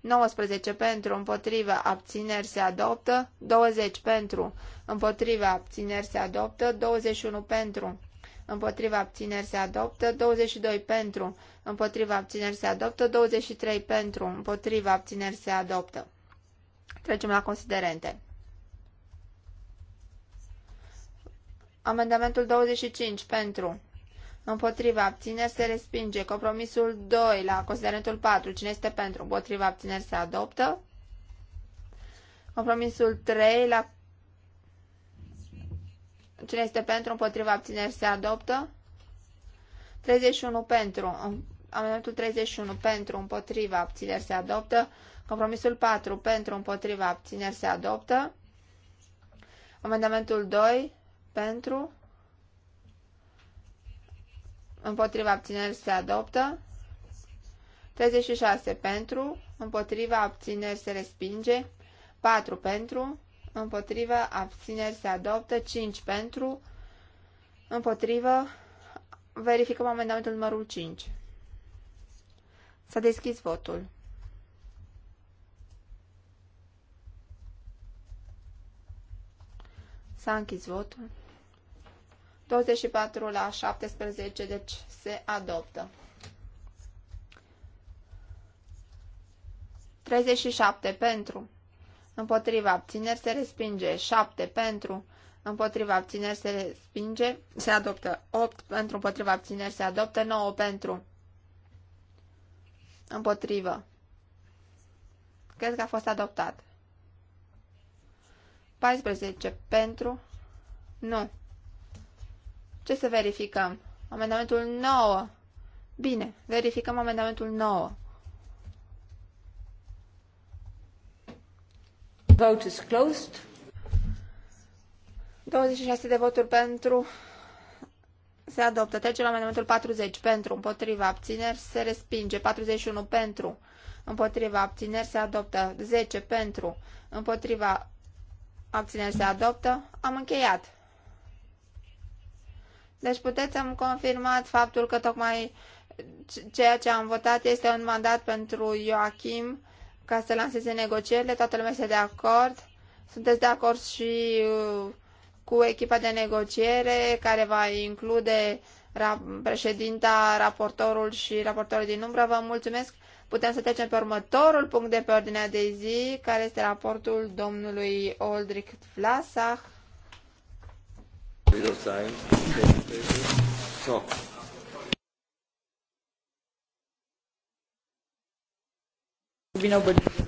S2: 19 pentru, împotrivă, abțineri se adoptă, 20 pentru, împotrivă, abțineri se adoptă, 21 pentru, împotrivă, abțineri se adoptă, 22 pentru, împotrivă, abțineri se adoptă, 23 pentru, împotrivă, abțineri se adoptă. Trecem la considerente. Amendamentul 25 pentru, împotriva abțineri se respinge. Compromisul 2 la considerentul 4, cine este pentru, împotriva abțineri se adoptă. Compromisul 3 la cine este pentru, împotriva abțineri se adoptă. 31 pentru, amendamentul 31 pentru, împotriva abțineri se adoptă. Compromisul 4 pentru, împotriva abțineri se adoptă. Amendamentul 2 pentru, împotriva abținerii se adoptă, 36 pentru, împotriva abținerii se respinge, 4 pentru, împotriva abțineri se adoptă, 5 pentru, împotriva, verificăm amendamentul numărul 5. S-a deschis votul. S-a închis votul. 24 la 17, deci se adoptă. 37 pentru, împotriva abțineri se respinge, 7 pentru, împotriva abțineri se respinge, se adoptă, 8 pentru, împotriva abțineri se adoptă, 9 pentru, împotrivă. Cred că a fost adoptat. 14 pentru, nu, ce să verificăm? Amendamentul 9. Bine, verificăm amendamentul 9.
S1: Vote is closed.
S2: 26 de voturi pentru. Se adoptă. Trece la amendamentul 40. Pentru, împotriva, abțineri, se respinge. 41 pentru, împotriva, abțineri, se adoptă. 10 pentru, împotriva, abțineri, se adoptă. Am încheiat. Deci puteți să-mi confirmați faptul că tocmai ceea ce am votat este un mandat pentru Joachim ca să lanseze negocierile, toată lumea este de acord. Sunteți de acord și uh, cu echipa de negociere care va include președinta, raportorul și raportorul din umbră. Vă mulțumesc. Putem să trecem pe următorul punct de pe ordinea de zi, care este raportul domnului Oldrich Vlasach.
S1: So. Vino bădit.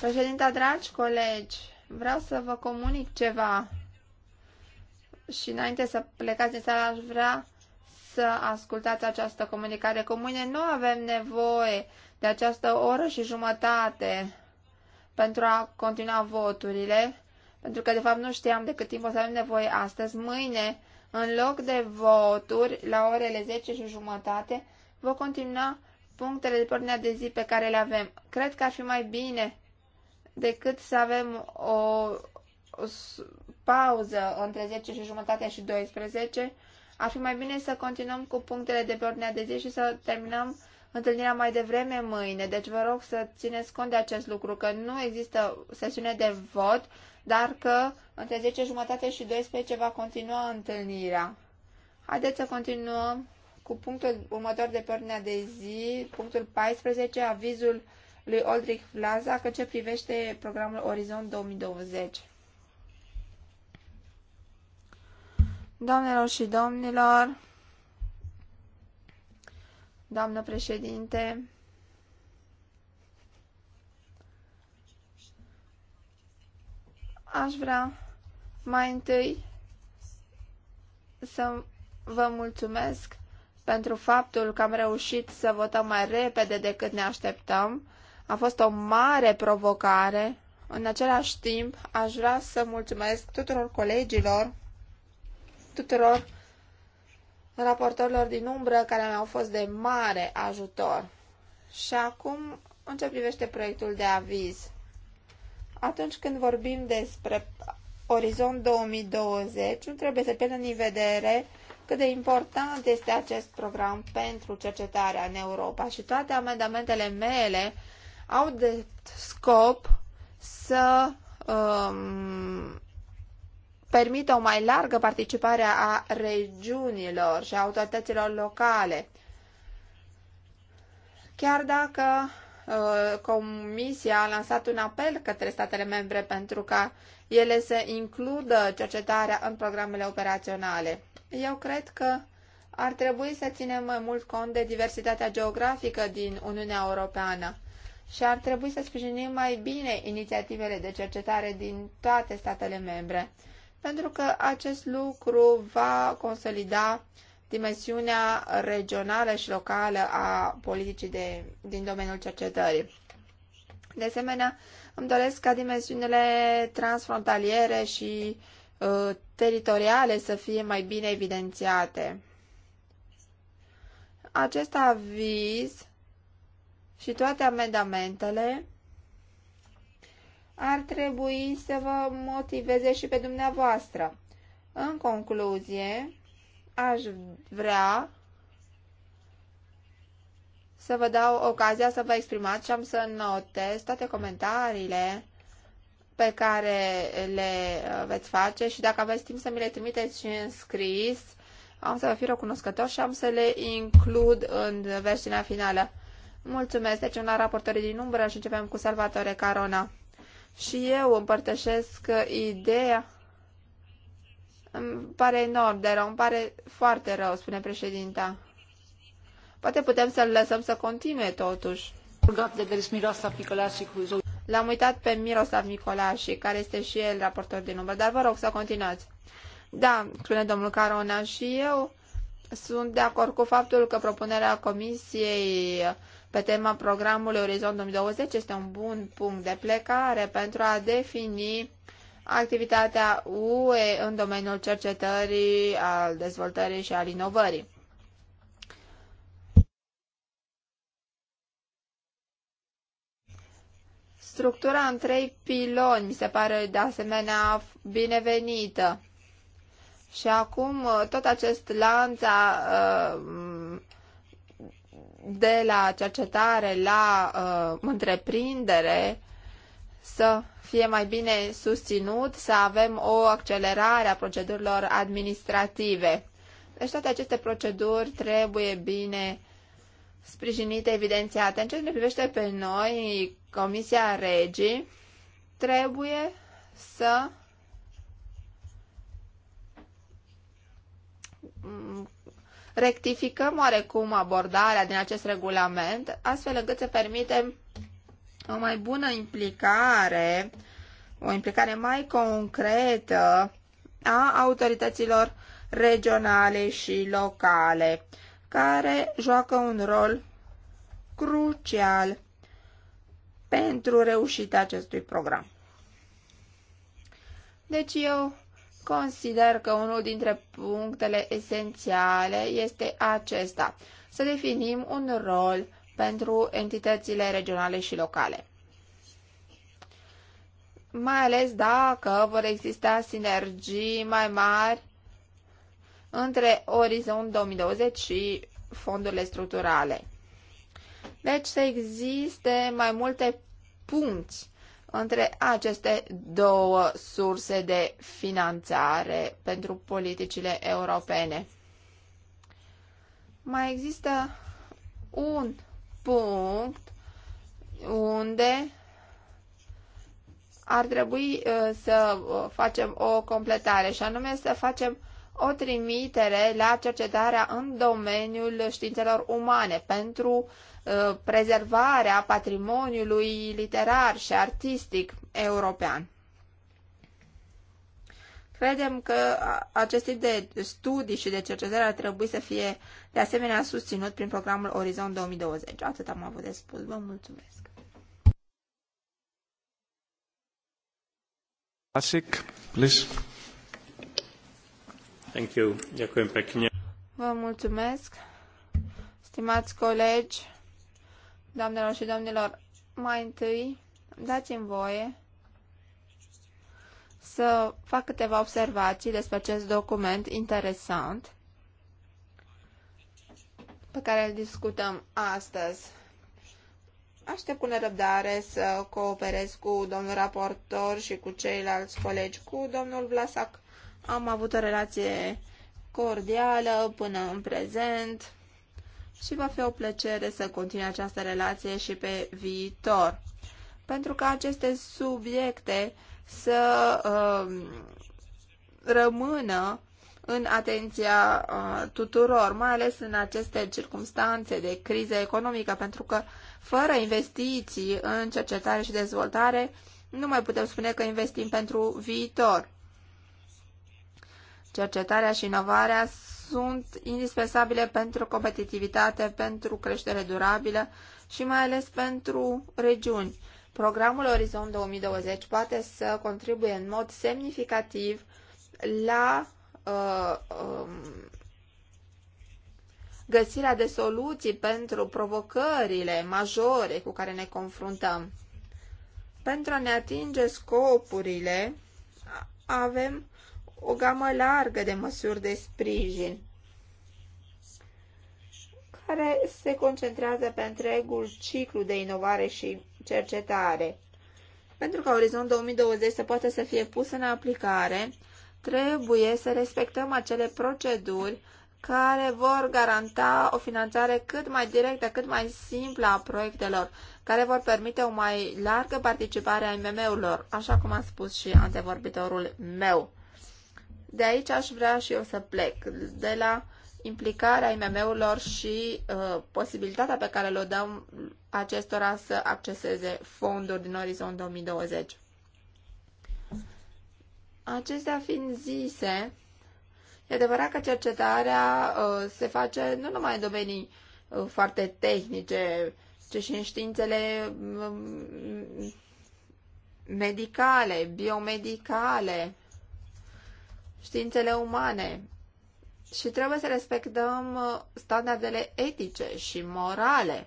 S2: Președinta, dragi colegi, vreau să vă comunic ceva. Și înainte să plecați din sală, aș vrea să ascultați această comunicare. Cu mâine nu avem nevoie de această oră și jumătate pentru a continua voturile, pentru că, de fapt, nu știam de cât timp o să avem nevoie astăzi. Mâine, în loc de voturi, la orele 10 și jumătate, Vom continua punctele de pornire de zi pe care le avem. Cred că ar fi mai bine decât să avem o, o pauză între 10 și jumătate și 12, ar fi mai bine să continuăm cu punctele de pe de zi și să terminăm întâlnirea mai devreme mâine. Deci vă rog să țineți cont de acest lucru, că nu există sesiune de vot, dar că între 10 jumătate și 12 va continua întâlnirea. Haideți să continuăm cu punctul următor de pe ordinea de zi, punctul 14, avizul lui Oldrich Vlaza că ce privește programul Orizont 2020. Doamnelor și domnilor, doamnă președinte, aș vrea mai întâi să vă mulțumesc pentru faptul că am reușit să votăm mai repede decât ne așteptăm. A fost o mare provocare. În același timp, aș vrea să mulțumesc tuturor colegilor, tuturor raportorilor din umbră care mi-au fost de mare ajutor. Și acum, în ce privește proiectul de aviz, atunci când vorbim despre Orizont 2020, nu trebuie să pierdem din vedere cât de important este acest program pentru cercetarea în Europa și toate amendamentele mele au de scop să um, permită o mai largă participare a regiunilor și a autorităților locale. Chiar dacă uh, Comisia a lansat un apel către statele membre pentru ca ele să includă cercetarea în programele operaționale. Eu cred că ar trebui să ținem mai mult cont de diversitatea geografică din Uniunea Europeană și ar trebui să sprijinim mai bine inițiativele de cercetare din toate statele membre, pentru că acest lucru va consolida dimensiunea regională și locală a politicii de, din domeniul cercetării. De asemenea, îmi doresc ca dimensiunile transfrontaliere și uh, Uh, teritoriale să fie mai bine evidențiate. Acest aviz și toate amendamentele ar trebui să vă motiveze și pe dumneavoastră. În concluzie, aș vrea să vă dau ocazia să vă exprimați și am să notez toate comentariile pe care le uh, veți face și dacă aveți timp să mi le trimiteți și în scris, am să vă fi recunoscător și am să le includ în versiunea finală. Mulțumesc, deci una raportării din umbră și începem cu Salvatore Carona. Și eu împărtășesc uh, ideea. Îmi pare enorm de rău, îmi pare foarte rău, spune președinta. Poate putem să-l lăsăm să continue totuși. Rugat de cu Nicolae, L-am uitat pe Miroslav Nicolași, care este și el raportor din umbră, dar vă rog să continuați. Da, spune domnul Carona, și eu sunt de acord cu faptul că propunerea Comisiei pe tema programului Orizont 2020 este un bun punct de plecare pentru a defini activitatea UE în domeniul cercetării, al dezvoltării și al inovării. structura în trei piloni mi se pare de asemenea binevenită. Și acum uh, tot acest lanț uh, de la cercetare la uh, întreprindere să fie mai bine susținut, să avem o accelerare a procedurilor administrative. Deci toate aceste proceduri trebuie bine sprijinită, evidențiate. În ce ne privește pe noi, Comisia Regii trebuie să rectificăm oarecum abordarea din acest regulament, astfel încât să permitem o mai bună implicare, o implicare mai concretă a autorităților regionale și locale care joacă un rol crucial pentru reușita acestui program. Deci eu consider că unul dintre punctele esențiale este acesta, să definim un rol pentru entitățile regionale și locale. Mai ales dacă vor exista sinergii mai mari între Orizont 2020 și fondurile structurale. Deci să existe mai multe punți între aceste două surse de finanțare pentru politicile europene. Mai există un punct unde ar trebui uh, să uh, facem o completare și anume să facem o trimitere la cercetarea în domeniul științelor umane pentru uh, prezervarea patrimoniului literar și artistic european. Credem că acest tip de studii și de cercetare ar trebui să fie de asemenea susținut prin programul Orizont 2020. Atât am avut de spus. Vă mulțumesc!
S1: Asic, please.
S2: Vă mulțumesc. Stimați colegi, doamnelor și domnilor, mai întâi dați-mi voie să fac câteva observații despre acest document interesant pe care îl discutăm astăzi. Aștept cu nerăbdare să cooperez cu domnul raportor și cu ceilalți colegi, cu domnul Vlasac am avut o relație cordială până în prezent și va fi o plăcere să continui această relație și pe viitor. Pentru că aceste subiecte să uh, rămână în atenția uh, tuturor, mai ales în aceste circunstanțe de criză economică, pentru că fără investiții în cercetare și dezvoltare nu mai putem spune că investim pentru viitor cercetarea și inovarea sunt indispensabile pentru competitivitate, pentru creștere durabilă și mai ales pentru regiuni. Programul Orizont 2020 poate să contribuie în mod semnificativ la uh, um, găsirea de soluții pentru provocările majore cu care ne confruntăm. Pentru a ne atinge scopurile, avem o gamă largă de măsuri de sprijin care se concentrează pe întregul ciclu de inovare și cercetare. Pentru ca Orizont 2020 să poată să fie pus în aplicare, trebuie să respectăm acele proceduri care vor garanta o finanțare cât mai directă, cât mai simplă a proiectelor, care vor permite o mai largă participare a IMM-urilor, așa cum a spus și antevorbitorul meu. De aici aș vrea și eu să plec, de la implicarea IMM-urilor și uh, posibilitatea pe care le dăm acestora să acceseze fonduri din orizont 2020. Acestea fiind zise, e adevărat că cercetarea uh, se face nu numai în domenii uh, foarte tehnice, ci și în științele um, medicale, biomedicale, științele umane și trebuie să respectăm uh, standardele etice și morale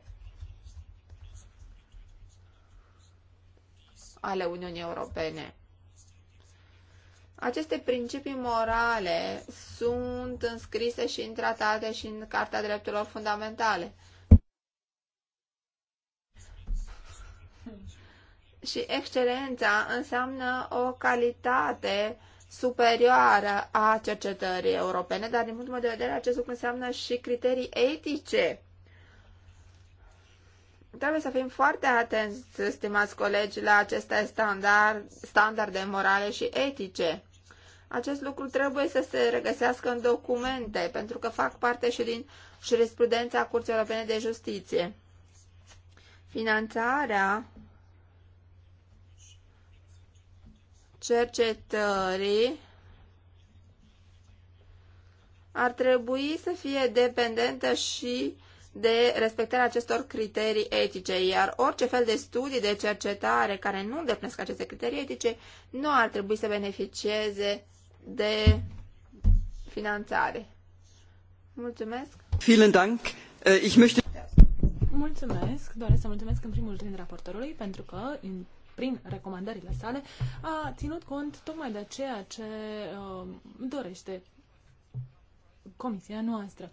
S2: ale Uniunii Europene. Aceste principii morale sunt înscrise și în tratate și în Carta Drepturilor Fundamentale. Și excelența înseamnă o calitate superioară a cercetării europene, dar din punctul meu de vedere acest lucru înseamnă și criterii etice. Trebuie să fim foarte atenți, stimați colegi, la aceste standard, standarde morale și etice. Acest lucru trebuie să se regăsească în documente, pentru că fac parte și din jurisprudența Curții Europene de Justiție. Finanțarea cercetării ar trebui să fie dependentă și de respectarea acestor criterii etice, iar orice fel de studii de cercetare care nu îndeplinesc aceste criterii etice nu ar trebui să beneficieze de finanțare. Mulțumesc!
S1: Vielen Dank! Äh, ich möchte...
S2: Mulțumesc!
S3: Doresc să mulțumesc în primul rând raportorului pentru că prin recomandările sale, a ținut cont tocmai de ceea ce uh, dorește comisia noastră.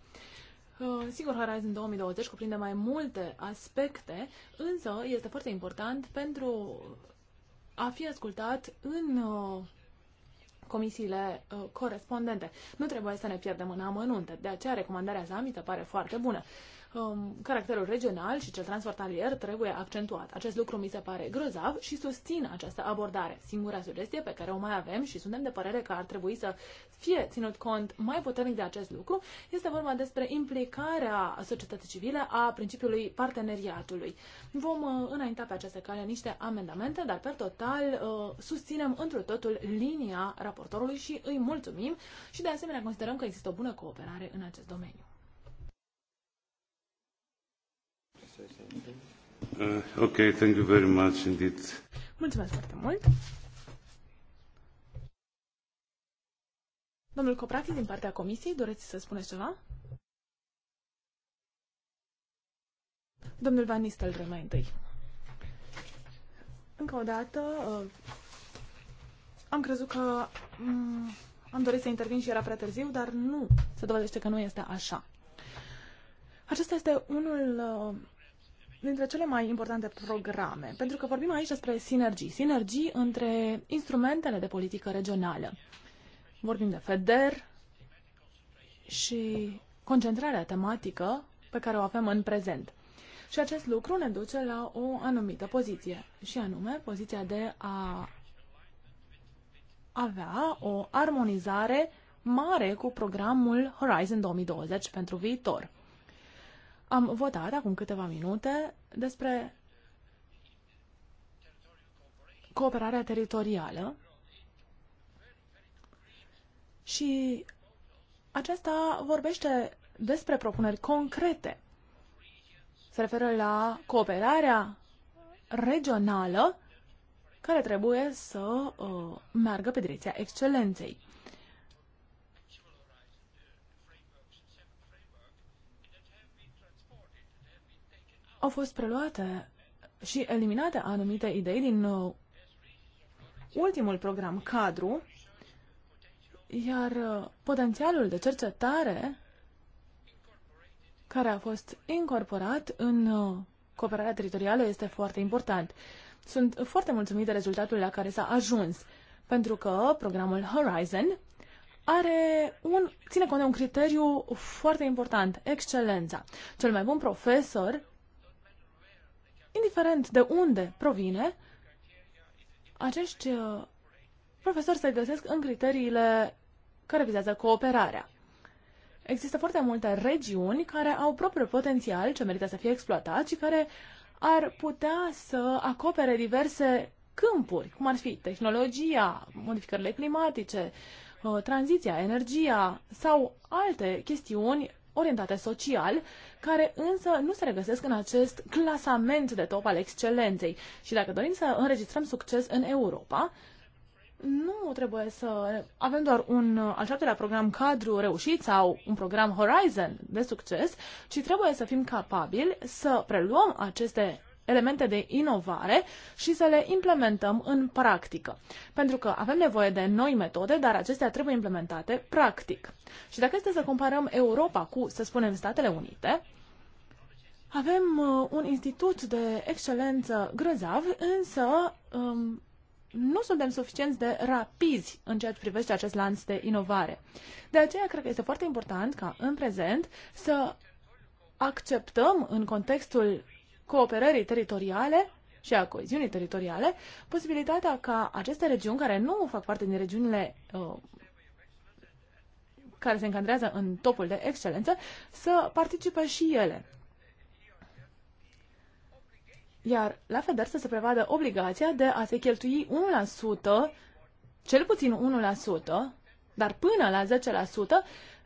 S3: Uh, sigur, Horizon 2020 cuprinde mai multe aspecte, însă este foarte important pentru a fi ascultat în uh, comisiile uh, corespondente. Nu trebuie să ne pierdem în amănunte, de aceea recomandarea sa mi se pare foarte bună. Uh, um, caracterul regional și cel transfrontalier trebuie accentuat. Acest lucru mi se pare grozav și susțin această abordare. Singura sugestie pe care o mai avem și suntem de părere că ar trebui să fie ținut cont mai puternic de acest lucru este vorba despre implicarea societății civile a principiului parteneriatului. Vom uh, înainta pe această cale niște amendamente, dar pe total uh, susținem într totul linia raportorului și îi mulțumim și de asemenea considerăm că există o bună cooperare în acest domeniu.
S5: Uh, ok, thank you very much indeed.
S3: Mulțumesc foarte mult. Domnul Coprati, din partea Comisiei, doreți să spuneți ceva? Domnul Van Nistelrooy mai întâi. Încă o dată, uh, am crezut că mm, am dorit să intervin și era prea târziu, dar nu, se dovedește că nu este așa. Acesta este unul uh, dintre cele mai importante programe, pentru că vorbim aici despre sinergii. Sinergii între instrumentele de politică regională. Vorbim de FEDER și concentrarea tematică pe care o avem în prezent. Și acest lucru ne duce la o anumită poziție, și anume poziția de a avea o armonizare mare cu programul Horizon 2020 pentru viitor. Am votat acum câteva minute despre cooperarea teritorială și aceasta vorbește despre propuneri concrete. Se referă la cooperarea regională care trebuie să uh, meargă pe direcția excelenței. Au fost preluate și eliminate anumite idei din uh, ultimul program cadru, iar uh, potențialul de cercetare care a fost incorporat în uh, cooperarea teritorială este foarte important. Sunt foarte mulțumit de rezultatul la care s-a ajuns, pentru că programul Horizon are un, ține cont de un criteriu foarte important, excelența. Cel mai bun profesor indiferent de unde provine, acești uh, profesori se găsesc în criteriile care vizează cooperarea. Există foarte multe regiuni care au propriul potențial ce merită să fie exploatat și care ar putea să acopere diverse câmpuri, cum ar fi tehnologia, modificările climatice, uh, tranziția, energia sau alte chestiuni orientate social, care însă nu se regăsesc în acest clasament de top al excelenței. Și dacă dorim să înregistrăm succes în Europa, nu trebuie să avem doar un uh, al șaptelea program cadru reușit sau un program Horizon de succes, ci trebuie să fim capabili să preluăm aceste elemente de inovare și să le implementăm în practică. Pentru că avem nevoie de noi metode, dar acestea trebuie implementate practic. Și dacă este să comparăm Europa cu, să spunem, Statele Unite, avem uh, un institut de excelență grăzav, însă um, nu suntem suficienți de rapizi în ceea ce privește acest lanț de inovare. De aceea, cred că este foarte important ca în prezent să acceptăm în contextul cooperării teritoriale și a coeziunii teritoriale, posibilitatea ca aceste regiuni care nu fac parte din regiunile uh, care se încadrează în topul de excelență să participe și ele. Iar la FEDER să se prevadă obligația de a se cheltui 1%, cel puțin 1%, dar până la 10%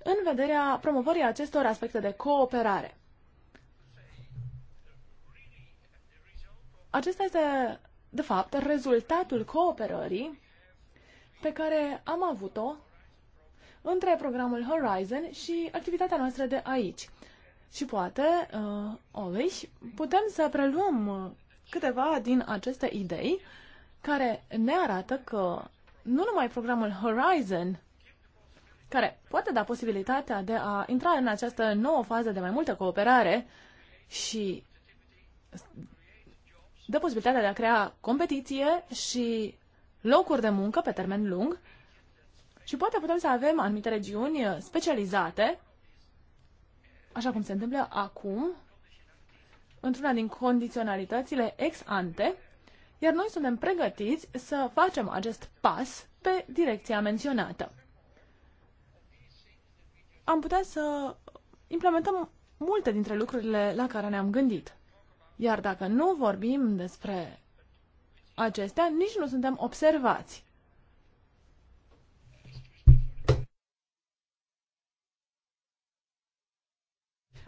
S3: în vederea promovării acestor aspecte de cooperare. Acesta este, de fapt, rezultatul cooperării pe care am avut-o între programul Horizon și activitatea noastră de aici. Și poate, uh, Olish, putem să preluăm câteva din aceste idei care ne arată că nu numai programul Horizon, care poate da posibilitatea de a intra în această nouă fază de mai multă cooperare și dă posibilitatea de a crea competiție și locuri de muncă pe termen lung și poate putem să avem anumite regiuni specializate, așa cum se întâmplă acum, într-una din condiționalitățile ex ante, iar noi suntem pregătiți să facem acest pas pe direcția menționată. Am putea să implementăm multe dintre lucrurile la care ne-am gândit. Iar dacă nu vorbim despre acestea, nici nu suntem observați.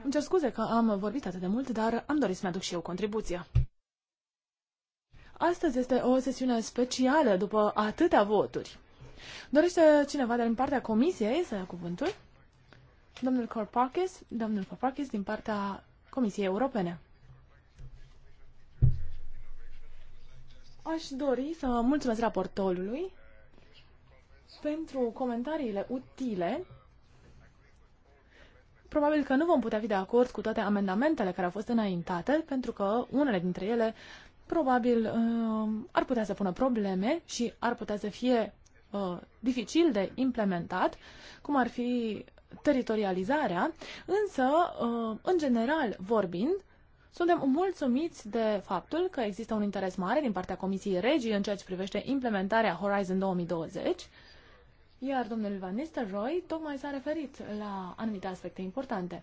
S3: Îmi cer scuze că am vorbit atât de mult, dar am dorit să-mi aduc și eu contribuția. Astăzi este o sesiune specială după atâtea voturi. Dorește cineva din partea comisiei să ia cuvântul? Domnul Corpakis, domnul Corpakis din partea Comisiei Europene. Aș dori să mulțumesc raportorului pentru comentariile utile. Probabil că nu vom putea fi de acord cu toate amendamentele care au fost înaintate, pentru că unele dintre ele probabil uh, ar putea să pună probleme și ar putea să fie uh, dificil de implementat, cum ar fi teritorializarea, însă, uh, în general vorbind, suntem mulțumiți de faptul că există un interes mare din partea Comisiei Regii în ceea ce privește implementarea Horizon 2020, iar domnul Van Nistelrooy tocmai s-a referit la anumite aspecte importante.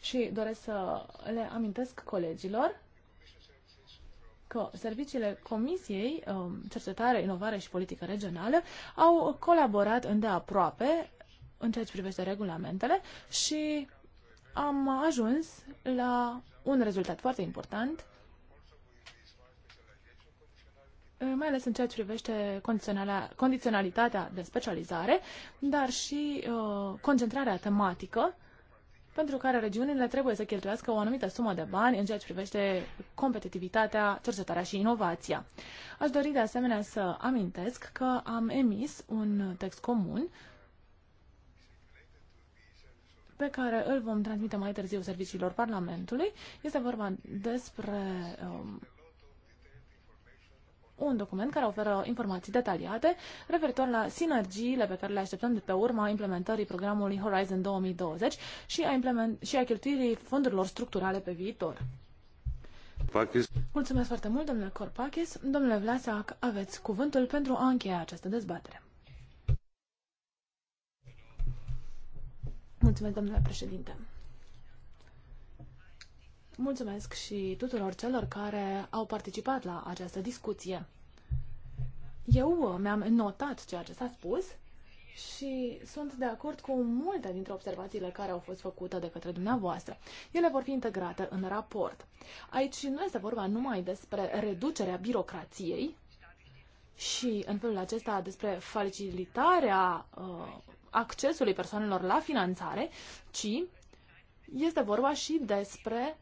S3: Și doresc să le amintesc colegilor că serviciile Comisiei um, Cercetare, Inovare și Politică Regională au colaborat îndeaproape în ceea ce privește regulamentele și am ajuns la un rezultat foarte important, eh, mai ales în ceea ce privește condiționalitatea de specializare, dar și uh, concentrarea tematică, pentru care regiunile trebuie să cheltuiască o anumită sumă de bani în ceea ce privește competitivitatea, cercetarea și inovația. Aș dori de asemenea să amintesc că am emis un text comun pe care îl vom transmite mai târziu serviciilor Parlamentului. Este vorba despre um, un document care oferă informații detaliate referitor la sinergiile pe care le așteptăm de pe urma implementării programului Horizon 2020 și a, implement- și a cheltuirii fondurilor structurale pe viitor. Pakis. Mulțumesc foarte mult, domnule Corpachis. Domnule Vlasac, aveți cuvântul pentru a încheia această dezbatere. Mulțumesc, domnule președinte. Mulțumesc și tuturor celor care au participat la această discuție. Eu mi-am notat ceea ce s-a spus și sunt de acord cu multe dintre observațiile care au fost făcute de către dumneavoastră. Ele vor fi integrate în raport. Aici nu este vorba numai despre reducerea birocrației și, în felul acesta, despre facilitarea uh, accesului persoanelor la finanțare, ci este vorba și despre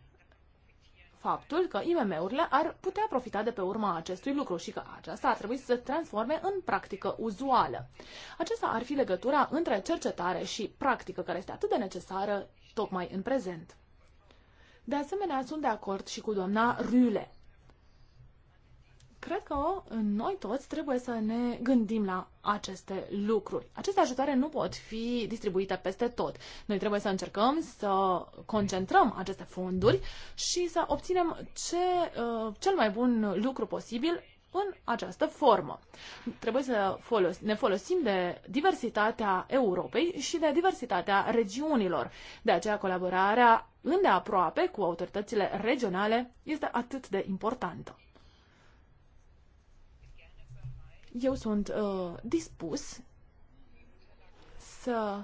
S3: faptul că IMM-urile ar putea profita de pe urma acestui lucru și că aceasta ar trebui să se transforme în practică uzuală. Acesta ar fi legătura între cercetare și practică, care este atât de necesară tocmai în prezent. De asemenea, sunt de acord și cu doamna Rüle. Cred că noi toți trebuie să ne gândim la aceste lucruri. Aceste ajutoare nu pot fi distribuite peste tot. Noi trebuie să încercăm să concentrăm aceste fonduri și să obținem ce, uh, cel mai bun lucru posibil în această formă. Trebuie să folos- ne folosim de diversitatea Europei și de diversitatea regiunilor. De aceea colaborarea îndeaproape cu autoritățile regionale este atât de importantă. Eu sunt uh, dispus să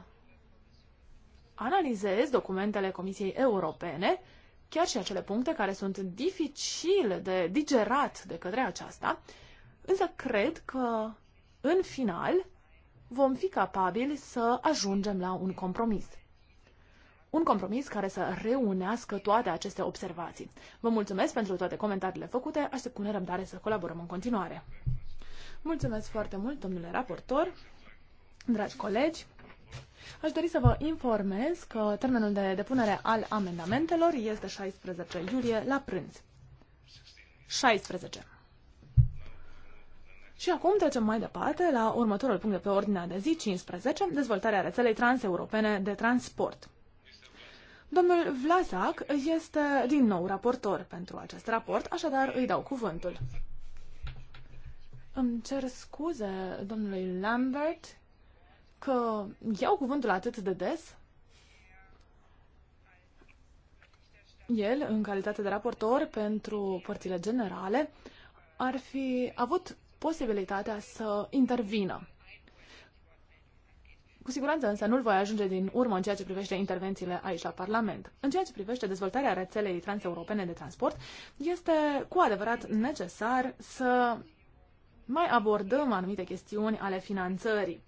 S3: analizez documentele Comisiei Europene, chiar și acele puncte care sunt dificile de digerat de către aceasta, însă cred că, în final, vom fi capabili să ajungem la un compromis. Un compromis care să reunească toate aceste observații. Vă mulțumesc pentru toate comentariile făcute, aștept cu nerăbdare să colaborăm în continuare. Mulțumesc foarte mult, domnule raportor, dragi colegi. Aș dori să vă informez că termenul de depunere al amendamentelor este 16 iulie la prânz. 16. Și acum trecem mai departe la următorul punct de pe ordinea de zi 15, dezvoltarea rețelei transeuropene de transport. Domnul Vlasac este din nou raportor pentru acest raport, așadar îi dau cuvântul. Îmi cer scuze domnului Lambert că iau cuvântul atât de des. El, în calitate de raportor pentru părțile generale, ar fi avut posibilitatea să intervină. Cu siguranță însă nu-l voi ajunge din urmă în ceea ce privește intervențiile aici la Parlament. În ceea ce privește dezvoltarea rețelei transeuropene de transport, este cu adevărat necesar să mai abordăm anumite chestiuni ale finanțării.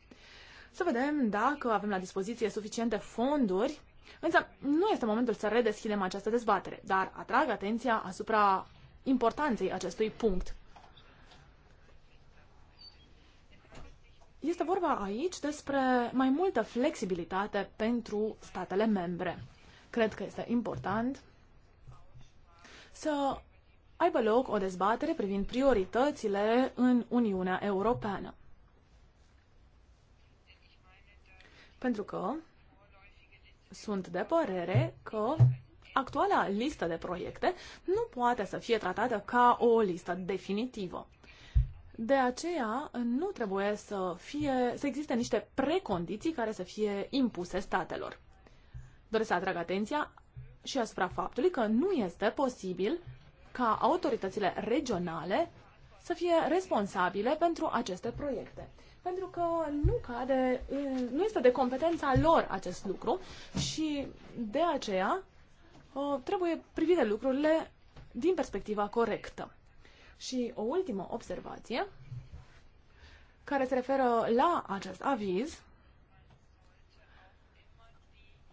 S3: Să vedem dacă avem la dispoziție suficiente fonduri, însă nu este momentul să redeschidem această dezbatere, dar atrag atenția asupra importanței acestui punct. Este vorba aici despre mai multă flexibilitate pentru statele membre. Cred că este important să aibă loc o dezbatere privind prioritățile în Uniunea Europeană. Pentru că sunt de părere că actuala listă de proiecte nu poate să fie tratată ca o listă definitivă. De aceea nu trebuie să, fie, să existe niște precondiții care să fie impuse statelor. Doresc să atrag atenția și asupra faptului că nu este posibil ca autoritățile regionale să fie responsabile pentru aceste proiecte. Pentru că nu, cade, nu este de competența lor acest lucru și de aceea ă, trebuie privite lucrurile din perspectiva corectă. Și o ultimă observație care se referă la acest aviz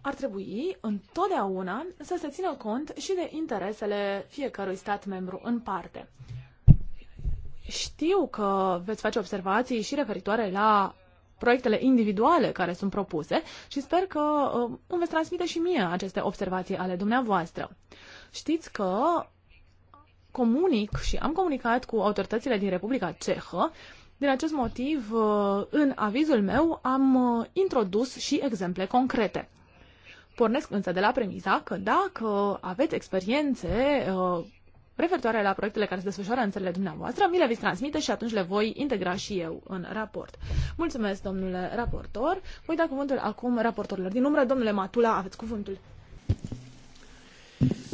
S3: ar trebui întotdeauna să se țină cont și de interesele fiecărui stat membru în parte. Știu că veți face observații și referitoare la proiectele individuale care sunt propuse și sper că uh, îmi veți transmite și mie aceste observații ale dumneavoastră. Știți că comunic și am comunicat cu autoritățile din Republica Cehă. Din acest motiv, uh, în avizul meu am uh, introdus și exemple concrete. Pornesc însă de la premiza că dacă aveți experiențe uh, referitoare la proiectele care se desfășoară în țările dumneavoastră, mi le veți transmite și atunci le voi integra și eu în raport. Mulțumesc, domnule raportor. Voi da cuvântul acum raportorilor. Din umbră, domnule Matula, aveți cuvântul.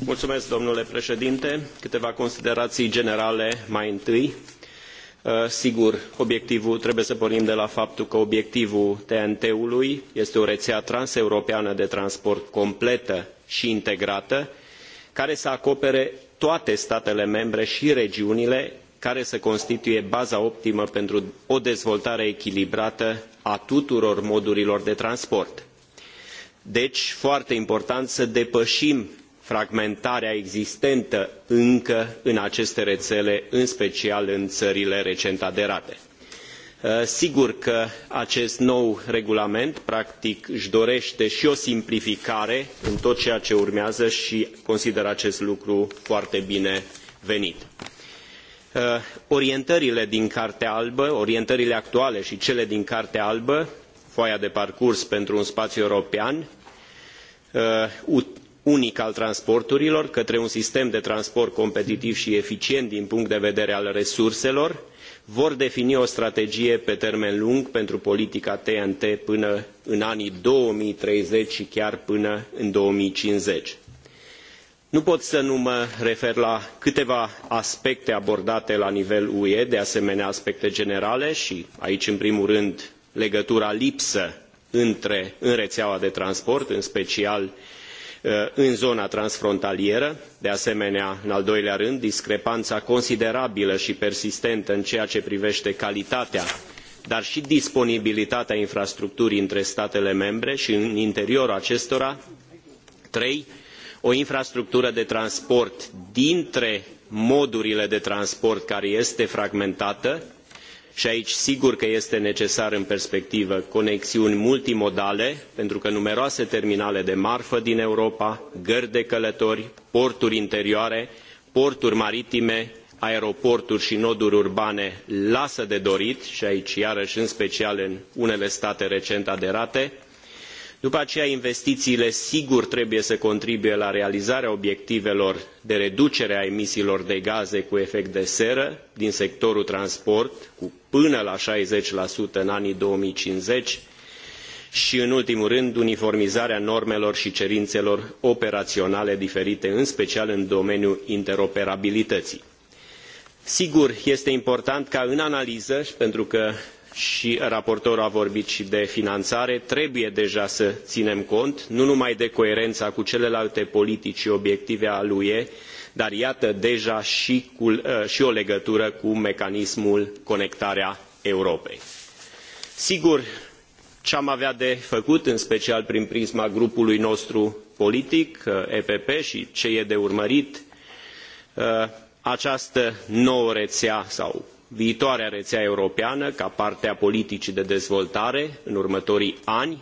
S4: Mulțumesc, domnule președinte. Câteva considerații generale mai întâi Uh, sigur, obiectivul trebuie să pornim de la faptul că obiectivul TNT-ului este o rețea transeuropeană de transport completă și integrată, care să acopere toate statele membre și regiunile care să constituie baza optimă pentru o dezvoltare echilibrată a tuturor modurilor de transport. Deci, foarte important să depășim fragmentarea existentă încă în aceste rețele, în special în țările recent aderate. Uh, sigur că acest nou regulament practic își dorește și o simplificare în tot ceea ce urmează și consider acest lucru foarte bine venit. Uh, orientările din Cartea Albă, orientările actuale și cele din Cartea Albă, foaia de parcurs pentru un spațiu european, uh, unic al transporturilor către un sistem de transport competitiv i eficient din punct de vedere al resurselor vor defini o strategie pe termen lung pentru politica ten t până în anii două mii treizeci i chiar până în două mii cincizeci nu pot să nu mă refer la câteva aspecte abordate la nivel ue de asemenea aspecte generale i aici în primul rând legătura lipsă între în reeaua de transport în special uh, Uh, în zona transfrontalieră de asemenea în al doilea rând discrepana considerabilă i persistentă în ceea ce privete calitatea dar i disponibilitatea infrastructurii între statele membre i în interiorul acestora trei o infrastructură de transport dintre modurile de transport care este fragmentată i i aici sigur că este necesar în perspectivă conexiuni multimodale pentru că numeroase terminale de marfă din europa gări de călători porturi interioare porturi maritime aeroporturi i noduri urbane lasă de dorit i aici iarăi în special în unele state recent aderate după aceea investiiile sigur trebuie să contribuie la realizarea obiectivelor de reducere a emisiilor de gaze cu efect de seră din sectorul transport cu până la șaizeci în anii două mii cincizeci i în ultimul rând uniformizarea normelor i cerinelor operaionale diferite în special în domeniul interoperabilităii. sigur este important ca în analiză pentru că și raportorul a vorbit și de finanțare, trebuie deja să ținem cont, nu numai de coerența cu celelalte politici și obiective ale UE, dar iată deja și, cu, ă, și o legătură cu mecanismul conectarea Europei. Sigur, ce am avea de făcut, în special prin prisma grupului nostru politic, ă, EPP, și ce e de urmărit, ă, această nouă rețea sau viitoarea reea europeană ca parte a politicii de dezvoltare în următorii ani,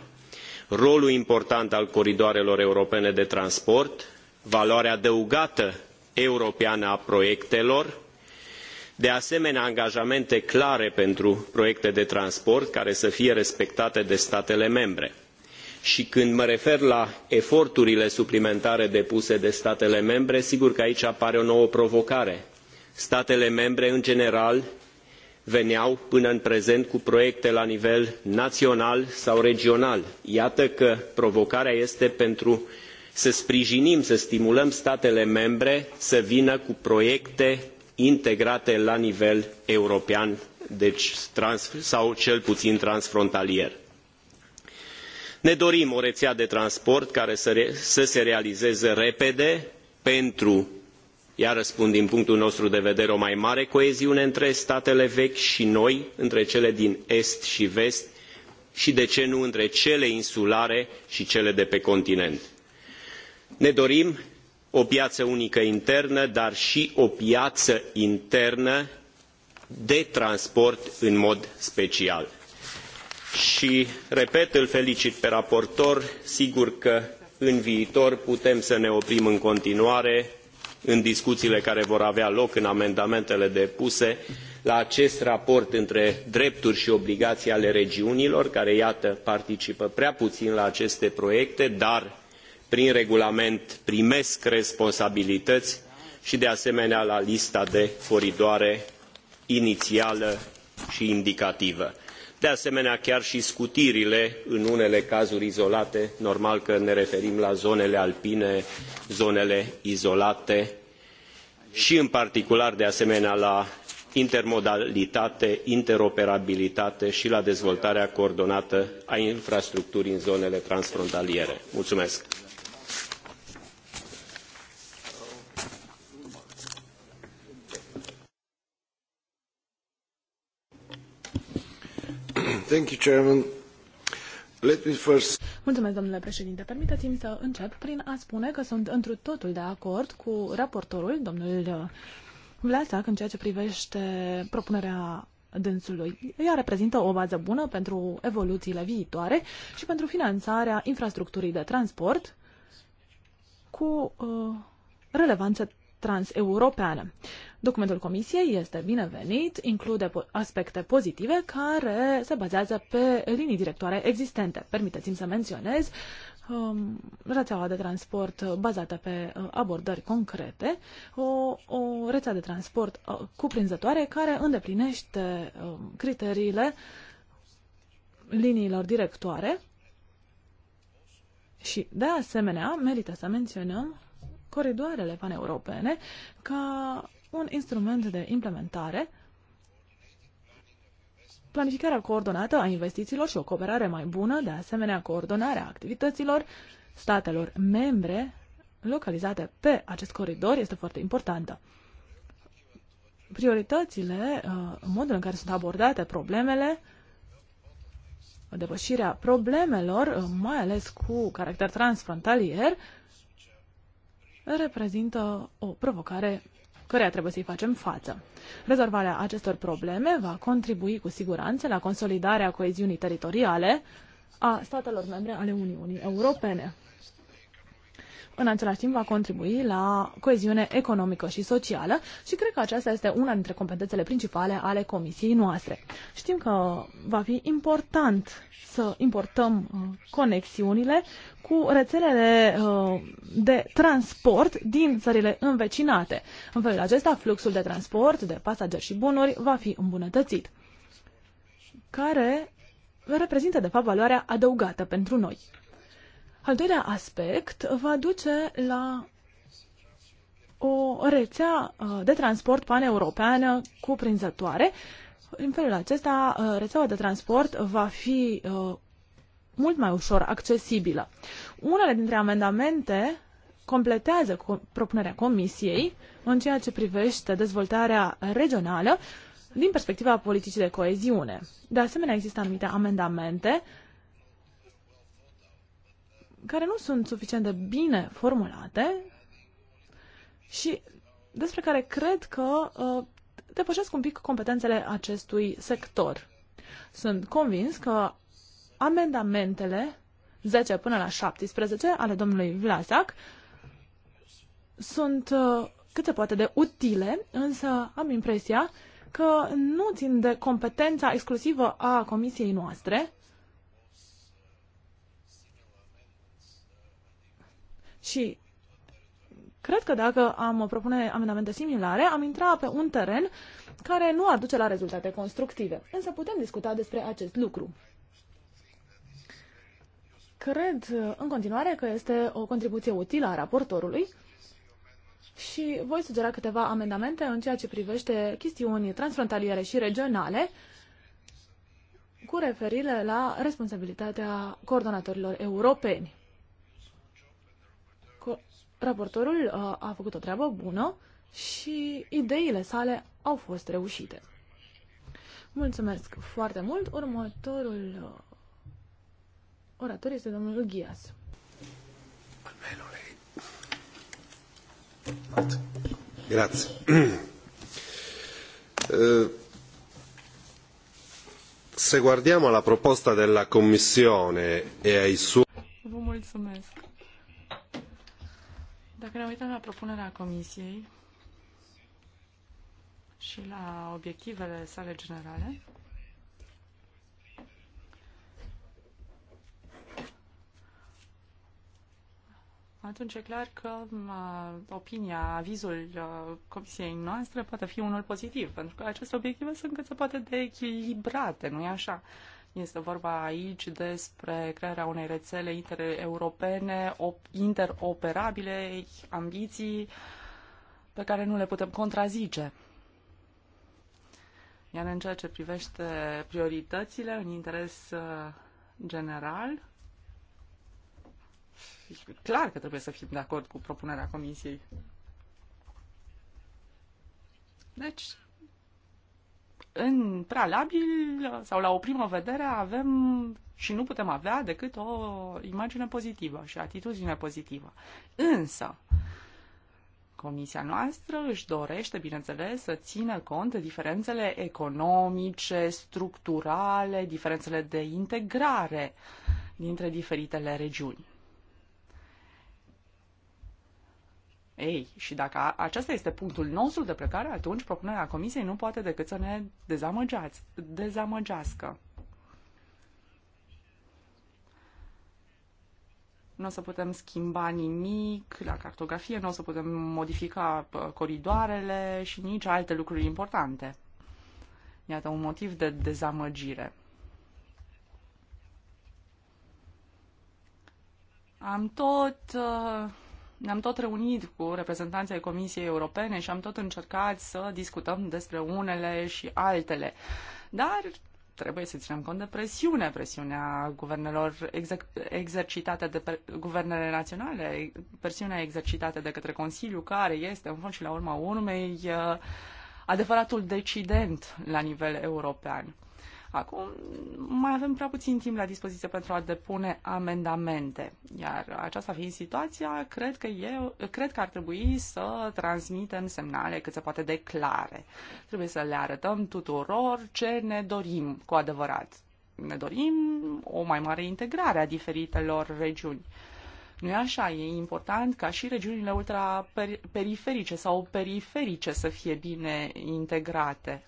S4: rolul important al coridoarelor europene de transport, valoarea adăugată europeană a proiectelor, de asemenea angajamente clare pentru proiecte de transport care să fie respectate de statele membre i când mă refer la eforturile suplimentare depuse de statele membre sigur că aici apare o nouă provocare statele membre în general veneau până în prezent cu proiecte la nivel naional sau regional iată că provocarea este pentru să sprijinim să stimulăm statele membre să vină cu proiecte integrate la nivel european deci, trans, sau cel puin transfrontalier. ne dorim o reea de transport care să, re, să se realizeze repede pentru spun din punctul nostru de vedere o mai mare coeziune între statele vechi i noi între cele din est i vest i de ce nu între cele insulare i cele de pe continent. ne dorim o piaă unică internă dar i o piaă internă de transport în mod special i repet îl felicit pe raportor sigur că în viitor putem să ne oprim în continuare în discuțiile care vor avea loc în amendamentele depuse la acest raport între drepturi și obligații ale regiunilor, care, iată, participă prea puțin la aceste proiecte, dar prin regulament primesc responsabilități și, de asemenea, la lista de coridoare inițială și indicativă de asemenea chiar și scutirile în unele cazuri izolate, normal că ne referim la zonele alpine, zonele izolate și în particular de asemenea la intermodalitate, interoperabilitate și la dezvoltarea coordonată a infrastructurii în zonele transfrontaliere. Mulțumesc!
S3: Mulțumesc, domnule președinte. Permiteți-mi să încep prin a spune că sunt întru totul de acord cu raportorul, domnul uh, Vlasac, în ceea ce privește propunerea dânsului. Ea reprezintă o bază bună pentru evoluțiile viitoare și pentru finanțarea infrastructurii de transport cu uh, relevanță transeuropeană. Documentul Comisiei este binevenit, include aspecte pozitive care se bazează pe linii directoare existente. Permiteți-mi să menționez um, rețeaua de transport bazată pe uh, abordări concrete, o, o rețea de transport uh, cuprinzătoare care îndeplinește um, criteriile liniilor directoare și, de asemenea, merită să menționăm coridoarele paneuropene ca un instrument de implementare, planificarea coordonată a investițiilor și o cooperare mai bună, de asemenea coordonarea activităților statelor membre localizate pe acest coridor este foarte importantă. Prioritățile, uh, modul în care sunt abordate problemele, depășirea problemelor, uh, mai ales cu caracter transfrontalier, reprezintă o provocare căreia trebuie să-i facem față. Rezolvarea acestor probleme va contribui cu siguranță la consolidarea coeziunii teritoriale a statelor membre ale Uniunii Europene în același timp va contribui la coeziune economică și socială și cred că aceasta este una dintre competențele principale ale comisiei noastre. Știm că va fi important să importăm uh, conexiunile cu rețelele uh, de transport din țările învecinate. În felul acesta, fluxul de transport de pasageri și bunuri va fi îmbunătățit, care reprezintă, de fapt, valoarea adăugată pentru noi. Al doilea aspect va duce la o rețea uh, de transport paneuropeană cuprinzătoare. În felul acesta, uh, rețeaua de transport va fi uh, mult mai ușor accesibilă. Unele dintre amendamente completează propunerea Comisiei în ceea ce privește dezvoltarea regională din perspectiva politicii de coeziune. De asemenea, există anumite amendamente care nu sunt suficient de bine formulate și despre care cred că uh, depășesc un pic competențele acestui sector. Sunt convins că amendamentele 10 până la 17 ale domnului Vlasac sunt uh, cât se poate de utile, însă am impresia că nu țin de competența exclusivă a comisiei noastre Și cred că dacă am propune amendamente similare, am intra pe un teren care nu ar duce la rezultate constructive. Însă putem discuta despre acest lucru. Cred uh, în continuare că este o contribuție utilă a raportorului și voi sugera câteva amendamente în ceea ce privește chestiuni transfrontaliere și regionale cu referire la responsabilitatea coordonatorilor europeni. Raportorul uh, a făcut o treabă bună și ideile sale au fost reușite. Mulțumesc foarte mult. Următorul uh, orator este domnul Ghias.
S4: Grazie. Eh, se guardiamo alla proposta della Commissione e ai suoi...
S5: Vă mulțumesc. Dacă ne uităm la propunerea Comisiei și la obiectivele sale generale, atunci e clar că opinia, avizul uh, comisiei noastre poate fi unul pozitiv, pentru că aceste obiective sunt cât se poate de echilibrate, nu-i așa? Este vorba aici despre crearea unei rețele intereuropene, interoperabile, ambiții pe care nu le putem contrazice. Iar în ceea ce privește prioritățile în interes uh, general, clar că trebuie să fim de acord cu propunerea Comisiei. Deci, în prealabil sau la o primă vedere avem și nu putem avea decât o imagine pozitivă și atitudine pozitivă. Însă, Comisia noastră își dorește, bineînțeles, să țină cont de diferențele economice, structurale, diferențele de integrare dintre diferitele regiuni. Ei, și dacă acesta este punctul nostru de plecare, atunci propunerea Comisiei nu poate decât să ne dezamăgeați, dezamăgească. nu o să putem schimba nimic la cartografie, nu o să putem modifica coridoarele și nici alte lucruri importante. Iată un motiv de dezamăgire. Am tot uh, ne-am tot reunit cu reprezentanții ai Comisiei Europene și am tot încercat să discutăm despre unele și altele. Dar trebuie să ținem cont de presiune, presiunea guvernelor exercitate de per- guvernele naționale, presiunea exercitată de către Consiliu, care este, în fond și la urma urmei, uh, adevăratul decident la nivel european. Acum mai avem prea puțin timp la dispoziție pentru a depune amendamente, iar aceasta fiind situația, cred că, eu, cred că ar trebui să transmitem semnale cât se poate declare. Trebuie să le arătăm tuturor ce ne dorim cu adevărat. Ne dorim o mai mare integrare a diferitelor regiuni. Nu e așa, e important ca și regiunile ultraperiferice sau periferice să fie bine integrate.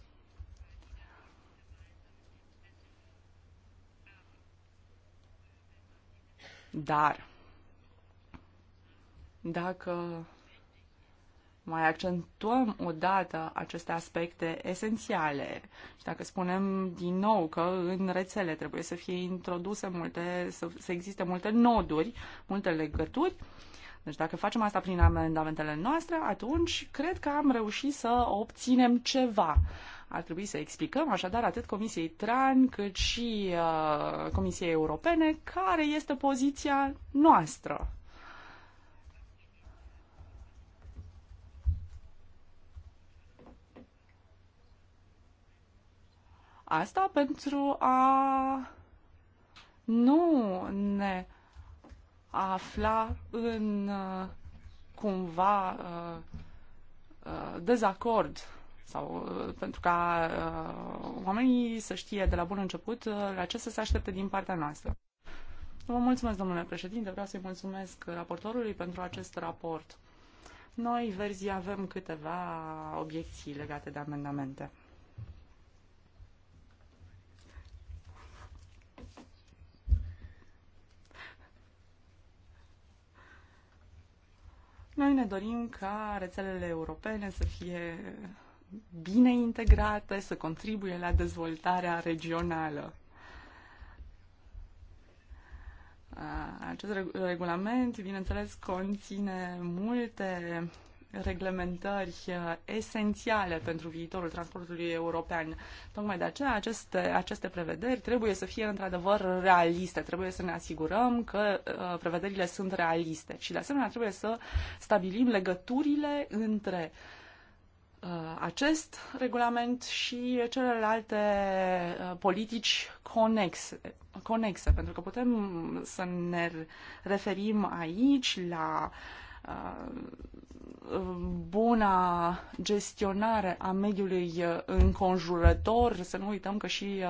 S5: Dar dacă mai accentuăm odată aceste aspecte esențiale și dacă spunem din nou că în rețele trebuie să fie introduse multe, să, să existe multe noduri, multe legături, deci dacă facem asta prin amendamentele noastre, atunci cred că am reușit să obținem ceva. Ar trebui să explicăm așadar atât Comisiei TRAN cât și uh, Comisiei Europene care este poziția noastră. Asta pentru a nu ne afla în uh, cumva uh, uh, dezacord sau uh, pentru ca uh, oamenii să știe de la bun început uh, la ce să se aștepte din partea noastră. Vă mulțumesc, domnule președinte, vreau să-i mulțumesc raportorului pentru acest raport. Noi, verzii, avem câteva obiecții legate de amendamente. Noi ne dorim ca rețelele europene să fie bine integrate, să contribuie la dezvoltarea regională. Acest regulament, bineînțeles, conține multe reglementări esențiale pentru viitorul transportului european. Tocmai de aceea aceste, aceste prevederi trebuie să fie într-adevăr realiste, trebuie să ne asigurăm că uh, prevederile sunt realiste și de asemenea trebuie să stabilim legăturile între uh, Uh, acest regulament și celelalte uh, politici conexe, conexe, pentru că putem să ne referim aici la uh, buna gestionare a mediului înconjurător, să nu uităm că și,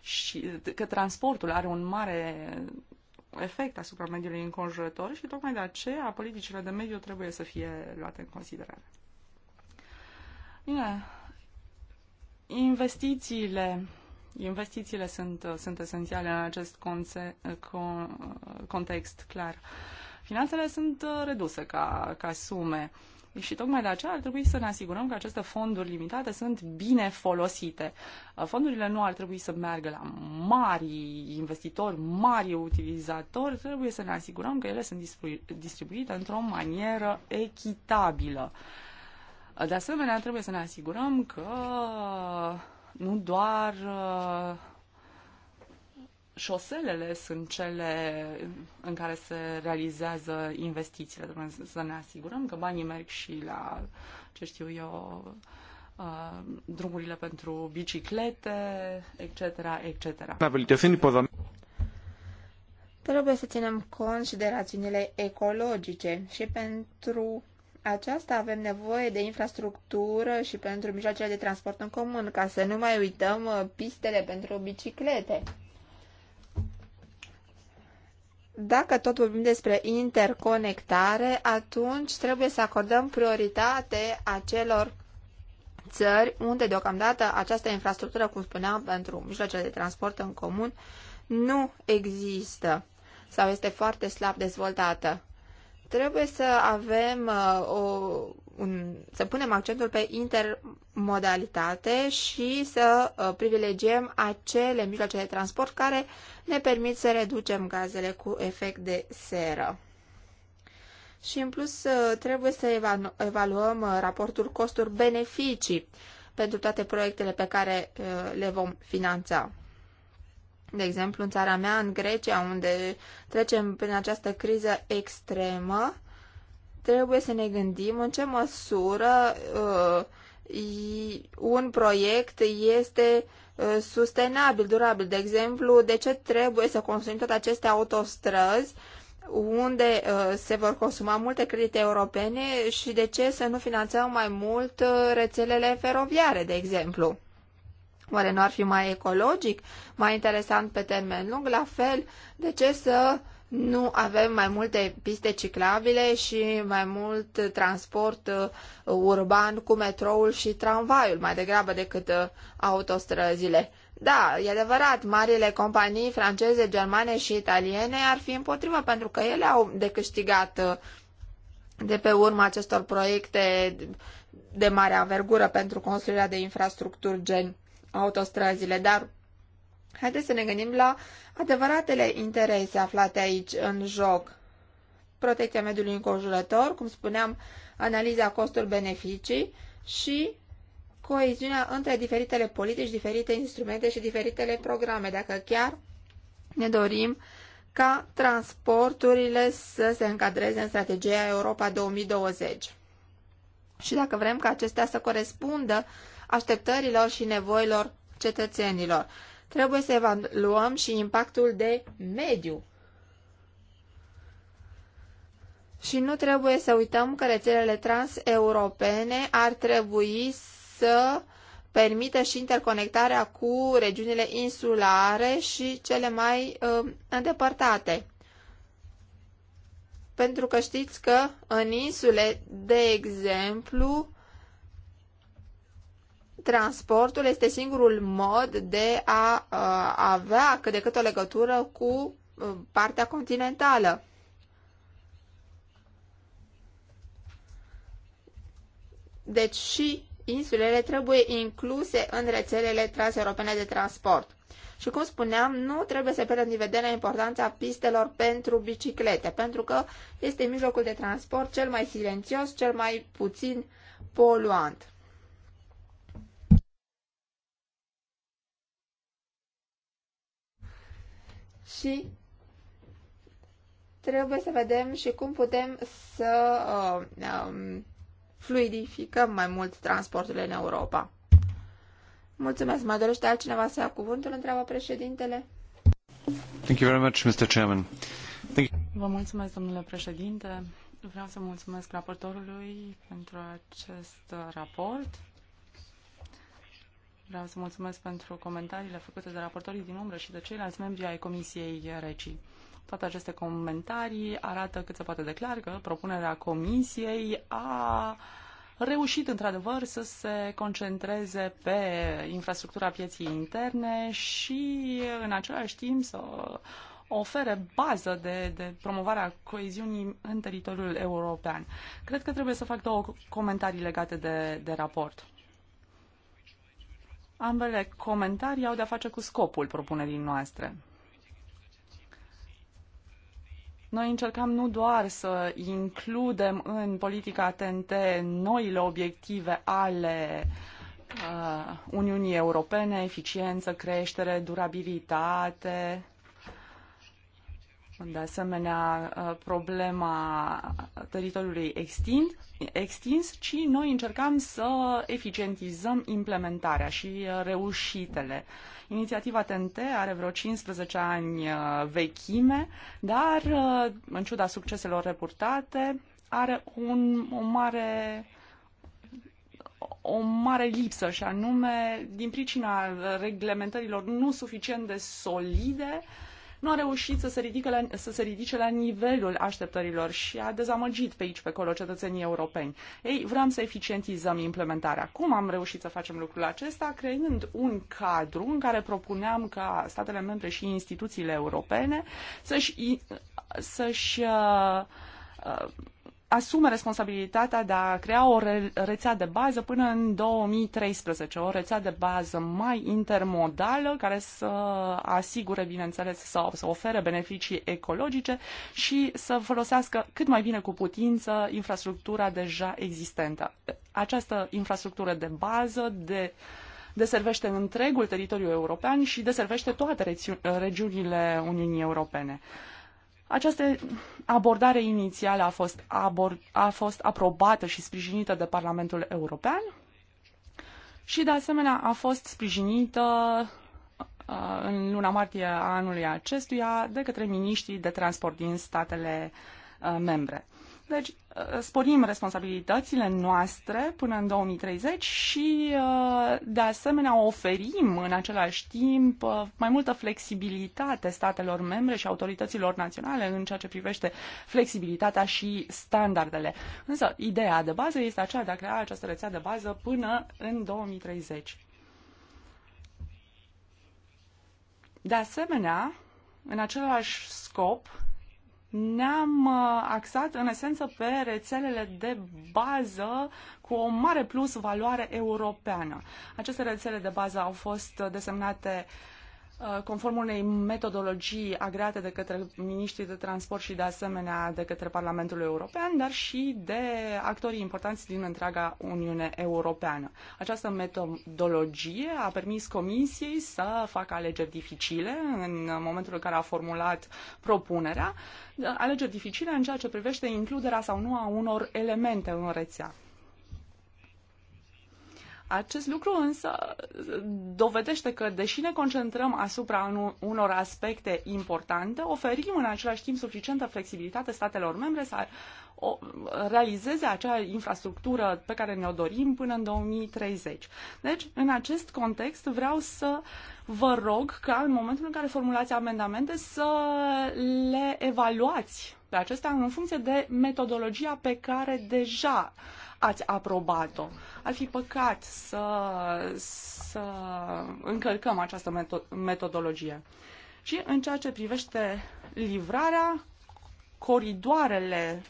S5: și că transportul are un mare efect asupra mediului înconjurător și tocmai de aceea politicile de mediu trebuie să fie luate în considerare. Bine, investițiile Investițiile sunt, sunt esențiale în acest conce, con, context, clar. Finanțele sunt uh, reduse ca, ca sume și tocmai de aceea ar trebui să ne asigurăm că aceste fonduri limitate sunt bine folosite. Uh, fondurile nu ar trebui să meargă la mari investitori, mari utilizatori, trebuie să ne asigurăm că ele sunt distribuite într-o manieră echitabilă. Uh, de asemenea, trebuie să ne asigurăm că nu doar uh, șoselele sunt cele în care se realizează investițiile. Trebuie să ne asigurăm că banii merg și la, ce știu eu, uh, drumurile pentru biciclete, etc., etc.
S4: Da,
S2: trebuie să ținem cont și de rațiunile ecologice și pentru aceasta avem nevoie de infrastructură și pentru mijloacele de transport în comun, ca să nu mai uităm uh, pistele pentru biciclete. Dacă tot vorbim despre interconectare, atunci trebuie să acordăm prioritate acelor țări unde deocamdată această infrastructură, cum spuneam, pentru mijloacele de transport în comun nu există sau este foarte slab dezvoltată. Trebuie să avem uh, o, un, să punem accentul pe intermodalitate și să uh, privilegiem acele mijloace de transport care ne permit să reducem gazele cu efect de seră. Și în plus uh, trebuie să evaluăm raportul costuri-beneficii pentru toate proiectele pe care le vom finanța. De exemplu, în țara mea, în Grecia, unde trecem prin această criză extremă, trebuie să ne gândim în ce măsură uh, un proiect este uh, sustenabil, durabil. De exemplu, de ce trebuie să construim toate aceste autostrăzi unde uh, se vor consuma multe credite europene și de ce să nu finanțăm mai mult uh, rețelele feroviare, de exemplu. Oare nu ar fi mai ecologic, mai interesant pe termen lung? La fel, de ce să nu avem mai multe piste ciclabile și mai mult transport uh, urban cu metroul și tramvaiul, mai degrabă decât uh, autostrăzile? Da, e adevărat, marile companii franceze, germane și italiene ar fi împotrivă pentru că ele au de câștigat uh, de pe urma acestor proiecte de mare avergură pentru construirea de infrastructuri gen autostrăzile, dar haideți să ne gândim la adevăratele interese aflate aici în joc. Protecția mediului înconjurător, cum spuneam, analiza costuri-beneficii și coeziunea între diferitele politici, diferite instrumente și diferitele programe, dacă chiar ne dorim ca transporturile să se încadreze în strategia Europa 2020. Și dacă vrem ca acestea să corespundă așteptărilor și nevoilor cetățenilor. Trebuie să evaluăm și impactul de mediu. Și nu trebuie să uităm că rețelele transeuropene ar trebui să permită și interconectarea cu regiunile insulare și cele mai uh, îndepărtate. Pentru că știți că în insule, de exemplu, transportul este singurul mod de a uh, avea cât de cât o legătură cu uh, partea continentală. Deci și insulele trebuie incluse în rețelele transeuropene de transport. Și cum spuneam, nu trebuie să pierdem din vedere importanța pistelor pentru biciclete, pentru că este mijlocul de transport cel mai silențios, cel mai puțin poluant. și trebuie să vedem și cum putem să uh, um, fluidificăm mai mult transporturile în Europa. Mulțumesc. Mai dorește altcineva să ia cuvântul? Întreabă președintele.
S1: Thank you very much, Mr. Chairman. Thank you.
S5: Vă mulțumesc, domnule președinte. Vreau să mulțumesc raportorului pentru acest raport. Vreau să mulțumesc pentru comentariile făcute de raportorii din umbră și de ceilalți membri ai Comisiei Recii. Toate aceste comentarii arată cât se poate de clar că propunerea Comisiei a reușit într-adevăr să se concentreze pe infrastructura pieții interne și în același timp să ofere bază de, de promovare a coeziunii în teritoriul european. Cred că trebuie să fac două comentarii legate de, de raport. Ambele comentarii au de-a face cu scopul propunerii noastre. Noi încercăm nu doar să includem în politica TNT noile obiective ale uh, Uniunii Europene, eficiență, creștere, durabilitate, de asemenea, ă, problema teritoriului extins, extins, ci noi încercam să eficientizăm implementarea și ă, reușitele. Inițiativa TNT are vreo 15 ani ă, vechime, dar, în ciuda succeselor reportate, are un, o mare o mare lipsă și anume din pricina reglementărilor nu suficient de solide uh, nu a reușit să se, ridică la, să se ridice la nivelul așteptărilor și a dezamăgit pe aici, pe acolo, cetățenii europeni. Ei, vrem să eficientizăm implementarea. Cum am reușit să facem lucrul acesta? Creând un cadru în care propuneam ca statele membre și instituțiile europene să-și, să-și uh, uh, asume responsabilitatea de a crea o re- rețea de bază până în 2013, o rețea de bază mai intermodală care să asigure, bineînțeles, sau să ofere beneficii ecologice și să folosească cât mai bine cu putință infrastructura deja existentă. Această infrastructură de bază de deservește întregul teritoriu european și deservește toate regiunile Uniunii Europene. Uh, această abordare inițială a fost, abor- a fost aprobată și sprijinită de Parlamentul European și, de asemenea, a fost sprijinită uh, în luna martie a anului acestuia de către miniștrii de transport din statele uh, membre. Deci, uh, sporim responsabilitățile noastre până în 2030 și, uh, de asemenea, oferim în același timp uh, mai multă flexibilitate statelor membre și autorităților naționale în ceea ce privește flexibilitatea și standardele. Însă, ideea de bază este aceea de a crea această rețea de bază până în 2030. De asemenea, în același scop, ne-am uh, axat în esență pe rețelele de bază cu o mare plus valoare europeană. Aceste rețele de bază au fost desemnate uh, Uh, conform unei metodologii agreate de către miniștrii de transport și de asemenea de către Parlamentul European, dar și de actorii importanți din întreaga Uniune Europeană. Această metodologie a permis Comisiei să facă alegeri dificile în momentul în care a formulat propunerea, uh, alegeri dificile în ceea ce privește includerea sau nu a unor elemente în rețea. Acest lucru însă dovedește că, deși ne concentrăm asupra unor aspecte importante, oferim în același timp suficientă flexibilitate statelor membre să realizeze acea infrastructură pe care ne-o dorim până în 2030. Deci, în acest context, vreau să vă rog ca în momentul în care formulați amendamente să le evaluați pe acestea în funcție de metodologia pe care deja uh, ați aprobat-o. Ar fi păcat să, să încălcăm această metodologie. Și în ceea ce privește livrarea, coridoarele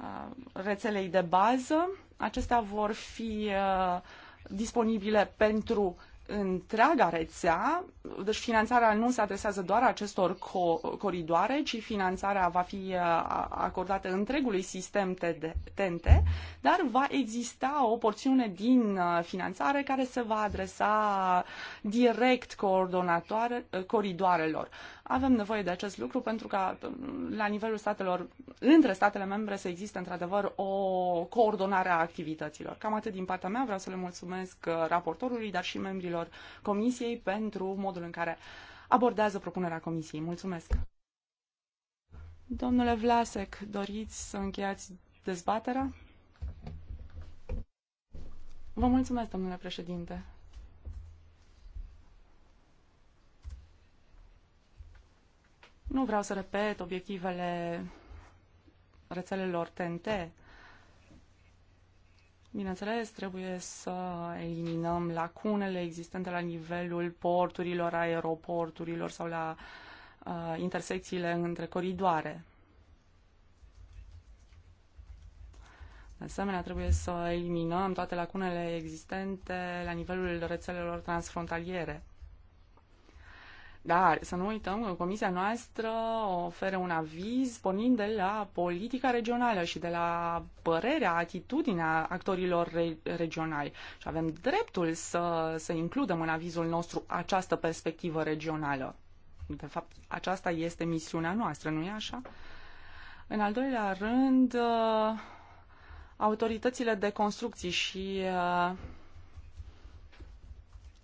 S5: uh, rețelei de bază, acestea vor fi uh, disponibile pentru întreaga rețea, deci finanțarea nu se adresează doar acestor co- coridoare, ci finanțarea va fi uh, acordată întregului sistem TNT, dar va exista o porțiune din uh, finanțare care se va adresa direct coordonatoare, uh, coridoarelor. Avem nevoie de acest lucru pentru ca um, la nivelul statelor, între statele membre să existe într-adevăr o coordonare a activităților. Cam atât din partea mea, vreau să le mulțumesc uh, raportorului, dar și membrilor comisiei pentru modul în care abordează propunerea comisiei. Mulțumesc! Domnule Vlasek, doriți să încheiați dezbaterea? Vă mulțumesc, domnule președinte. Nu vreau să repet obiectivele rețelelor TNT. Bineînțeles, trebuie să eliminăm lacunele existente la nivelul porturilor, aeroporturilor sau la uh, intersecțiile între coridoare. De asemenea, trebuie să eliminăm toate lacunele existente la nivelul rețelelor transfrontaliere. Dar să nu uităm că comisia noastră oferă un aviz pornind de la politica regională și de la părerea, atitudinea actorilor re- regionali. Și avem dreptul să, să includem în avizul nostru această perspectivă regională. De fapt, aceasta este misiunea noastră, nu e așa? În al doilea rând, uh, autoritățile de construcții și uh,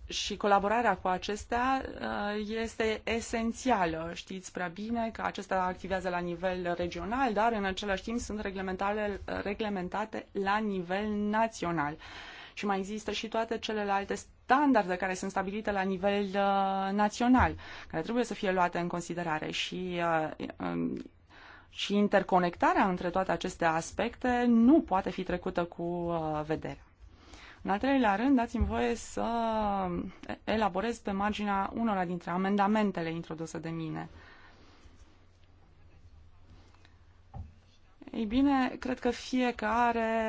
S5: și colaborarea cu acestea uh, este esențială. Știți prea bine că acestea activează la nivel regional, dar în același timp sunt reglementate, reglementate la nivel național. Și mai există și toate celelalte standarde care sunt stabilite la nivel uh, național, care trebuie să fie luate în considerare și uh, um, și interconectarea între toate aceste aspecte nu poate fi trecută cu vederea. În al treilea rând, dați-mi voie să elaborez pe marginea unora dintre amendamentele introduse de mine. Ei bine, cred că fiecare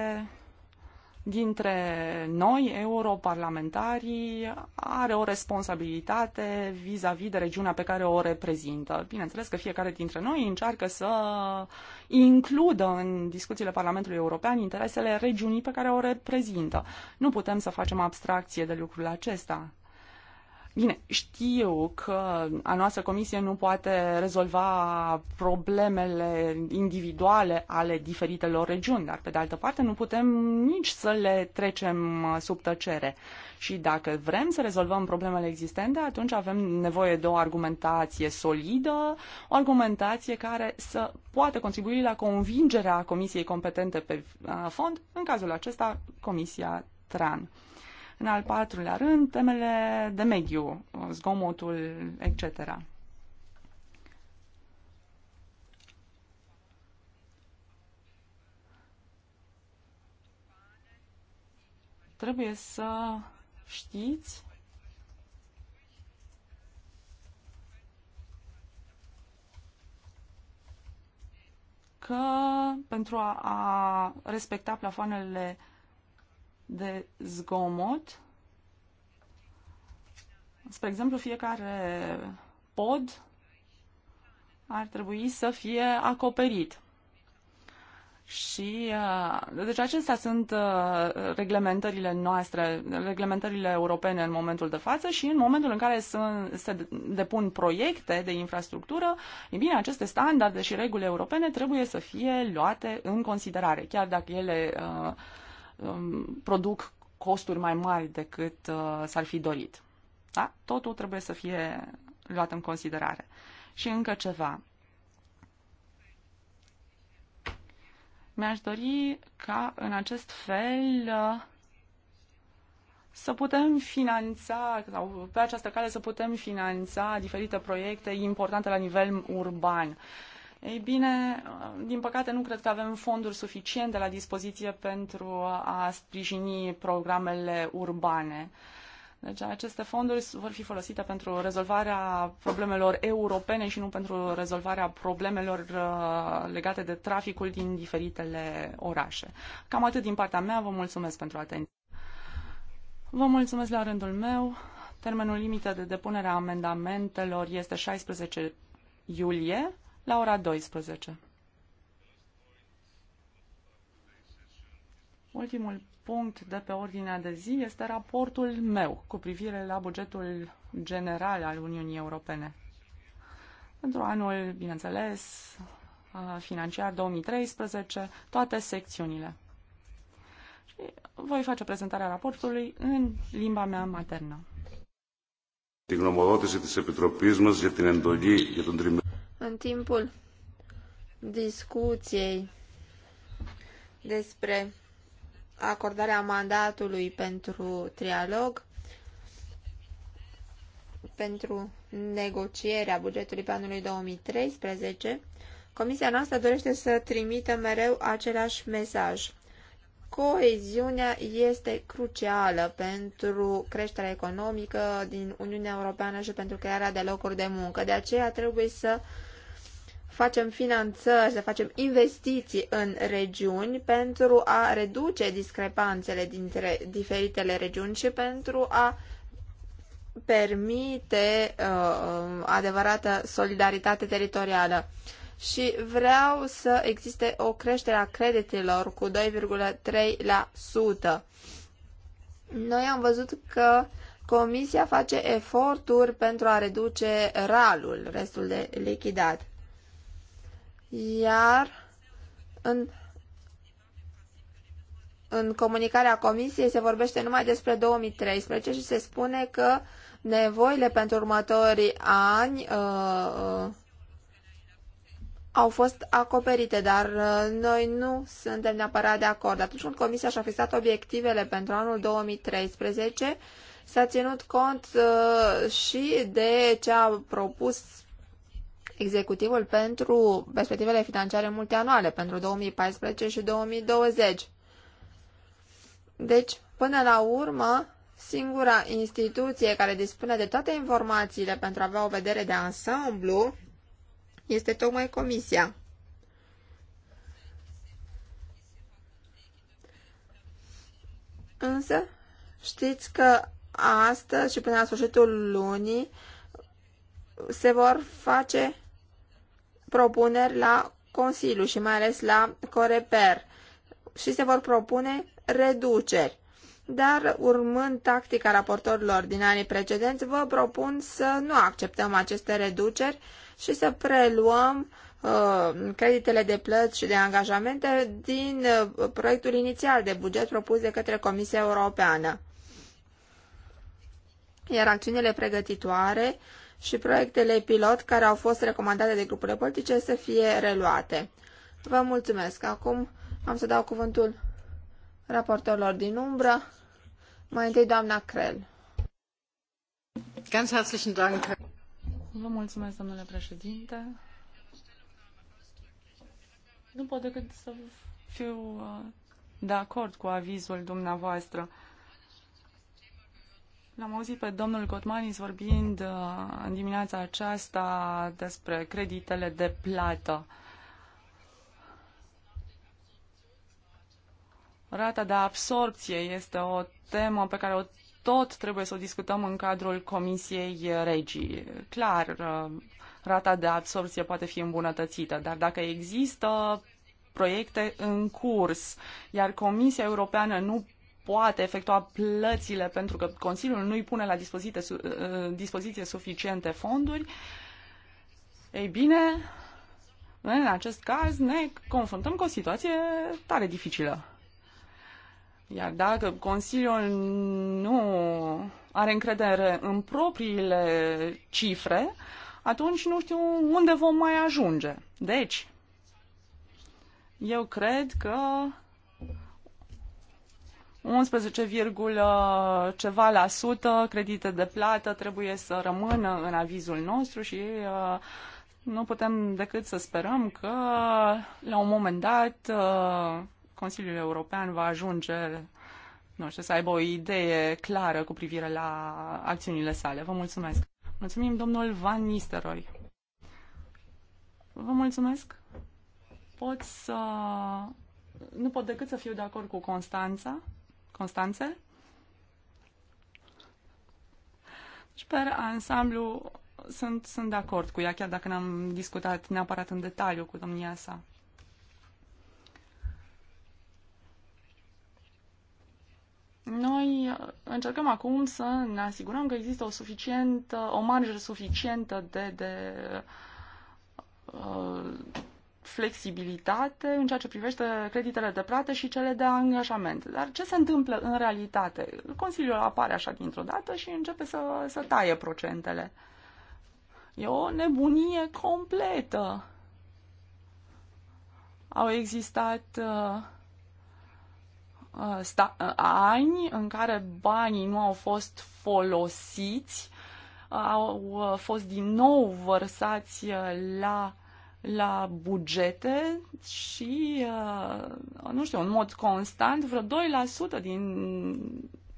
S5: dintre noi, europarlamentarii, are o responsabilitate vis-a-vis -vis de regiunea pe care o reprezintă. Bineînțeles că fiecare dintre noi încearcă să includă în discuțiile Parlamentului European interesele regiunii pe care o reprezintă. Nu putem să facem abstracție de lucrul acesta. Bine, știu că a noastră comisie nu poate rezolva problemele individuale ale diferitelor regiuni, dar pe de altă parte nu putem nici să le trecem uh, sub tăcere. Și dacă vrem să rezolvăm problemele existente, atunci avem nevoie de o argumentație solidă, o argumentație care să poată contribui la convingerea comisiei competente pe uh, fond, în cazul acesta Comisia TRAN. În al patrulea rând, temele de mediu, zgomotul, etc. Trebuie să știți că pentru a, a respecta plafoanele uh, de zgomot. Spre exemplu, fiecare pod ar trebui să fie acoperit. Și uh, deci acestea sunt uh, reglementările noastre, reglementările europene în momentul de față și în momentul în care sunt, se depun proiecte de infrastructură, e bine, aceste standarde și reguli europene trebuie să fie luate în considerare, chiar dacă ele uh, produc costuri mai mari decât uh, s-ar fi dorit. Da? Totul trebuie să fie luat în considerare. Și încă ceva. Mi-aș dori ca în acest fel uh, să putem finanța, sau pe această cale să putem finanța diferite proiecte importante la nivel urban. Ei bine, din păcate nu cred că avem fonduri suficiente la dispoziție pentru a sprijini programele urbane. Deci aceste fonduri vor fi folosite pentru rezolvarea problemelor europene și nu pentru rezolvarea problemelor uh, legate de traficul din diferitele orașe. Cam atât din partea mea, vă mulțumesc pentru atenție. Vă mulțumesc la rândul meu. Termenul limită de depunere a amendamentelor este 16 iulie la ora 12. Ultimul punct de pe ordinea de zi este raportul meu cu privire la bugetul general al Uniunii Europene. Pentru anul, bineînțeles, financiar 2013, toate secțiunile. Și voi face prezentarea raportului
S2: în limba mea maternă.
S5: Την γνωμοδότηση της Επιτροπής μας για την
S4: εντολή για τον τριμή.
S2: În timpul discuției despre acordarea mandatului pentru trialog, pentru negocierea bugetului pe anului 2013, Comisia noastră dorește să trimită mereu același mesaj. Coeziunea este crucială pentru creșterea economică din Uniunea Europeană și pentru crearea de locuri de muncă. De aceea trebuie să uh, facem finanțări, să facem investiții în regiuni pentru a reduce discrepanțele dintre diferitele regiuni și pentru a permite uh, adevărată solidaritate teritorială. Și vreau să existe o creștere a creditelor cu 2,3%. Noi am văzut că Comisia face eforturi pentru a reduce ralul, restul de lichidat. Iar în, în comunicarea comisiei se vorbește numai despre 2013 și se spune că nevoile pentru următorii ani uh, uh au fost acoperite, dar uh, noi nu suntem neapărat de acord. Atunci când Comisia și-a fixat obiectivele pentru anul 2013, s-a ținut cont uh, și de ce a propus executivul pentru perspectivele financiare multianuale pentru 2014 și 2020. Deci, până la urmă, singura instituție care dispune de toate informațiile pentru a avea o vedere de ansamblu este tocmai Comisia. Însă, știți că astăzi și până la sfârșitul lunii se vor face propuneri la Consiliu și mai ales la Coreper și se vor propune reduceri. Dar, urmând tactica raportorilor din anii precedenți, vă propun să nu acceptăm aceste reduceri și să preluăm uh, creditele de plăți și de angajamente din uh, proiectul inițial de buget propus de către Comisia Europeană. Iar acțiunile pregătitoare uh, și proiectele pilot care au fost recomandate de grupurile politice să fie reluate. Vă mulțumesc. Acum am să dau cuvântul raportorilor din umbră. Mai întâi doamna Crel.
S1: Ganz herzlichen Dank. Vă mulțumesc, domnule președinte.
S5: Nu pot decât să fiu uh, de acord cu avizul dumneavoastră. L-am auzit pe domnul Cotmanis vorbind uh, în dimineața aceasta despre creditele de plată. Rata de absorpție este o temă pe care o tot trebuie să o discutăm în cadrul Comisiei Regii. Clar, uh, rata de absorpție poate fi îmbunătățită, dar dacă există proiecte în curs, iar Comisia Europeană nu poate efectua plățile pentru că Consiliul nu îi pune la dispoziție, ă, ă, dispoziție suficiente fonduri, ei bine, în acest caz ne confruntăm cu o situație tare dificilă. Iar dacă Consiliul nu are încredere în propriile cifre, atunci nu știu unde vom mai ajunge. Deci, eu cred că 11, ceva la sută credite de plată trebuie să rămână în avizul nostru și uh, nu putem decât să sperăm că la un moment dat uh, Consiliul European va ajunge nu știu, să aibă o idee clară cu privire la acțiunile sale. Vă mulțumesc. Mulțumim, domnul Van Nisteroi. Vă mulțumesc. Pot să... Nu pot decât să fiu de acord cu Constanța. Constanțe? Sper, ansamblu, sunt, sunt de acord cu ea, chiar dacă n-am discutat neapărat în detaliu cu domnia sa. Noi încercăm acum să ne asigurăm că există o suficientă, o marjă suficientă de, de uh, flexibilitate în ceea ce privește creditele de plată și cele de angajament. Dar ce se întâmplă în realitate? Consiliul apare așa dintr-o dată și începe să, să taie procentele. E o nebunie completă. Au existat uh, uh sta- uh, ani în care banii nu au fost folosiți, au uh, fost din nou vărsați la uh, la bugete și, uh, nu știu, în mod constant, vreo 2% din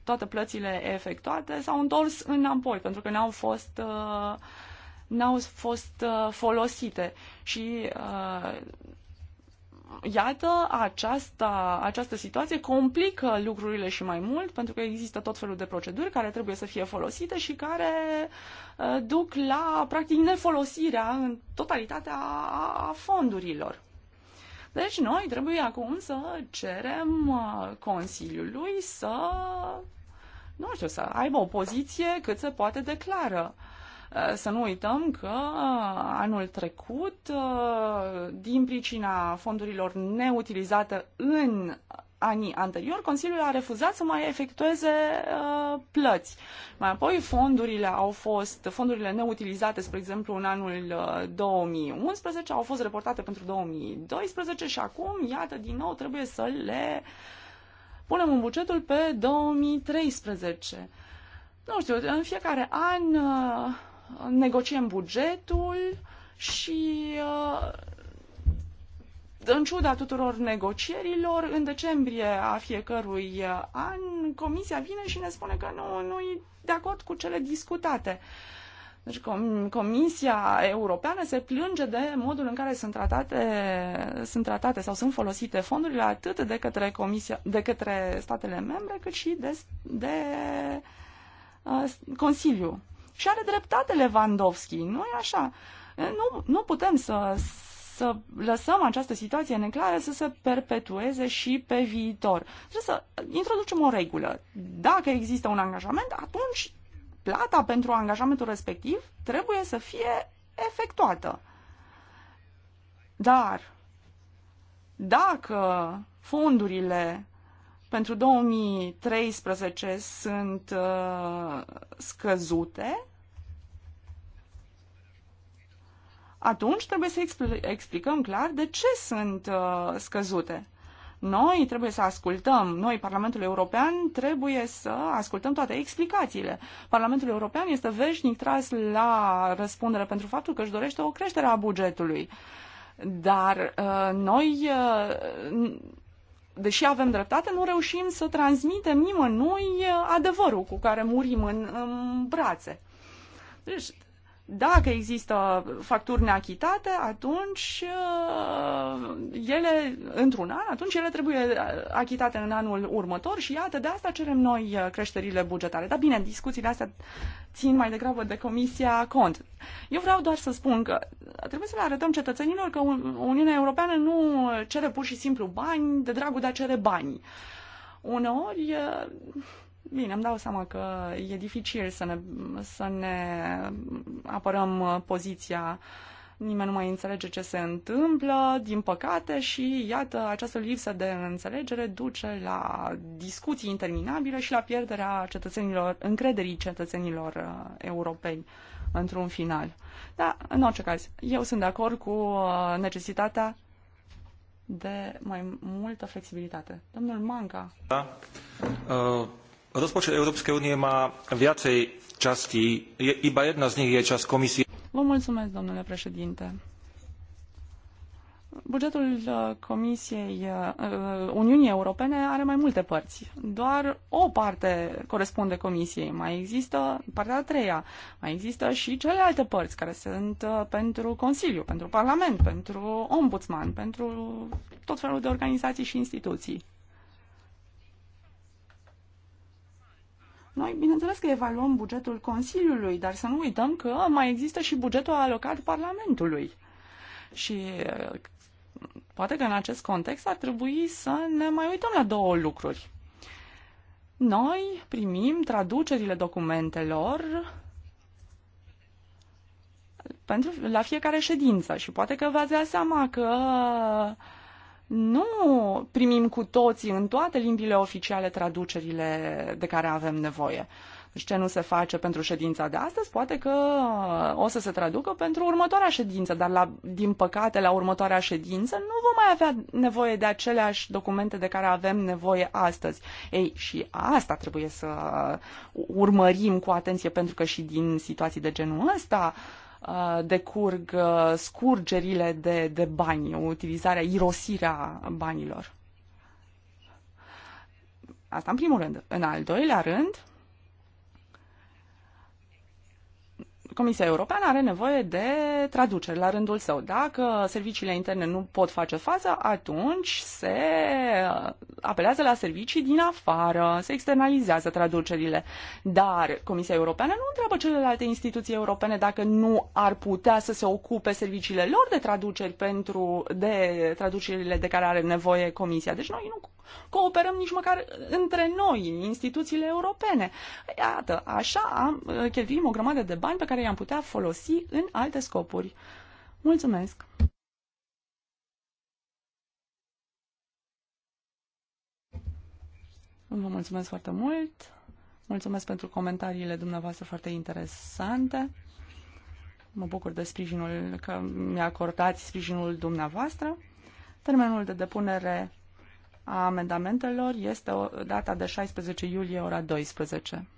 S5: toate plățile efectuate s-au întors înapoi, pentru că n-au fost uh, n-au fost uh, folosite și Iată, aceasta, această situație complică lucrurile și mai mult, pentru că există tot felul de proceduri care trebuie să fie folosite și care uh, duc la, practic, nefolosirea în totalitatea a fondurilor. Deci noi trebuie acum să cerem uh, Consiliului să, nu știu, să aibă o poziție cât se poate declară. Uh, Eh, să nu uităm că eh, anul trecut, eh, din pricina fondurilor neutilizate în anii anterior, Consiliul a refuzat să mai efectueze uh, plăți. Mai apoi fondurile au fost, fondurile neutilizate, spre exemplu, în anul 2011 au fost reportate pentru 2012 și acum, iată, din nou trebuie să le punem în bugetul pe 2013. Nu știu, în fiecare an uh, negociem bugetul și uh, în ciuda tuturor negocierilor, în decembrie a fiecărui an, comisia vine și ne spune că nu, nu e de acord cu cele discutate. Deci com Comisia Europeană se plânge de modul în care sunt tratate, sunt tratate sau sunt folosite fondurile atât de către, comisia, de către statele membre, cât și de, de uh, Consiliu. Și are dreptate Lewandowski, nu e așa? Nu, nu putem să, să lăsăm această situație neclară să se perpetueze și pe viitor. Trebuie să introducem o regulă. Dacă există un angajament, atunci plata pentru angajamentul respectiv trebuie să fie efectuată. Dar dacă fondurile pentru 2013 sunt uh, scăzute, atunci trebuie să explicăm clar de ce sunt uh, scăzute. Noi trebuie să ascultăm, noi, Parlamentul European, trebuie să ascultăm toate explicațiile. Parlamentul European este veșnic tras la răspundere pentru faptul că își dorește o creștere a bugetului. Dar uh, noi, uh, deși avem dreptate, nu reușim să transmitem nimănui uh, adevărul cu care murim în, în brațe. Deci, dacă există facturi neachitate, atunci uh, ele, într-un an, atunci ele trebuie uh, achitate în anul următor și iată, de asta cerem noi uh, creșterile bugetare. Dar bine, discuțiile astea țin mai degrabă de Comisia Cont. Eu vreau doar să spun că trebuie să le arătăm cetățenilor că Uniunea Europeană nu cere pur și simplu bani de dragul de a cere bani. Uneori Bine, îmi dau seama că e dificil să ne, să ne apărăm uh, poziția. Nimeni nu mai înțelege ce se întâmplă, din păcate, și iată, această lipsă de înțelegere duce la discuții interminabile și la pierderea cetățenilor, încrederii cetățenilor uh, europeni într-un final. Dar, în orice caz, eu sunt de acord cu uh, necesitatea de mai multă flexibilitate. Domnul Manca.
S4: Da. Uh Rozpočet Európskej únie má viacej častí, je, iba jedna z nich je časť komisie.
S5: Vă mulțumesc, domnule președinte. Bugetul uh, Comisiei uh, uh, Uniunii Europene are mai multe părți. Doar o parte corespunde Comisiei. Mai există partea a treia. Mai există și celelalte părți care sunt pentru Consiliu, pentru Parlament, pentru Ombudsman, pentru tot felul de organizații și instituții. Noi, bineînțeles că evaluăm bugetul Consiliului, dar să nu uităm că mai există și bugetul alocat Parlamentului. Și uh, poate că în acest context ar trebui să ne mai uităm la două lucruri. Noi primim traducerile documentelor pentru, la fiecare ședință și poate că v-ați dat seama că uh, nu primim cu toții în toate limbile oficiale traducerile de care avem nevoie. Deci ce nu se face pentru ședința de astăzi, poate că o să se traducă pentru următoarea ședință, dar la, din păcate la următoarea ședință nu vom mai avea nevoie de aceleași documente de care avem nevoie astăzi. Ei, și asta trebuie să urmărim cu atenție, pentru că și din situații de genul ăsta uh, Uh, decurg uh, scurgerile de, de bani, utilizarea, irosirea banilor. Asta în primul rând. În al doilea rând, Comisia Europeană are nevoie de traduceri la rândul său. Dacă serviciile interne nu pot face față, atunci se uh, apelează la servicii din afară, se externalizează traducerile. Dar Comisia Europeană nu întreabă celelalte instituții europene dacă nu ar putea să se ocupe serviciile lor de traduceri pentru de traducerile de care are nevoie Comisia. Deci noi nu cooperăm nici măcar între noi, instituțiile europene. Iată, așa uh, cheltuim o grămadă de bani pe care i-am i am putea folosi în alte scopuri. Mulțumesc! Vă mulțumesc foarte mult! Mulțumesc pentru comentariile dumneavoastră foarte interesante. Mă bucur de sprijinul, că mi-a acordat sprijinul dumneavoastră. Termenul de depunere a amendamentelor este data de 16 iulie, ora 12.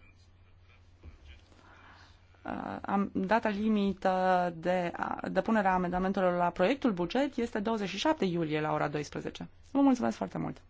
S5: Uh, am, data limită de depunerea amendamentelor la proiectul buget este 27 iulie la ora 12. Vă mulțumesc foarte mult!